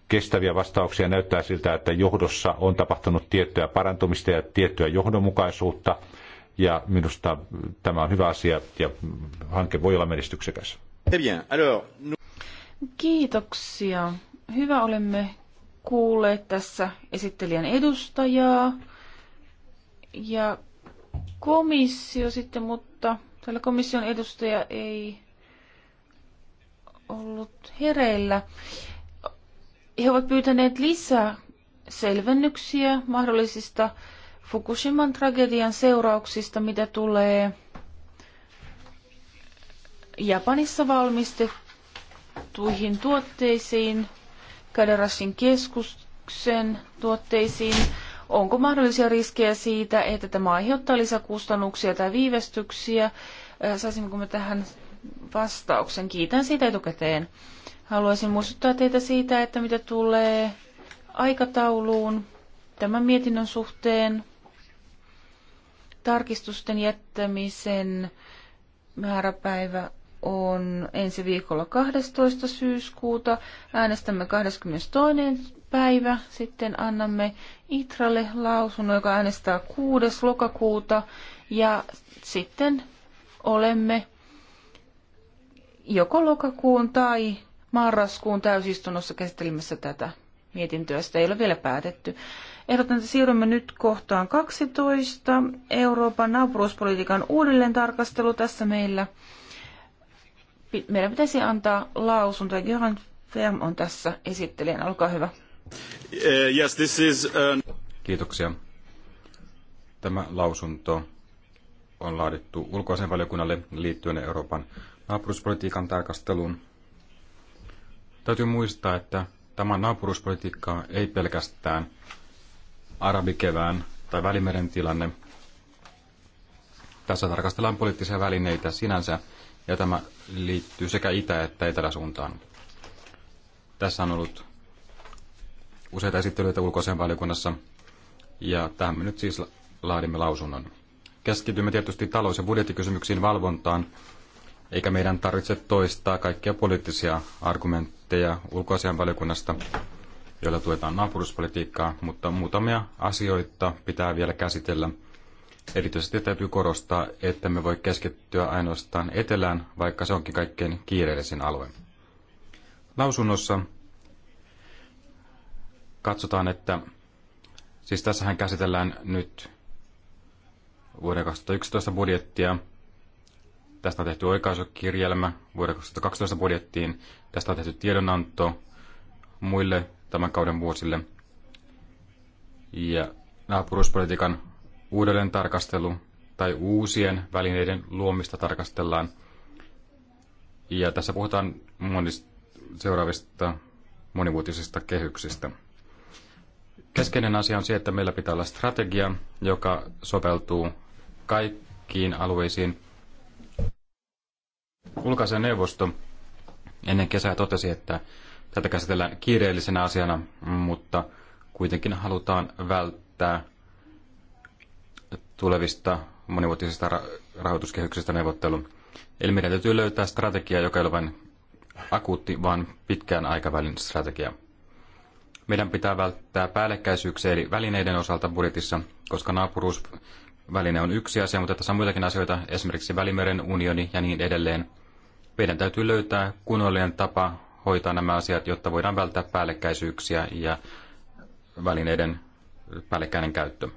kestäviä vastauksia. Näyttää siltä, että johdossa on tapahtunut tiettyä parantumista ja tiettyä johdonmukaisuutta. Ja minusta tämä on hyvä asia ja hanke voi olla menestyksekäs. Kiitoksia. Hyvä olemme kuulleet tässä esittelijän edustajaa ja komissio sitten, mutta täällä komission edustaja ei ollut hereillä he ovat pyytäneet lisää selvennyksiä mahdollisista Fukushiman tragedian seurauksista, mitä tulee Japanissa valmistettuihin tuotteisiin, Kaderashin keskuksen tuotteisiin. Onko mahdollisia riskejä siitä, että tämä aiheuttaa lisäkustannuksia tai viivästyksiä? Saisimmeko me tähän vastauksen? Kiitän siitä etukäteen. Haluaisin muistuttaa teitä siitä, että mitä tulee aikatauluun tämän mietinnön suhteen, tarkistusten jättämisen määräpäivä on ensi viikolla 12. syyskuuta. Äänestämme 22. päivä. Sitten annamme Itralle lausunnon, joka äänestää 6. lokakuuta. Ja sitten olemme joko lokakuun tai marraskuun täysistunnossa käsittelemässä tätä mietintöä. Sitä ei ole vielä päätetty. Ehdotan, että siirrymme nyt kohtaan 12. Euroopan naapuruuspolitiikan uudelleen tarkastelu. Tässä meillä meidän pitäisi antaa lausunto. Johan Fem on tässä esittelijänä. Olkaa hyvä. Uh, yes, this is, uh... Kiitoksia. Tämä lausunto on laadittu valiokunnalle liittyen Euroopan naapuruuspolitiikan tarkasteluun Täytyy muistaa, että tämä naapuruuspolitiikka ei pelkästään arabikevään tai välimeren tilanne. Tässä tarkastellaan poliittisia välineitä sinänsä, ja tämä liittyy sekä itä- että eteläsuuntaan. Tässä on ollut useita esittelyitä ulkoisen valiokunnassa, ja tähän me nyt siis laadimme lausunnon. Keskitymme tietysti talous- ja budjettikysymyksiin valvontaan eikä meidän tarvitse toistaa kaikkia poliittisia argumentteja ulkoasianvaliokunnasta, joilla tuetaan naapuruspolitiikkaa, mutta muutamia asioita pitää vielä käsitellä. Erityisesti täytyy korostaa, että me voi keskittyä ainoastaan etelään, vaikka se onkin kaikkein kiireellisin alue. Lausunnossa katsotaan, että siis tässähän käsitellään nyt vuoden 2011 budjettia, Tästä on tehty oikaisukirjelmä vuoden 2012 budjettiin. Tästä on tehty tiedonanto muille tämän kauden vuosille. Ja naapuruuspolitiikan uudelleen tarkastelu tai uusien välineiden luomista tarkastellaan. Ja tässä puhutaan monista seuraavista monivuotisista kehyksistä. Keskeinen asia on se, että meillä pitää olla strategia, joka soveltuu kaikkiin alueisiin Ulkaisen neuvosto ennen kesää totesi, että tätä käsitellään kiireellisenä asiana, mutta kuitenkin halutaan välttää tulevista monivuotisista rahoituskehyksistä neuvottelun. Eli meidän täytyy löytää strategia, joka ei ole vain akuutti, vaan pitkään aikavälin strategia. Meidän pitää välttää päällekkäisyyksiä eli välineiden osalta budjetissa, koska naapuruusväline on yksi asia, mutta tässä on muitakin asioita, esimerkiksi Välimeren unioni ja niin edelleen – meidän täytyy löytää kunnollinen tapa hoitaa nämä asiat, jotta voidaan välttää päällekkäisyyksiä ja välineiden päällekkäinen käyttö.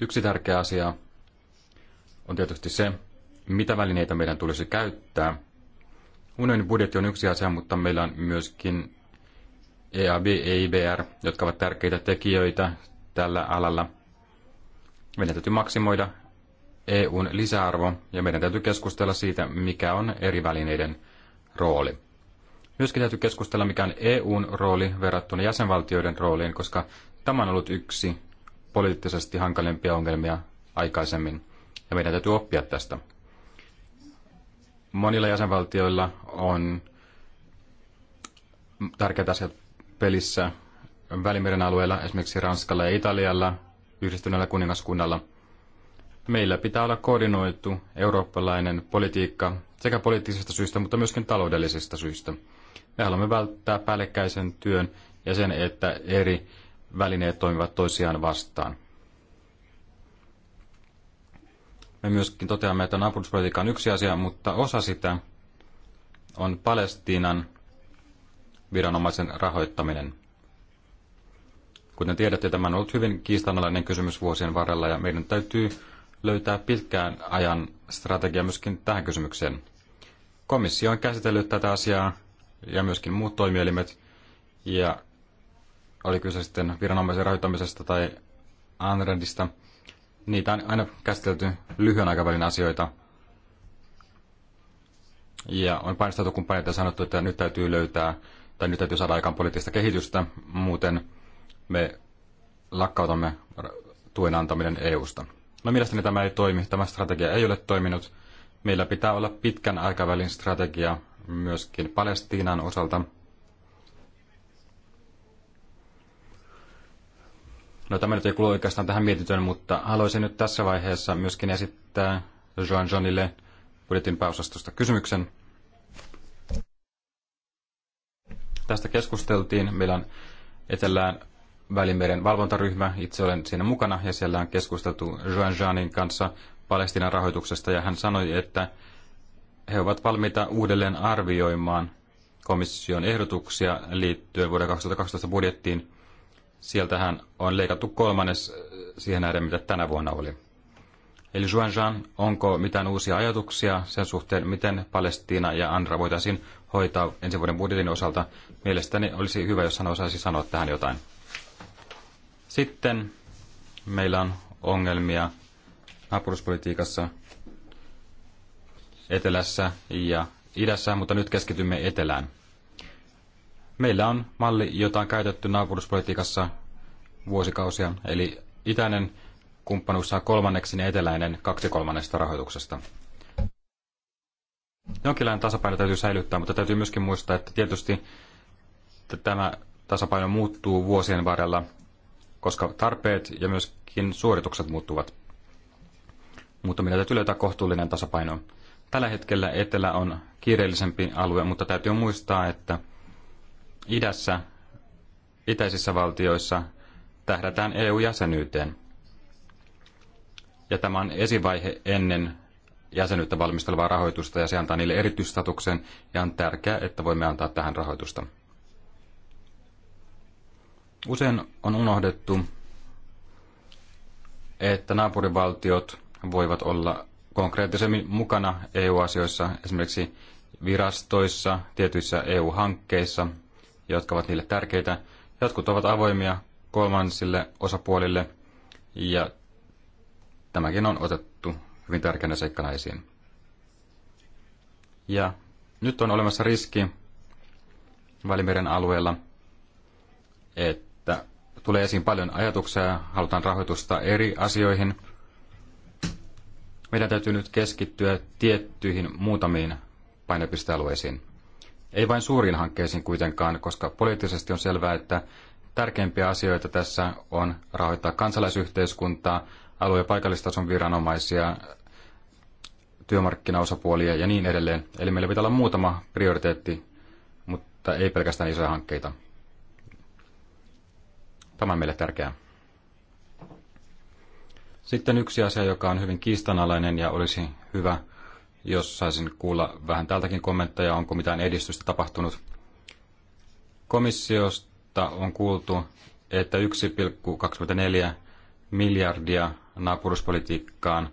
Yksi tärkeä asia on tietysti se, mitä välineitä meidän tulisi käyttää. Unionin budjetti on yksi asia, mutta meillä on myöskin EAB ja e IBR, jotka ovat tärkeitä tekijöitä tällä alalla. Meidän täytyy maksimoida EUn lisäarvo ja meidän täytyy keskustella siitä, mikä on eri välineiden rooli. Myöskin täytyy keskustella, mikä on EUn rooli verrattuna jäsenvaltioiden rooliin, koska tämä on ollut yksi poliittisesti hankalimpia ongelmia aikaisemmin, ja meidän täytyy oppia tästä. Monilla jäsenvaltioilla on tärkeät asiat pelissä Välimeren alueella, esimerkiksi Ranskalla ja Italialla, yhdistyneellä kuningaskunnalla – meillä pitää olla koordinoitu eurooppalainen politiikka sekä poliittisista syistä, mutta myöskin taloudellisista syistä. Me haluamme välttää päällekkäisen työn ja sen, että eri välineet toimivat toisiaan vastaan. Me myöskin toteamme, että naapuruspolitiikka on yksi asia, mutta osa sitä on Palestiinan viranomaisen rahoittaminen. Kuten tiedätte, tämä on ollut hyvin kiistanalainen kysymys vuosien varrella ja meidän täytyy löytää pitkään ajan strategia myöskin tähän kysymykseen. Komissio on käsitellyt tätä asiaa ja myöskin muut toimielimet, ja oli kyse sitten viranomaisen rahoittamisesta tai Anredista, niitä on aina käsitelty lyhyen aikavälin asioita. Ja on painostettu kumppaneita ja sanottu, että nyt täytyy löytää tai nyt täytyy saada aikaan poliittista kehitystä, muuten me lakkautamme tuen antaminen EUsta. No mielestäni tämä ei toimi, tämä strategia ei ole toiminut. Meillä pitää olla pitkän aikavälin strategia myöskin Palestiinan osalta. No tämä nyt ei kuulu oikeastaan tähän mietintöön, mutta haluaisin nyt tässä vaiheessa myöskin esittää Joan Johnille budjetin pääosastosta kysymyksen. Tästä keskusteltiin. Meillä on etelään Välimeren valvontaryhmä. Itse olen siinä mukana ja siellä on keskusteltu Joan Jeanin kanssa Palestinan rahoituksesta ja hän sanoi, että he ovat valmiita uudelleen arvioimaan komission ehdotuksia liittyen vuoden 2012 budjettiin. Sieltähän on leikattu kolmannes siihen nähden, mitä tänä vuonna oli. Eli Juan Jean, onko mitään uusia ajatuksia sen suhteen, miten Palestiina ja Andra voitaisiin hoitaa ensi vuoden budjetin osalta? Mielestäni olisi hyvä, jos hän osaisi sanoa tähän jotain. Sitten meillä on ongelmia naapuruspolitiikassa etelässä ja idässä, mutta nyt keskitymme etelään. Meillä on malli, jota on käytetty naapuruspolitiikassa vuosikausia, eli itäinen kumppanuus saa kolmanneksi ja eteläinen kaksi kolmannesta rahoituksesta. Jonkinlainen tasapaino täytyy säilyttää, mutta täytyy myöskin muistaa, että tietysti tämä tasapaino muuttuu vuosien varrella koska tarpeet ja myöskin suoritukset muuttuvat. Mutta meidän täytyy löytää kohtuullinen tasapaino. Tällä hetkellä etelä on kiireellisempi alue, mutta täytyy muistaa, että idässä, itäisissä valtioissa tähdätään EU-jäsenyyteen. Ja tämä on esivaihe ennen jäsenyyttä valmistelevaa rahoitusta ja se antaa niille erityistatuksen ja on tärkeää, että voimme antaa tähän rahoitusta. Usein on unohdettu, että naapurivaltiot voivat olla konkreettisemmin mukana EU-asioissa, esimerkiksi virastoissa, tietyissä EU-hankkeissa, jotka ovat niille tärkeitä. Jotkut ovat avoimia kolmansille osapuolille ja tämäkin on otettu hyvin tärkeänä seikkana esiin. Ja nyt on olemassa riski Välimeren alueella, että tulee esiin paljon ajatuksia, halutaan rahoitusta eri asioihin. Meidän täytyy nyt keskittyä tiettyihin muutamiin painopistealueisiin. Ei vain suuriin hankkeisiin kuitenkaan, koska poliittisesti on selvää, että tärkeimpiä asioita tässä on rahoittaa kansalaisyhteiskuntaa, alue- ja paikallistason viranomaisia, työmarkkinaosapuolia ja niin edelleen. Eli meillä pitää olla muutama prioriteetti, mutta ei pelkästään isoja hankkeita. Tämä on meille tärkeää. Sitten yksi asia, joka on hyvin kiistanalainen ja olisi hyvä, jos saisin kuulla vähän tältäkin kommentteja, onko mitään edistystä tapahtunut. Komissiosta on kuultu, että 1,24 miljardia naapuruspolitiikkaan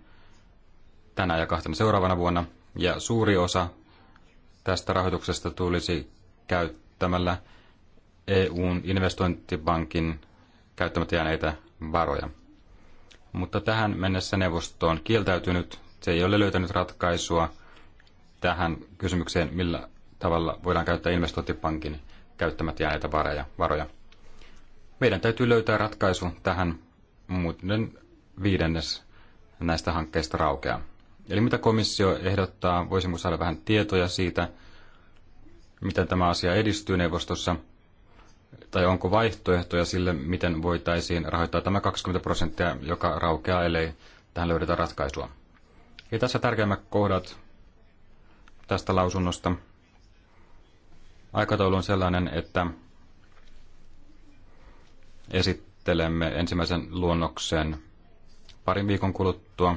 tänä ja kahtena seuraavana vuonna, ja suuri osa tästä rahoituksesta tulisi käyttämällä EUn investointipankin käyttämättä jääneitä varoja. Mutta tähän mennessä neuvosto on kieltäytynyt, se ei ole löytänyt ratkaisua tähän kysymykseen, millä tavalla voidaan käyttää investointipankin käyttämättä jääneitä varoja. Meidän täytyy löytää ratkaisu tähän, muuten viidennes näistä hankkeista raukeaa. Eli mitä komissio ehdottaa, voisimme saada vähän tietoja siitä, miten tämä asia edistyy neuvostossa – tai onko vaihtoehtoja sille, miten voitaisiin rahoittaa tämä 20 prosenttia, joka raukeaa, ellei tähän löydetä ratkaisua. Ja tässä tärkeimmät kohdat tästä lausunnosta. Aikataulu on sellainen, että esittelemme ensimmäisen luonnoksen parin viikon kuluttua.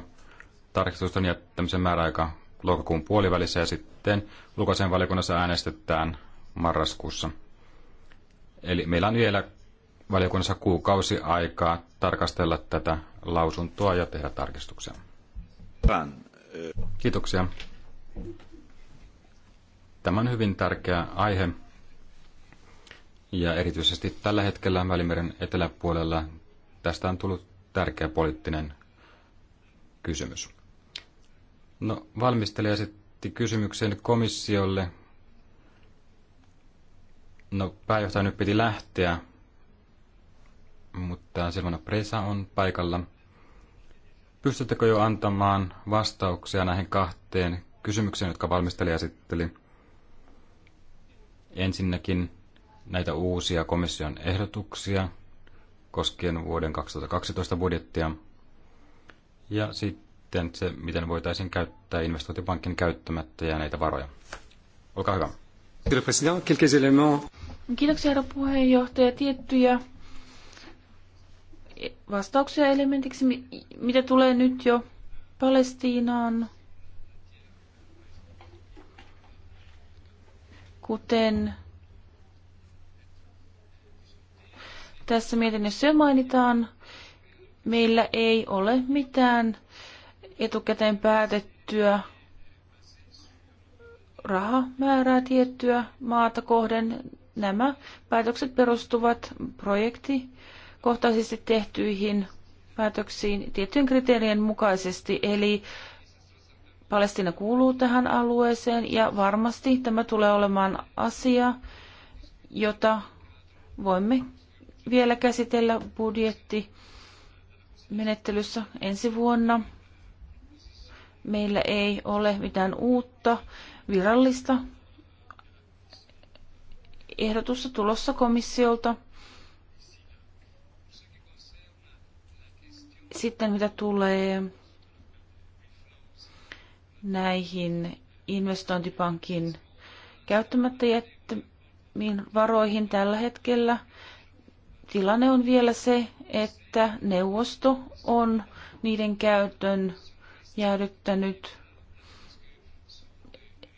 Tarkistusten jättämisen määräaika lokakuun puolivälissä ja sitten Lukasen valiokunnassa äänestetään marraskuussa. Eli meillä on vielä valiokunnassa kuukausi aikaa tarkastella tätä lausuntoa ja tehdä tarkistuksia. Kiitoksia. Tämä on hyvin tärkeä aihe. Ja erityisesti tällä hetkellä Välimeren eteläpuolella tästä on tullut tärkeä poliittinen kysymys. No, valmistelija esitti kysymyksen komissiolle No, pääjohtaja nyt piti lähteä, mutta Silvana Presa on paikalla. Pystyttekö jo antamaan vastauksia näihin kahteen kysymykseen, jotka valmistelija esitteli? Ensinnäkin näitä uusia komission ehdotuksia koskien vuoden 2012 budjettia. Ja sitten se, miten voitaisiin käyttää investointipankin käyttämättä ja näitä varoja. Olkaa hyvä. Kiitoksia, herra puheenjohtaja. Tiettyjä vastauksia elementiksi, mitä tulee nyt jo Palestiinaan, kuten tässä mietinnössä jo mainitaan, meillä ei ole mitään etukäteen päätettyä rahamäärää tiettyä maata kohden. Nämä päätökset perustuvat projektikohtaisesti tehtyihin päätöksiin tiettyjen kriteerien mukaisesti, eli Palestina kuuluu tähän alueeseen ja varmasti tämä tulee olemaan asia, jota voimme vielä käsitellä menettelyssä ensi vuonna. Meillä ei ole mitään uutta virallista ehdotusta tulossa komissiolta. Sitten mitä tulee näihin investointipankin käyttämättä jättämiin varoihin tällä hetkellä, tilanne on vielä se, että neuvosto on niiden käytön jäädyttänyt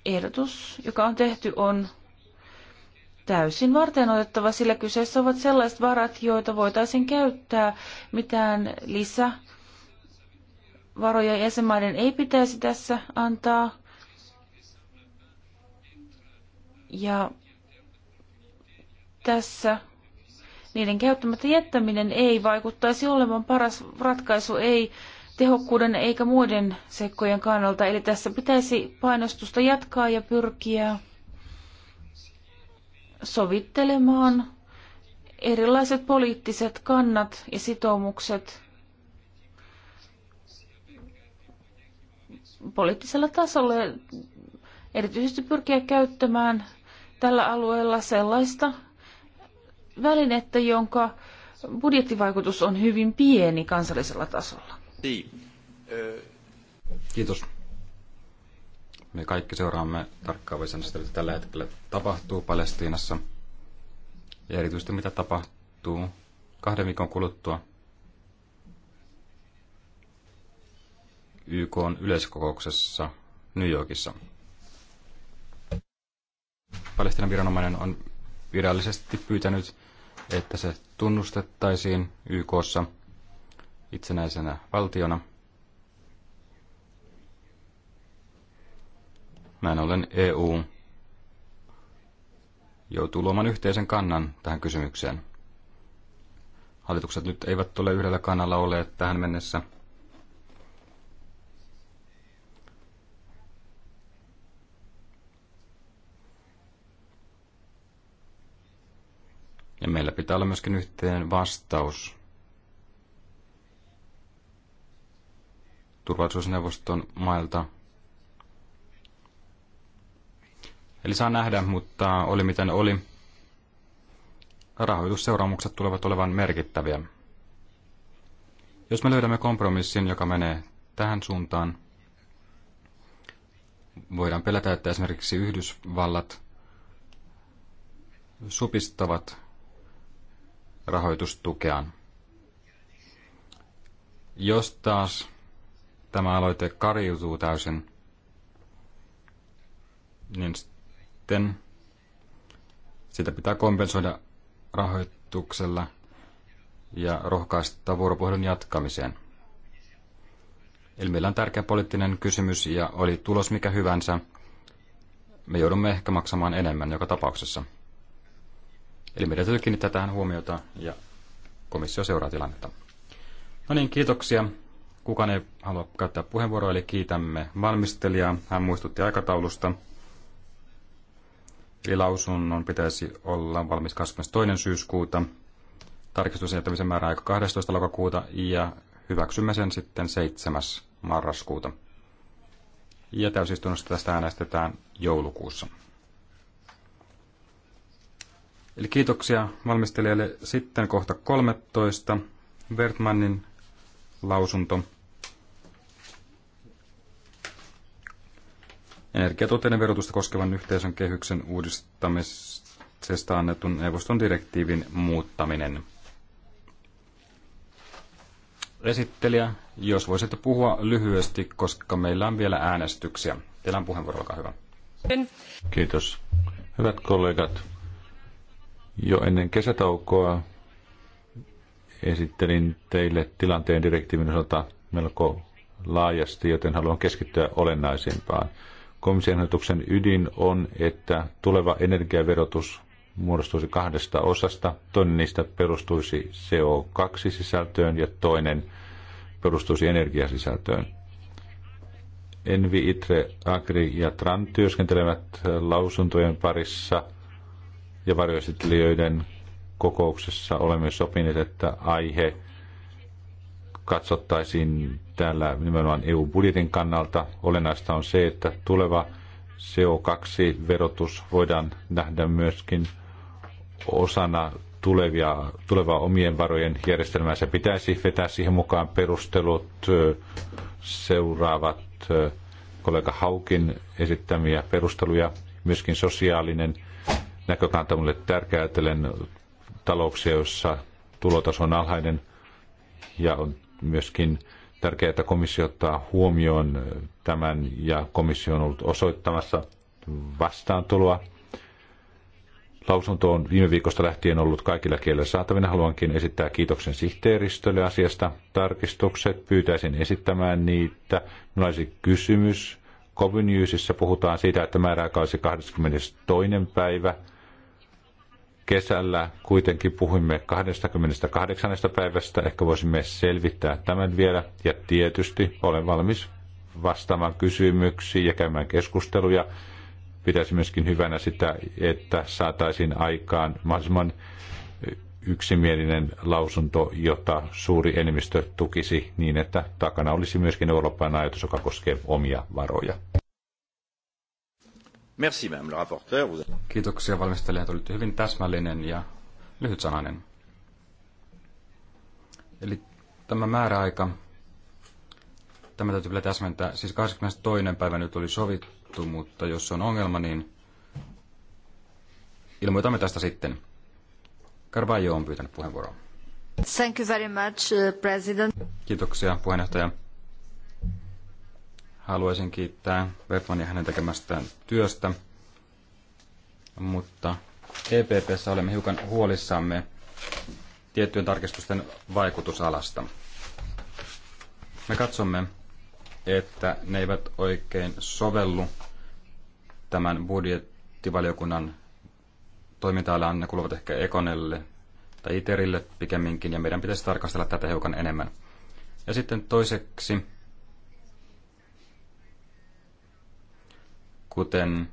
ehdotus, joka on tehty, on täysin varten otettava, sillä kyseessä ovat sellaiset varat, joita voitaisiin käyttää. Mitään lisävaroja jäsenmaiden ei pitäisi tässä antaa. Ja tässä niiden käyttämättä jättäminen ei vaikuttaisi olevan paras ratkaisu, ei tehokkuuden eikä muiden sekkojen kannalta. Eli tässä pitäisi painostusta jatkaa ja pyrkiä sovittelemaan erilaiset poliittiset kannat ja sitoumukset poliittisella tasolla ja erityisesti pyrkiä käyttämään tällä alueella sellaista välinettä, jonka budjettivaikutus on hyvin pieni kansallisella tasolla. Niin. Kiitos. Me kaikki seuraamme tarkkaavaisen sitä, mitä tällä hetkellä tapahtuu Palestiinassa. Ja erityisesti mitä tapahtuu kahden viikon kuluttua YK on yleiskokouksessa New Yorkissa. Palestinan viranomainen on virallisesti pyytänyt, että se tunnustettaisiin YKssa – itsenäisenä valtiona. Näin ollen EU joutuu luomaan yhteisen kannan tähän kysymykseen. Hallitukset nyt eivät ole yhdellä kannalla olleet tähän mennessä. Ja meillä pitää olla myöskin yhteen vastaus turvallisuusneuvoston mailta. Eli saa nähdä, mutta oli miten oli. Rahoitusseuraamukset tulevat olevan merkittäviä. Jos me löydämme kompromissin, joka menee tähän suuntaan, voidaan pelätä, että esimerkiksi Yhdysvallat supistavat rahoitustukeaan. Jos taas tämä aloite kariutuu täysin, niin sitten sitä pitää kompensoida rahoituksella ja rohkaista vuoropuhelun jatkamiseen. Eli meillä on tärkeä poliittinen kysymys ja oli tulos mikä hyvänsä, me joudumme ehkä maksamaan enemmän joka tapauksessa. Eli meidän täytyy kiinnittää tähän huomiota ja komissio seuraa tilannetta. No niin, kiitoksia. Kukaan ei halua käyttää puheenvuoroa, eli kiitämme valmistelijaa. Hän muistutti aikataulusta. Eli lausunnon pitäisi olla valmis 22. syyskuuta. Tarkistuksen jättämisen aika 12. lokakuuta ja hyväksymme sen sitten 7. marraskuuta. Ja täysistunnosta tästä äänestetään joulukuussa. Eli kiitoksia valmistelijalle. Sitten kohta 13. Bertmannin lausunto. energiatuotteiden verotusta koskevan yhteisön kehyksen uudistamisesta annetun neuvoston direktiivin muuttaminen. Esittelijä, jos voisitte puhua lyhyesti, koska meillä on vielä äänestyksiä. Teillä on puheenvuoro, olkaa hyvä. Kiitos. Hyvät kollegat, jo ennen kesätaukoa esittelin teille tilanteen direktiivin osalta melko laajasti, joten haluan keskittyä olennaisimpaan komission ehdotuksen ydin on, että tuleva energiaverotus muodostuisi kahdesta osasta. Toinen niistä perustuisi CO2-sisältöön ja toinen perustuisi energiasisältöön. Envi, Itre, Agri ja Tran työskentelevät lausuntojen parissa ja varjoesittelijöiden kokouksessa olemme sopineet, että aihe katsottaisiin täällä nimenomaan EU-budjetin kannalta. Olennaista on se, että tuleva CO2-verotus voidaan nähdä myöskin osana tulevia, tulevaa omien varojen järjestelmää. Se pitäisi vetää siihen mukaan perustelut seuraavat kollega Haukin esittämiä perusteluja, myöskin sosiaalinen näkökanta mulle tärkeä, ajatellen talouksia, joissa tulotaso on alhainen ja on myöskin tärkeää, että komissio ottaa huomioon tämän ja komissio on ollut osoittamassa vastaantuloa. Lausunto on viime viikosta lähtien ollut kaikilla kielillä saatavina. Haluankin esittää kiitoksen sihteeristölle asiasta. Tarkistukset pyytäisin esittämään niitä. Minulla olisi kysymys. Kovin puhutaan siitä, että määräaika olisi 22. päivä – Kesällä kuitenkin puhuimme 28. päivästä, ehkä voisimme selvittää tämän vielä. Ja tietysti olen valmis vastaamaan kysymyksiin ja käymään keskusteluja. Pitäisi myöskin hyvänä sitä, että saataisiin aikaan mahdollisimman yksimielinen lausunto, jota suuri enemmistö tukisi niin, että takana olisi myöskin Euroopan ajatus, joka koskee omia varoja. Merci, madame le rapporteur. Kiitoksia valmistelijat, olitte hyvin täsmällinen ja lyhytsanainen. Eli tämä määräaika, tämä täytyy vielä täsmentää, siis 22. päivä nyt oli sovittu, mutta jos on ongelma, niin ilmoitamme tästä sitten. Carvalho on pyytänyt puheenvuoroa. Thank you very much, uh, President. Kiitoksia puheenjohtaja. Haluaisin kiittää ja hänen tekemästään työstä, mutta EPPssä olemme hiukan huolissamme tiettyjen tarkistusten vaikutusalasta. Me katsomme, että ne eivät oikein sovellu tämän budjettivaliokunnan toiminta ne kuuluvat ehkä Ekonelle tai Iterille pikemminkin, ja meidän pitäisi tarkastella tätä hiukan enemmän. Ja sitten toiseksi kuten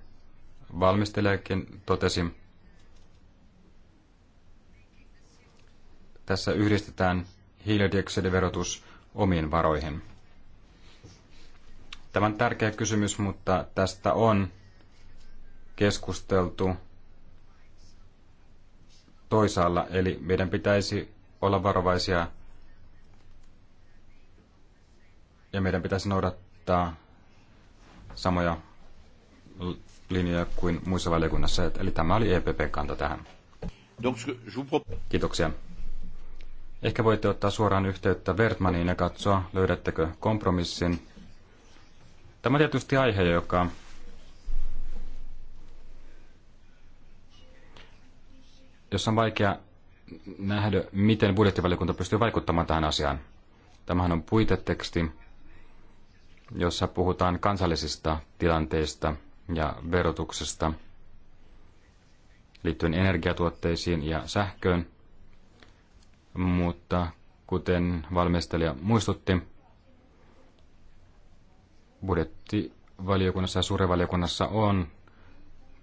valmistelijakin totesi, tässä yhdistetään hiilidioksidiverotus omiin varoihin. Tämä on tärkeä kysymys, mutta tästä on keskusteltu toisaalla, eli meidän pitäisi olla varovaisia ja meidän pitäisi noudattaa samoja linjoja kuin muissa valiokunnassa. Eli tämä oli epp kanta tähän. Kiitoksia. Ehkä voitte ottaa suoraan yhteyttä Vertmaniin ja katsoa, löydättekö kompromissin. Tämä on tietysti aihe, joka jossa on vaikea nähdä, miten budjettivaliokunta pystyy vaikuttamaan tähän asiaan. Tämähän on puiteteksti, jossa puhutaan kansallisista tilanteista – ja verotuksesta liittyen energiatuotteisiin ja sähköön. Mutta kuten valmistelija muistutti, budjettivaliokunnassa ja suurevaliokunnassa on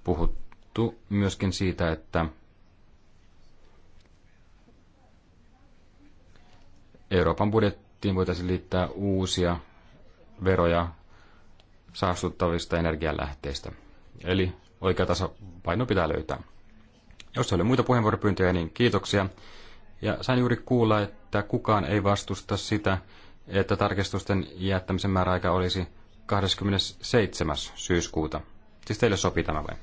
puhuttu myöskin siitä, että Euroopan budjettiin voitaisiin liittää uusia veroja saastuttavista energialähteistä. Eli oikea tasapaino pitää löytää. Jos oli muita puheenvuoropyyntöjä, niin kiitoksia. Ja sain juuri kuulla, että kukaan ei vastusta sitä, että tarkistusten jättämisen määräaika olisi 27. syyskuuta. Siis teille sopii tämä vai?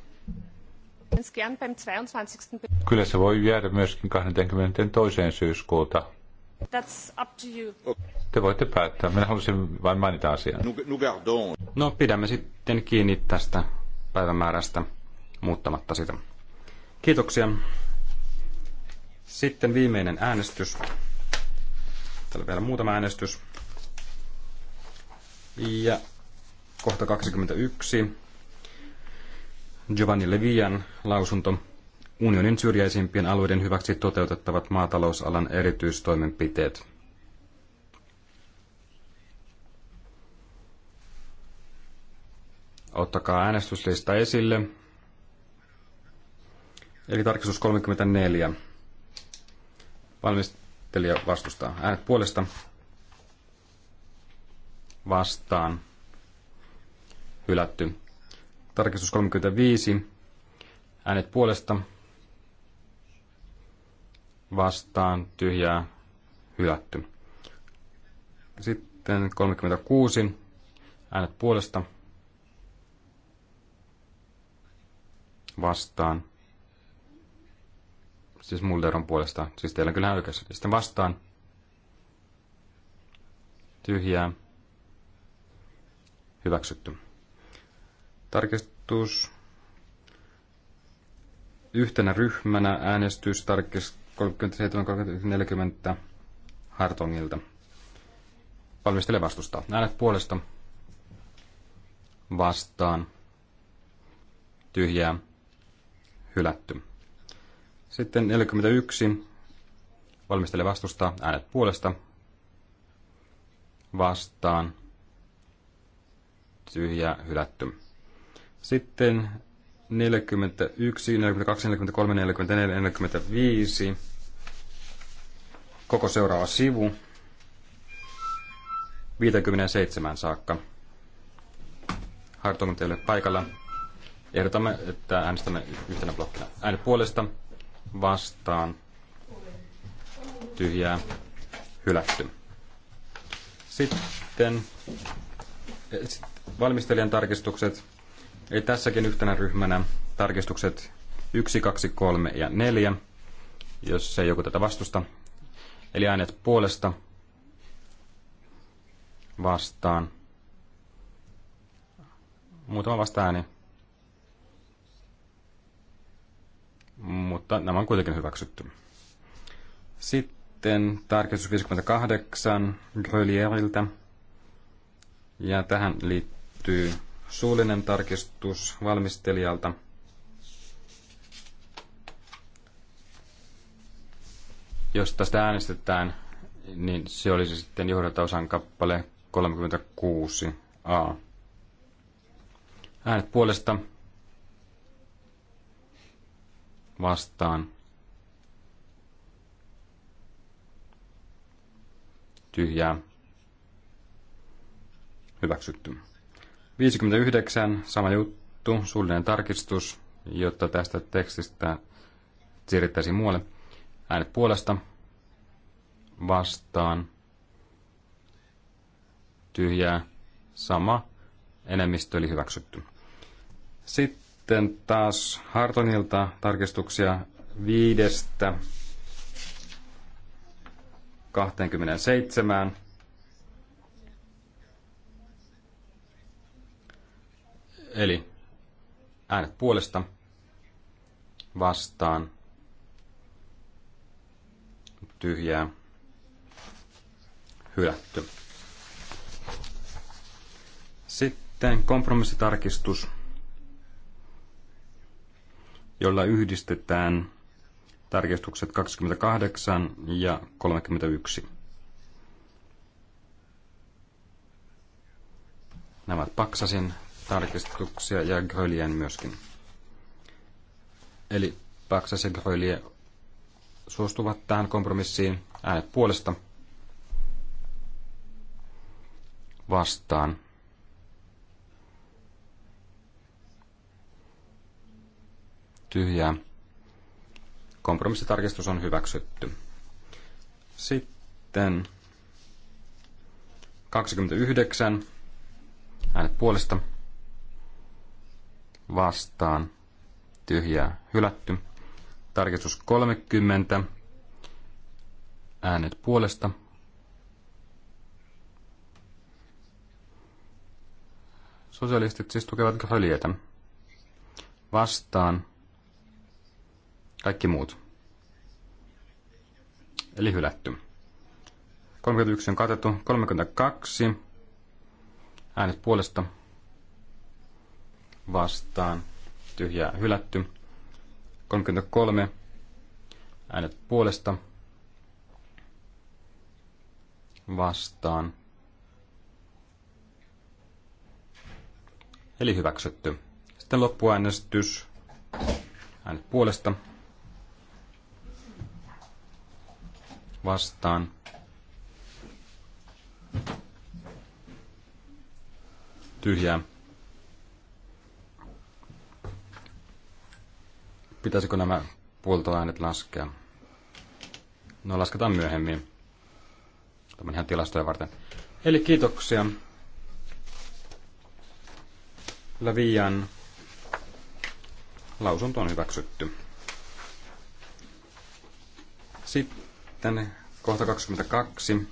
Kyllä se voi jäädä myöskin 22. syyskuuta. That's up to you. Te voitte päättää. Minä halusin vain mainita asian. No, pidämme sitten kiinni tästä päivämäärästä muuttamatta sitä. Kiitoksia. Sitten viimeinen äänestys. Täällä vielä muutama äänestys. Ja kohta 21. Giovanni Levian lausunto unionin syrjäisimpien alueiden hyväksi toteutettavat maatalousalan erityistoimenpiteet. Ottakaa äänestyslista esille. Eli tarkistus 34. Valmistelija vastustaa. Äänet puolesta vastaan. Hylätty. Tarkistus 35. Äänet puolesta vastaan tyhjää hylätty. Sitten 36 äänet puolesta vastaan. Siis Mulderon puolesta. Siis teillä on kyllä oikeassa. Sitten vastaan. Tyhjää. Hyväksytty. Tarkistus. Yhtenä ryhmänä tarkistus 37, 40 Hartongilta. Valmistele vastustaa. Äänet puolesta. Vastaan. Tyhjää. Hylätty. Sitten 41. Valmistele vastustaa. Äänet puolesta. Vastaan. Tyhjää. Hylätty. Sitten 41, 42, 43, 44, 45. Koko seuraava sivu. 57 saakka. Hartong teille paikalla. Ehdotamme, että äänestämme yhtenä blokkina. Äänet puolesta, vastaan, tyhjää, hylätty. Sitten eh, valmistelijan tarkistukset Eli tässäkin yhtenä ryhmänä tarkistukset 1, 2, 3 ja 4, jos ei joku tätä vastusta. Eli äänet puolesta vastaan. Muutama vasta ääni. Mutta nämä on kuitenkin hyväksytty. Sitten tarkistus 58 Grölieriltä. Ja tähän liittyy Suullinen tarkistus valmistelijalta. Jos tästä äänestetään, niin se olisi sitten johdantaosan kappale 36a. Äänet puolesta vastaan. Tyhjää. Hyväksytty. 59, sama juttu, suullinen tarkistus, jotta tästä tekstistä siirrettäisiin muualle. Äänet puolesta, vastaan, tyhjää, sama, enemmistö oli hyväksytty. Sitten taas Hartonilta tarkistuksia viidestä 27 Eli äänet puolesta vastaan tyhjää hylätty. Sitten kompromissitarkistus, jolla yhdistetään tarkistukset 28 ja 31. Nämä paksasin tarkistuksia ja gröljen myöskin. Eli Paksas ja Grölie suostuvat tähän kompromissiin äänet puolesta vastaan. Tyhjää. Kompromissitarkistus on hyväksytty. Sitten 29. Äänet puolesta vastaan tyhjää hylätty. Tarkistus 30. Äänet puolesta. Sosialistit siis tukevat höljetä. Vastaan kaikki muut. Eli hylätty. 31 on katettu. 32. Äänet puolesta vastaan tyhjää hylätty. 33 äänet puolesta vastaan. Eli hyväksytty. Sitten loppuäänestys. Äänet puolesta. Vastaan. Tyhjää. Pitäisikö nämä puoltoäänet laskea? No lasketaan myöhemmin. Tämä ihan tilastoja varten. Eli kiitoksia. Lävian lausunto on hyväksytty. Sitten kohta 22.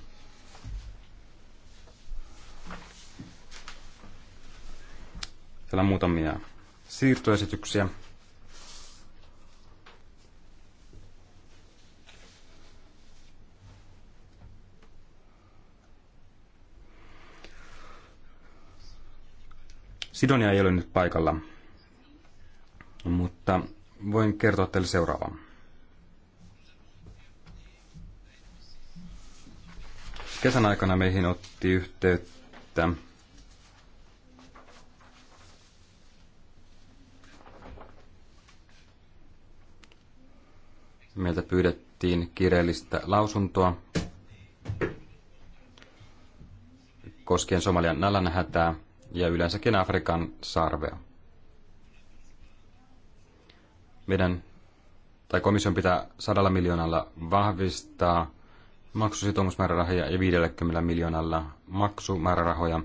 Siellä on muutamia siirtoesityksiä. Sidonia ei ole nyt paikalla, mutta voin kertoa teille seuraavaa. Kesän aikana meihin otti yhteyttä Meiltä pyydettiin kirjallista lausuntoa koskien Somalian nälänhätää ja yleensäkin Afrikan sarvea. Meidän tai komission pitää sadalla miljoonalla vahvistaa maksusitoumusmäärärahoja ja 50 miljoonalla maksumäärärahoja.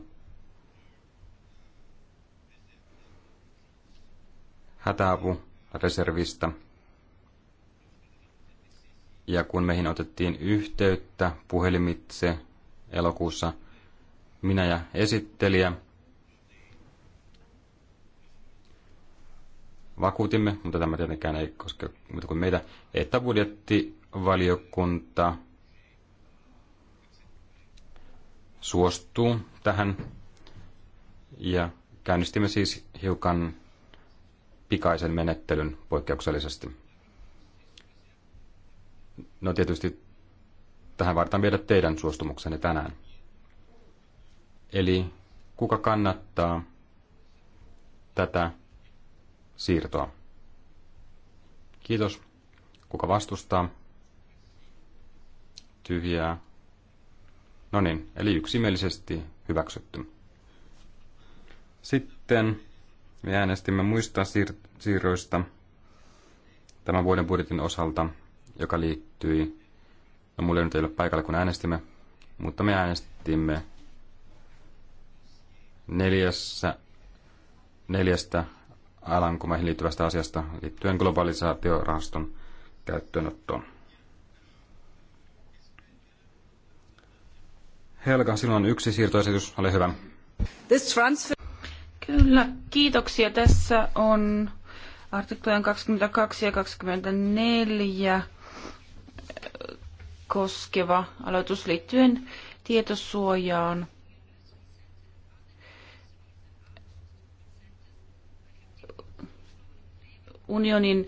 Hätäapu reservistä. Ja kun meihin otettiin yhteyttä puhelimitse elokuussa, minä ja esittelijä – vakuutimme, mutta tämä tietenkään ei koske muuta kuin meitä, että budjettivaliokunta suostuu tähän ja käynnistimme siis hiukan pikaisen menettelyn poikkeuksellisesti. No tietysti tähän vartaan viedä teidän suostumuksenne tänään. Eli kuka kannattaa tätä siirtoa. Kiitos. Kuka vastustaa? Tyhjää. No niin, eli yksimielisesti hyväksytty. Sitten me äänestimme muista siir- siirroista tämän vuoden budjetin osalta, joka liittyi, no mulle nyt ei ole paikalla kun äänestimme, mutta me äänestimme neljässä, neljästä Alankomaihin liittyvästä asiasta liittyen globalisaatiorahaston käyttöönottoon. Helga, silloin yksi siirtoesitys, ole hyvä. This transfer... Kyllä, kiitoksia. Tässä on artiklojen 22 ja 24 koskeva aloitus liittyen tietosuojaan. unionin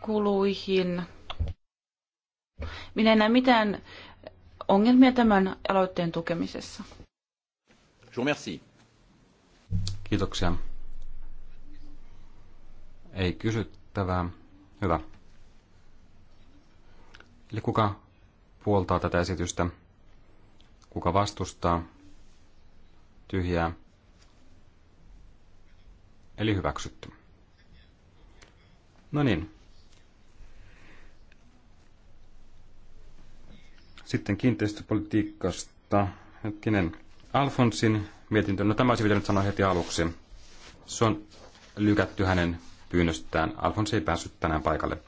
kuluihin. Minä en näe mitään ongelmia tämän aloitteen tukemisessa. Kiitoksia. Ei kysyttävää. Hyvä. Eli kuka puoltaa tätä esitystä? Kuka vastustaa? Tyhjää. Eli hyväksytty. No niin. Sitten kiinteistöpolitiikasta. Hetkinen. Alfonsin mietintö. No tämä olisi pitänyt sanoa heti aluksi. Se on lykätty hänen pyynnöstään. Alfons ei päässyt tänään paikalle.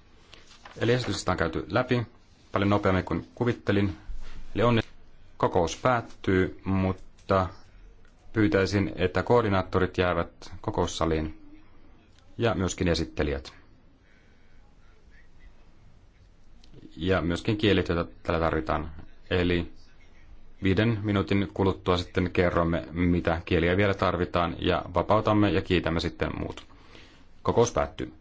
Eli esitystä on käyty läpi paljon nopeammin kuin kuvittelin. Eli onne kokous päättyy, mutta pyytäisin, että koordinaattorit jäävät kokoussaliin ja myöskin esittelijät. Ja myöskin kielit, joita täällä tarvitaan. Eli viiden minuutin kuluttua sitten kerromme, mitä kieliä vielä tarvitaan ja vapautamme ja kiitämme sitten muut. Kokous päättyy.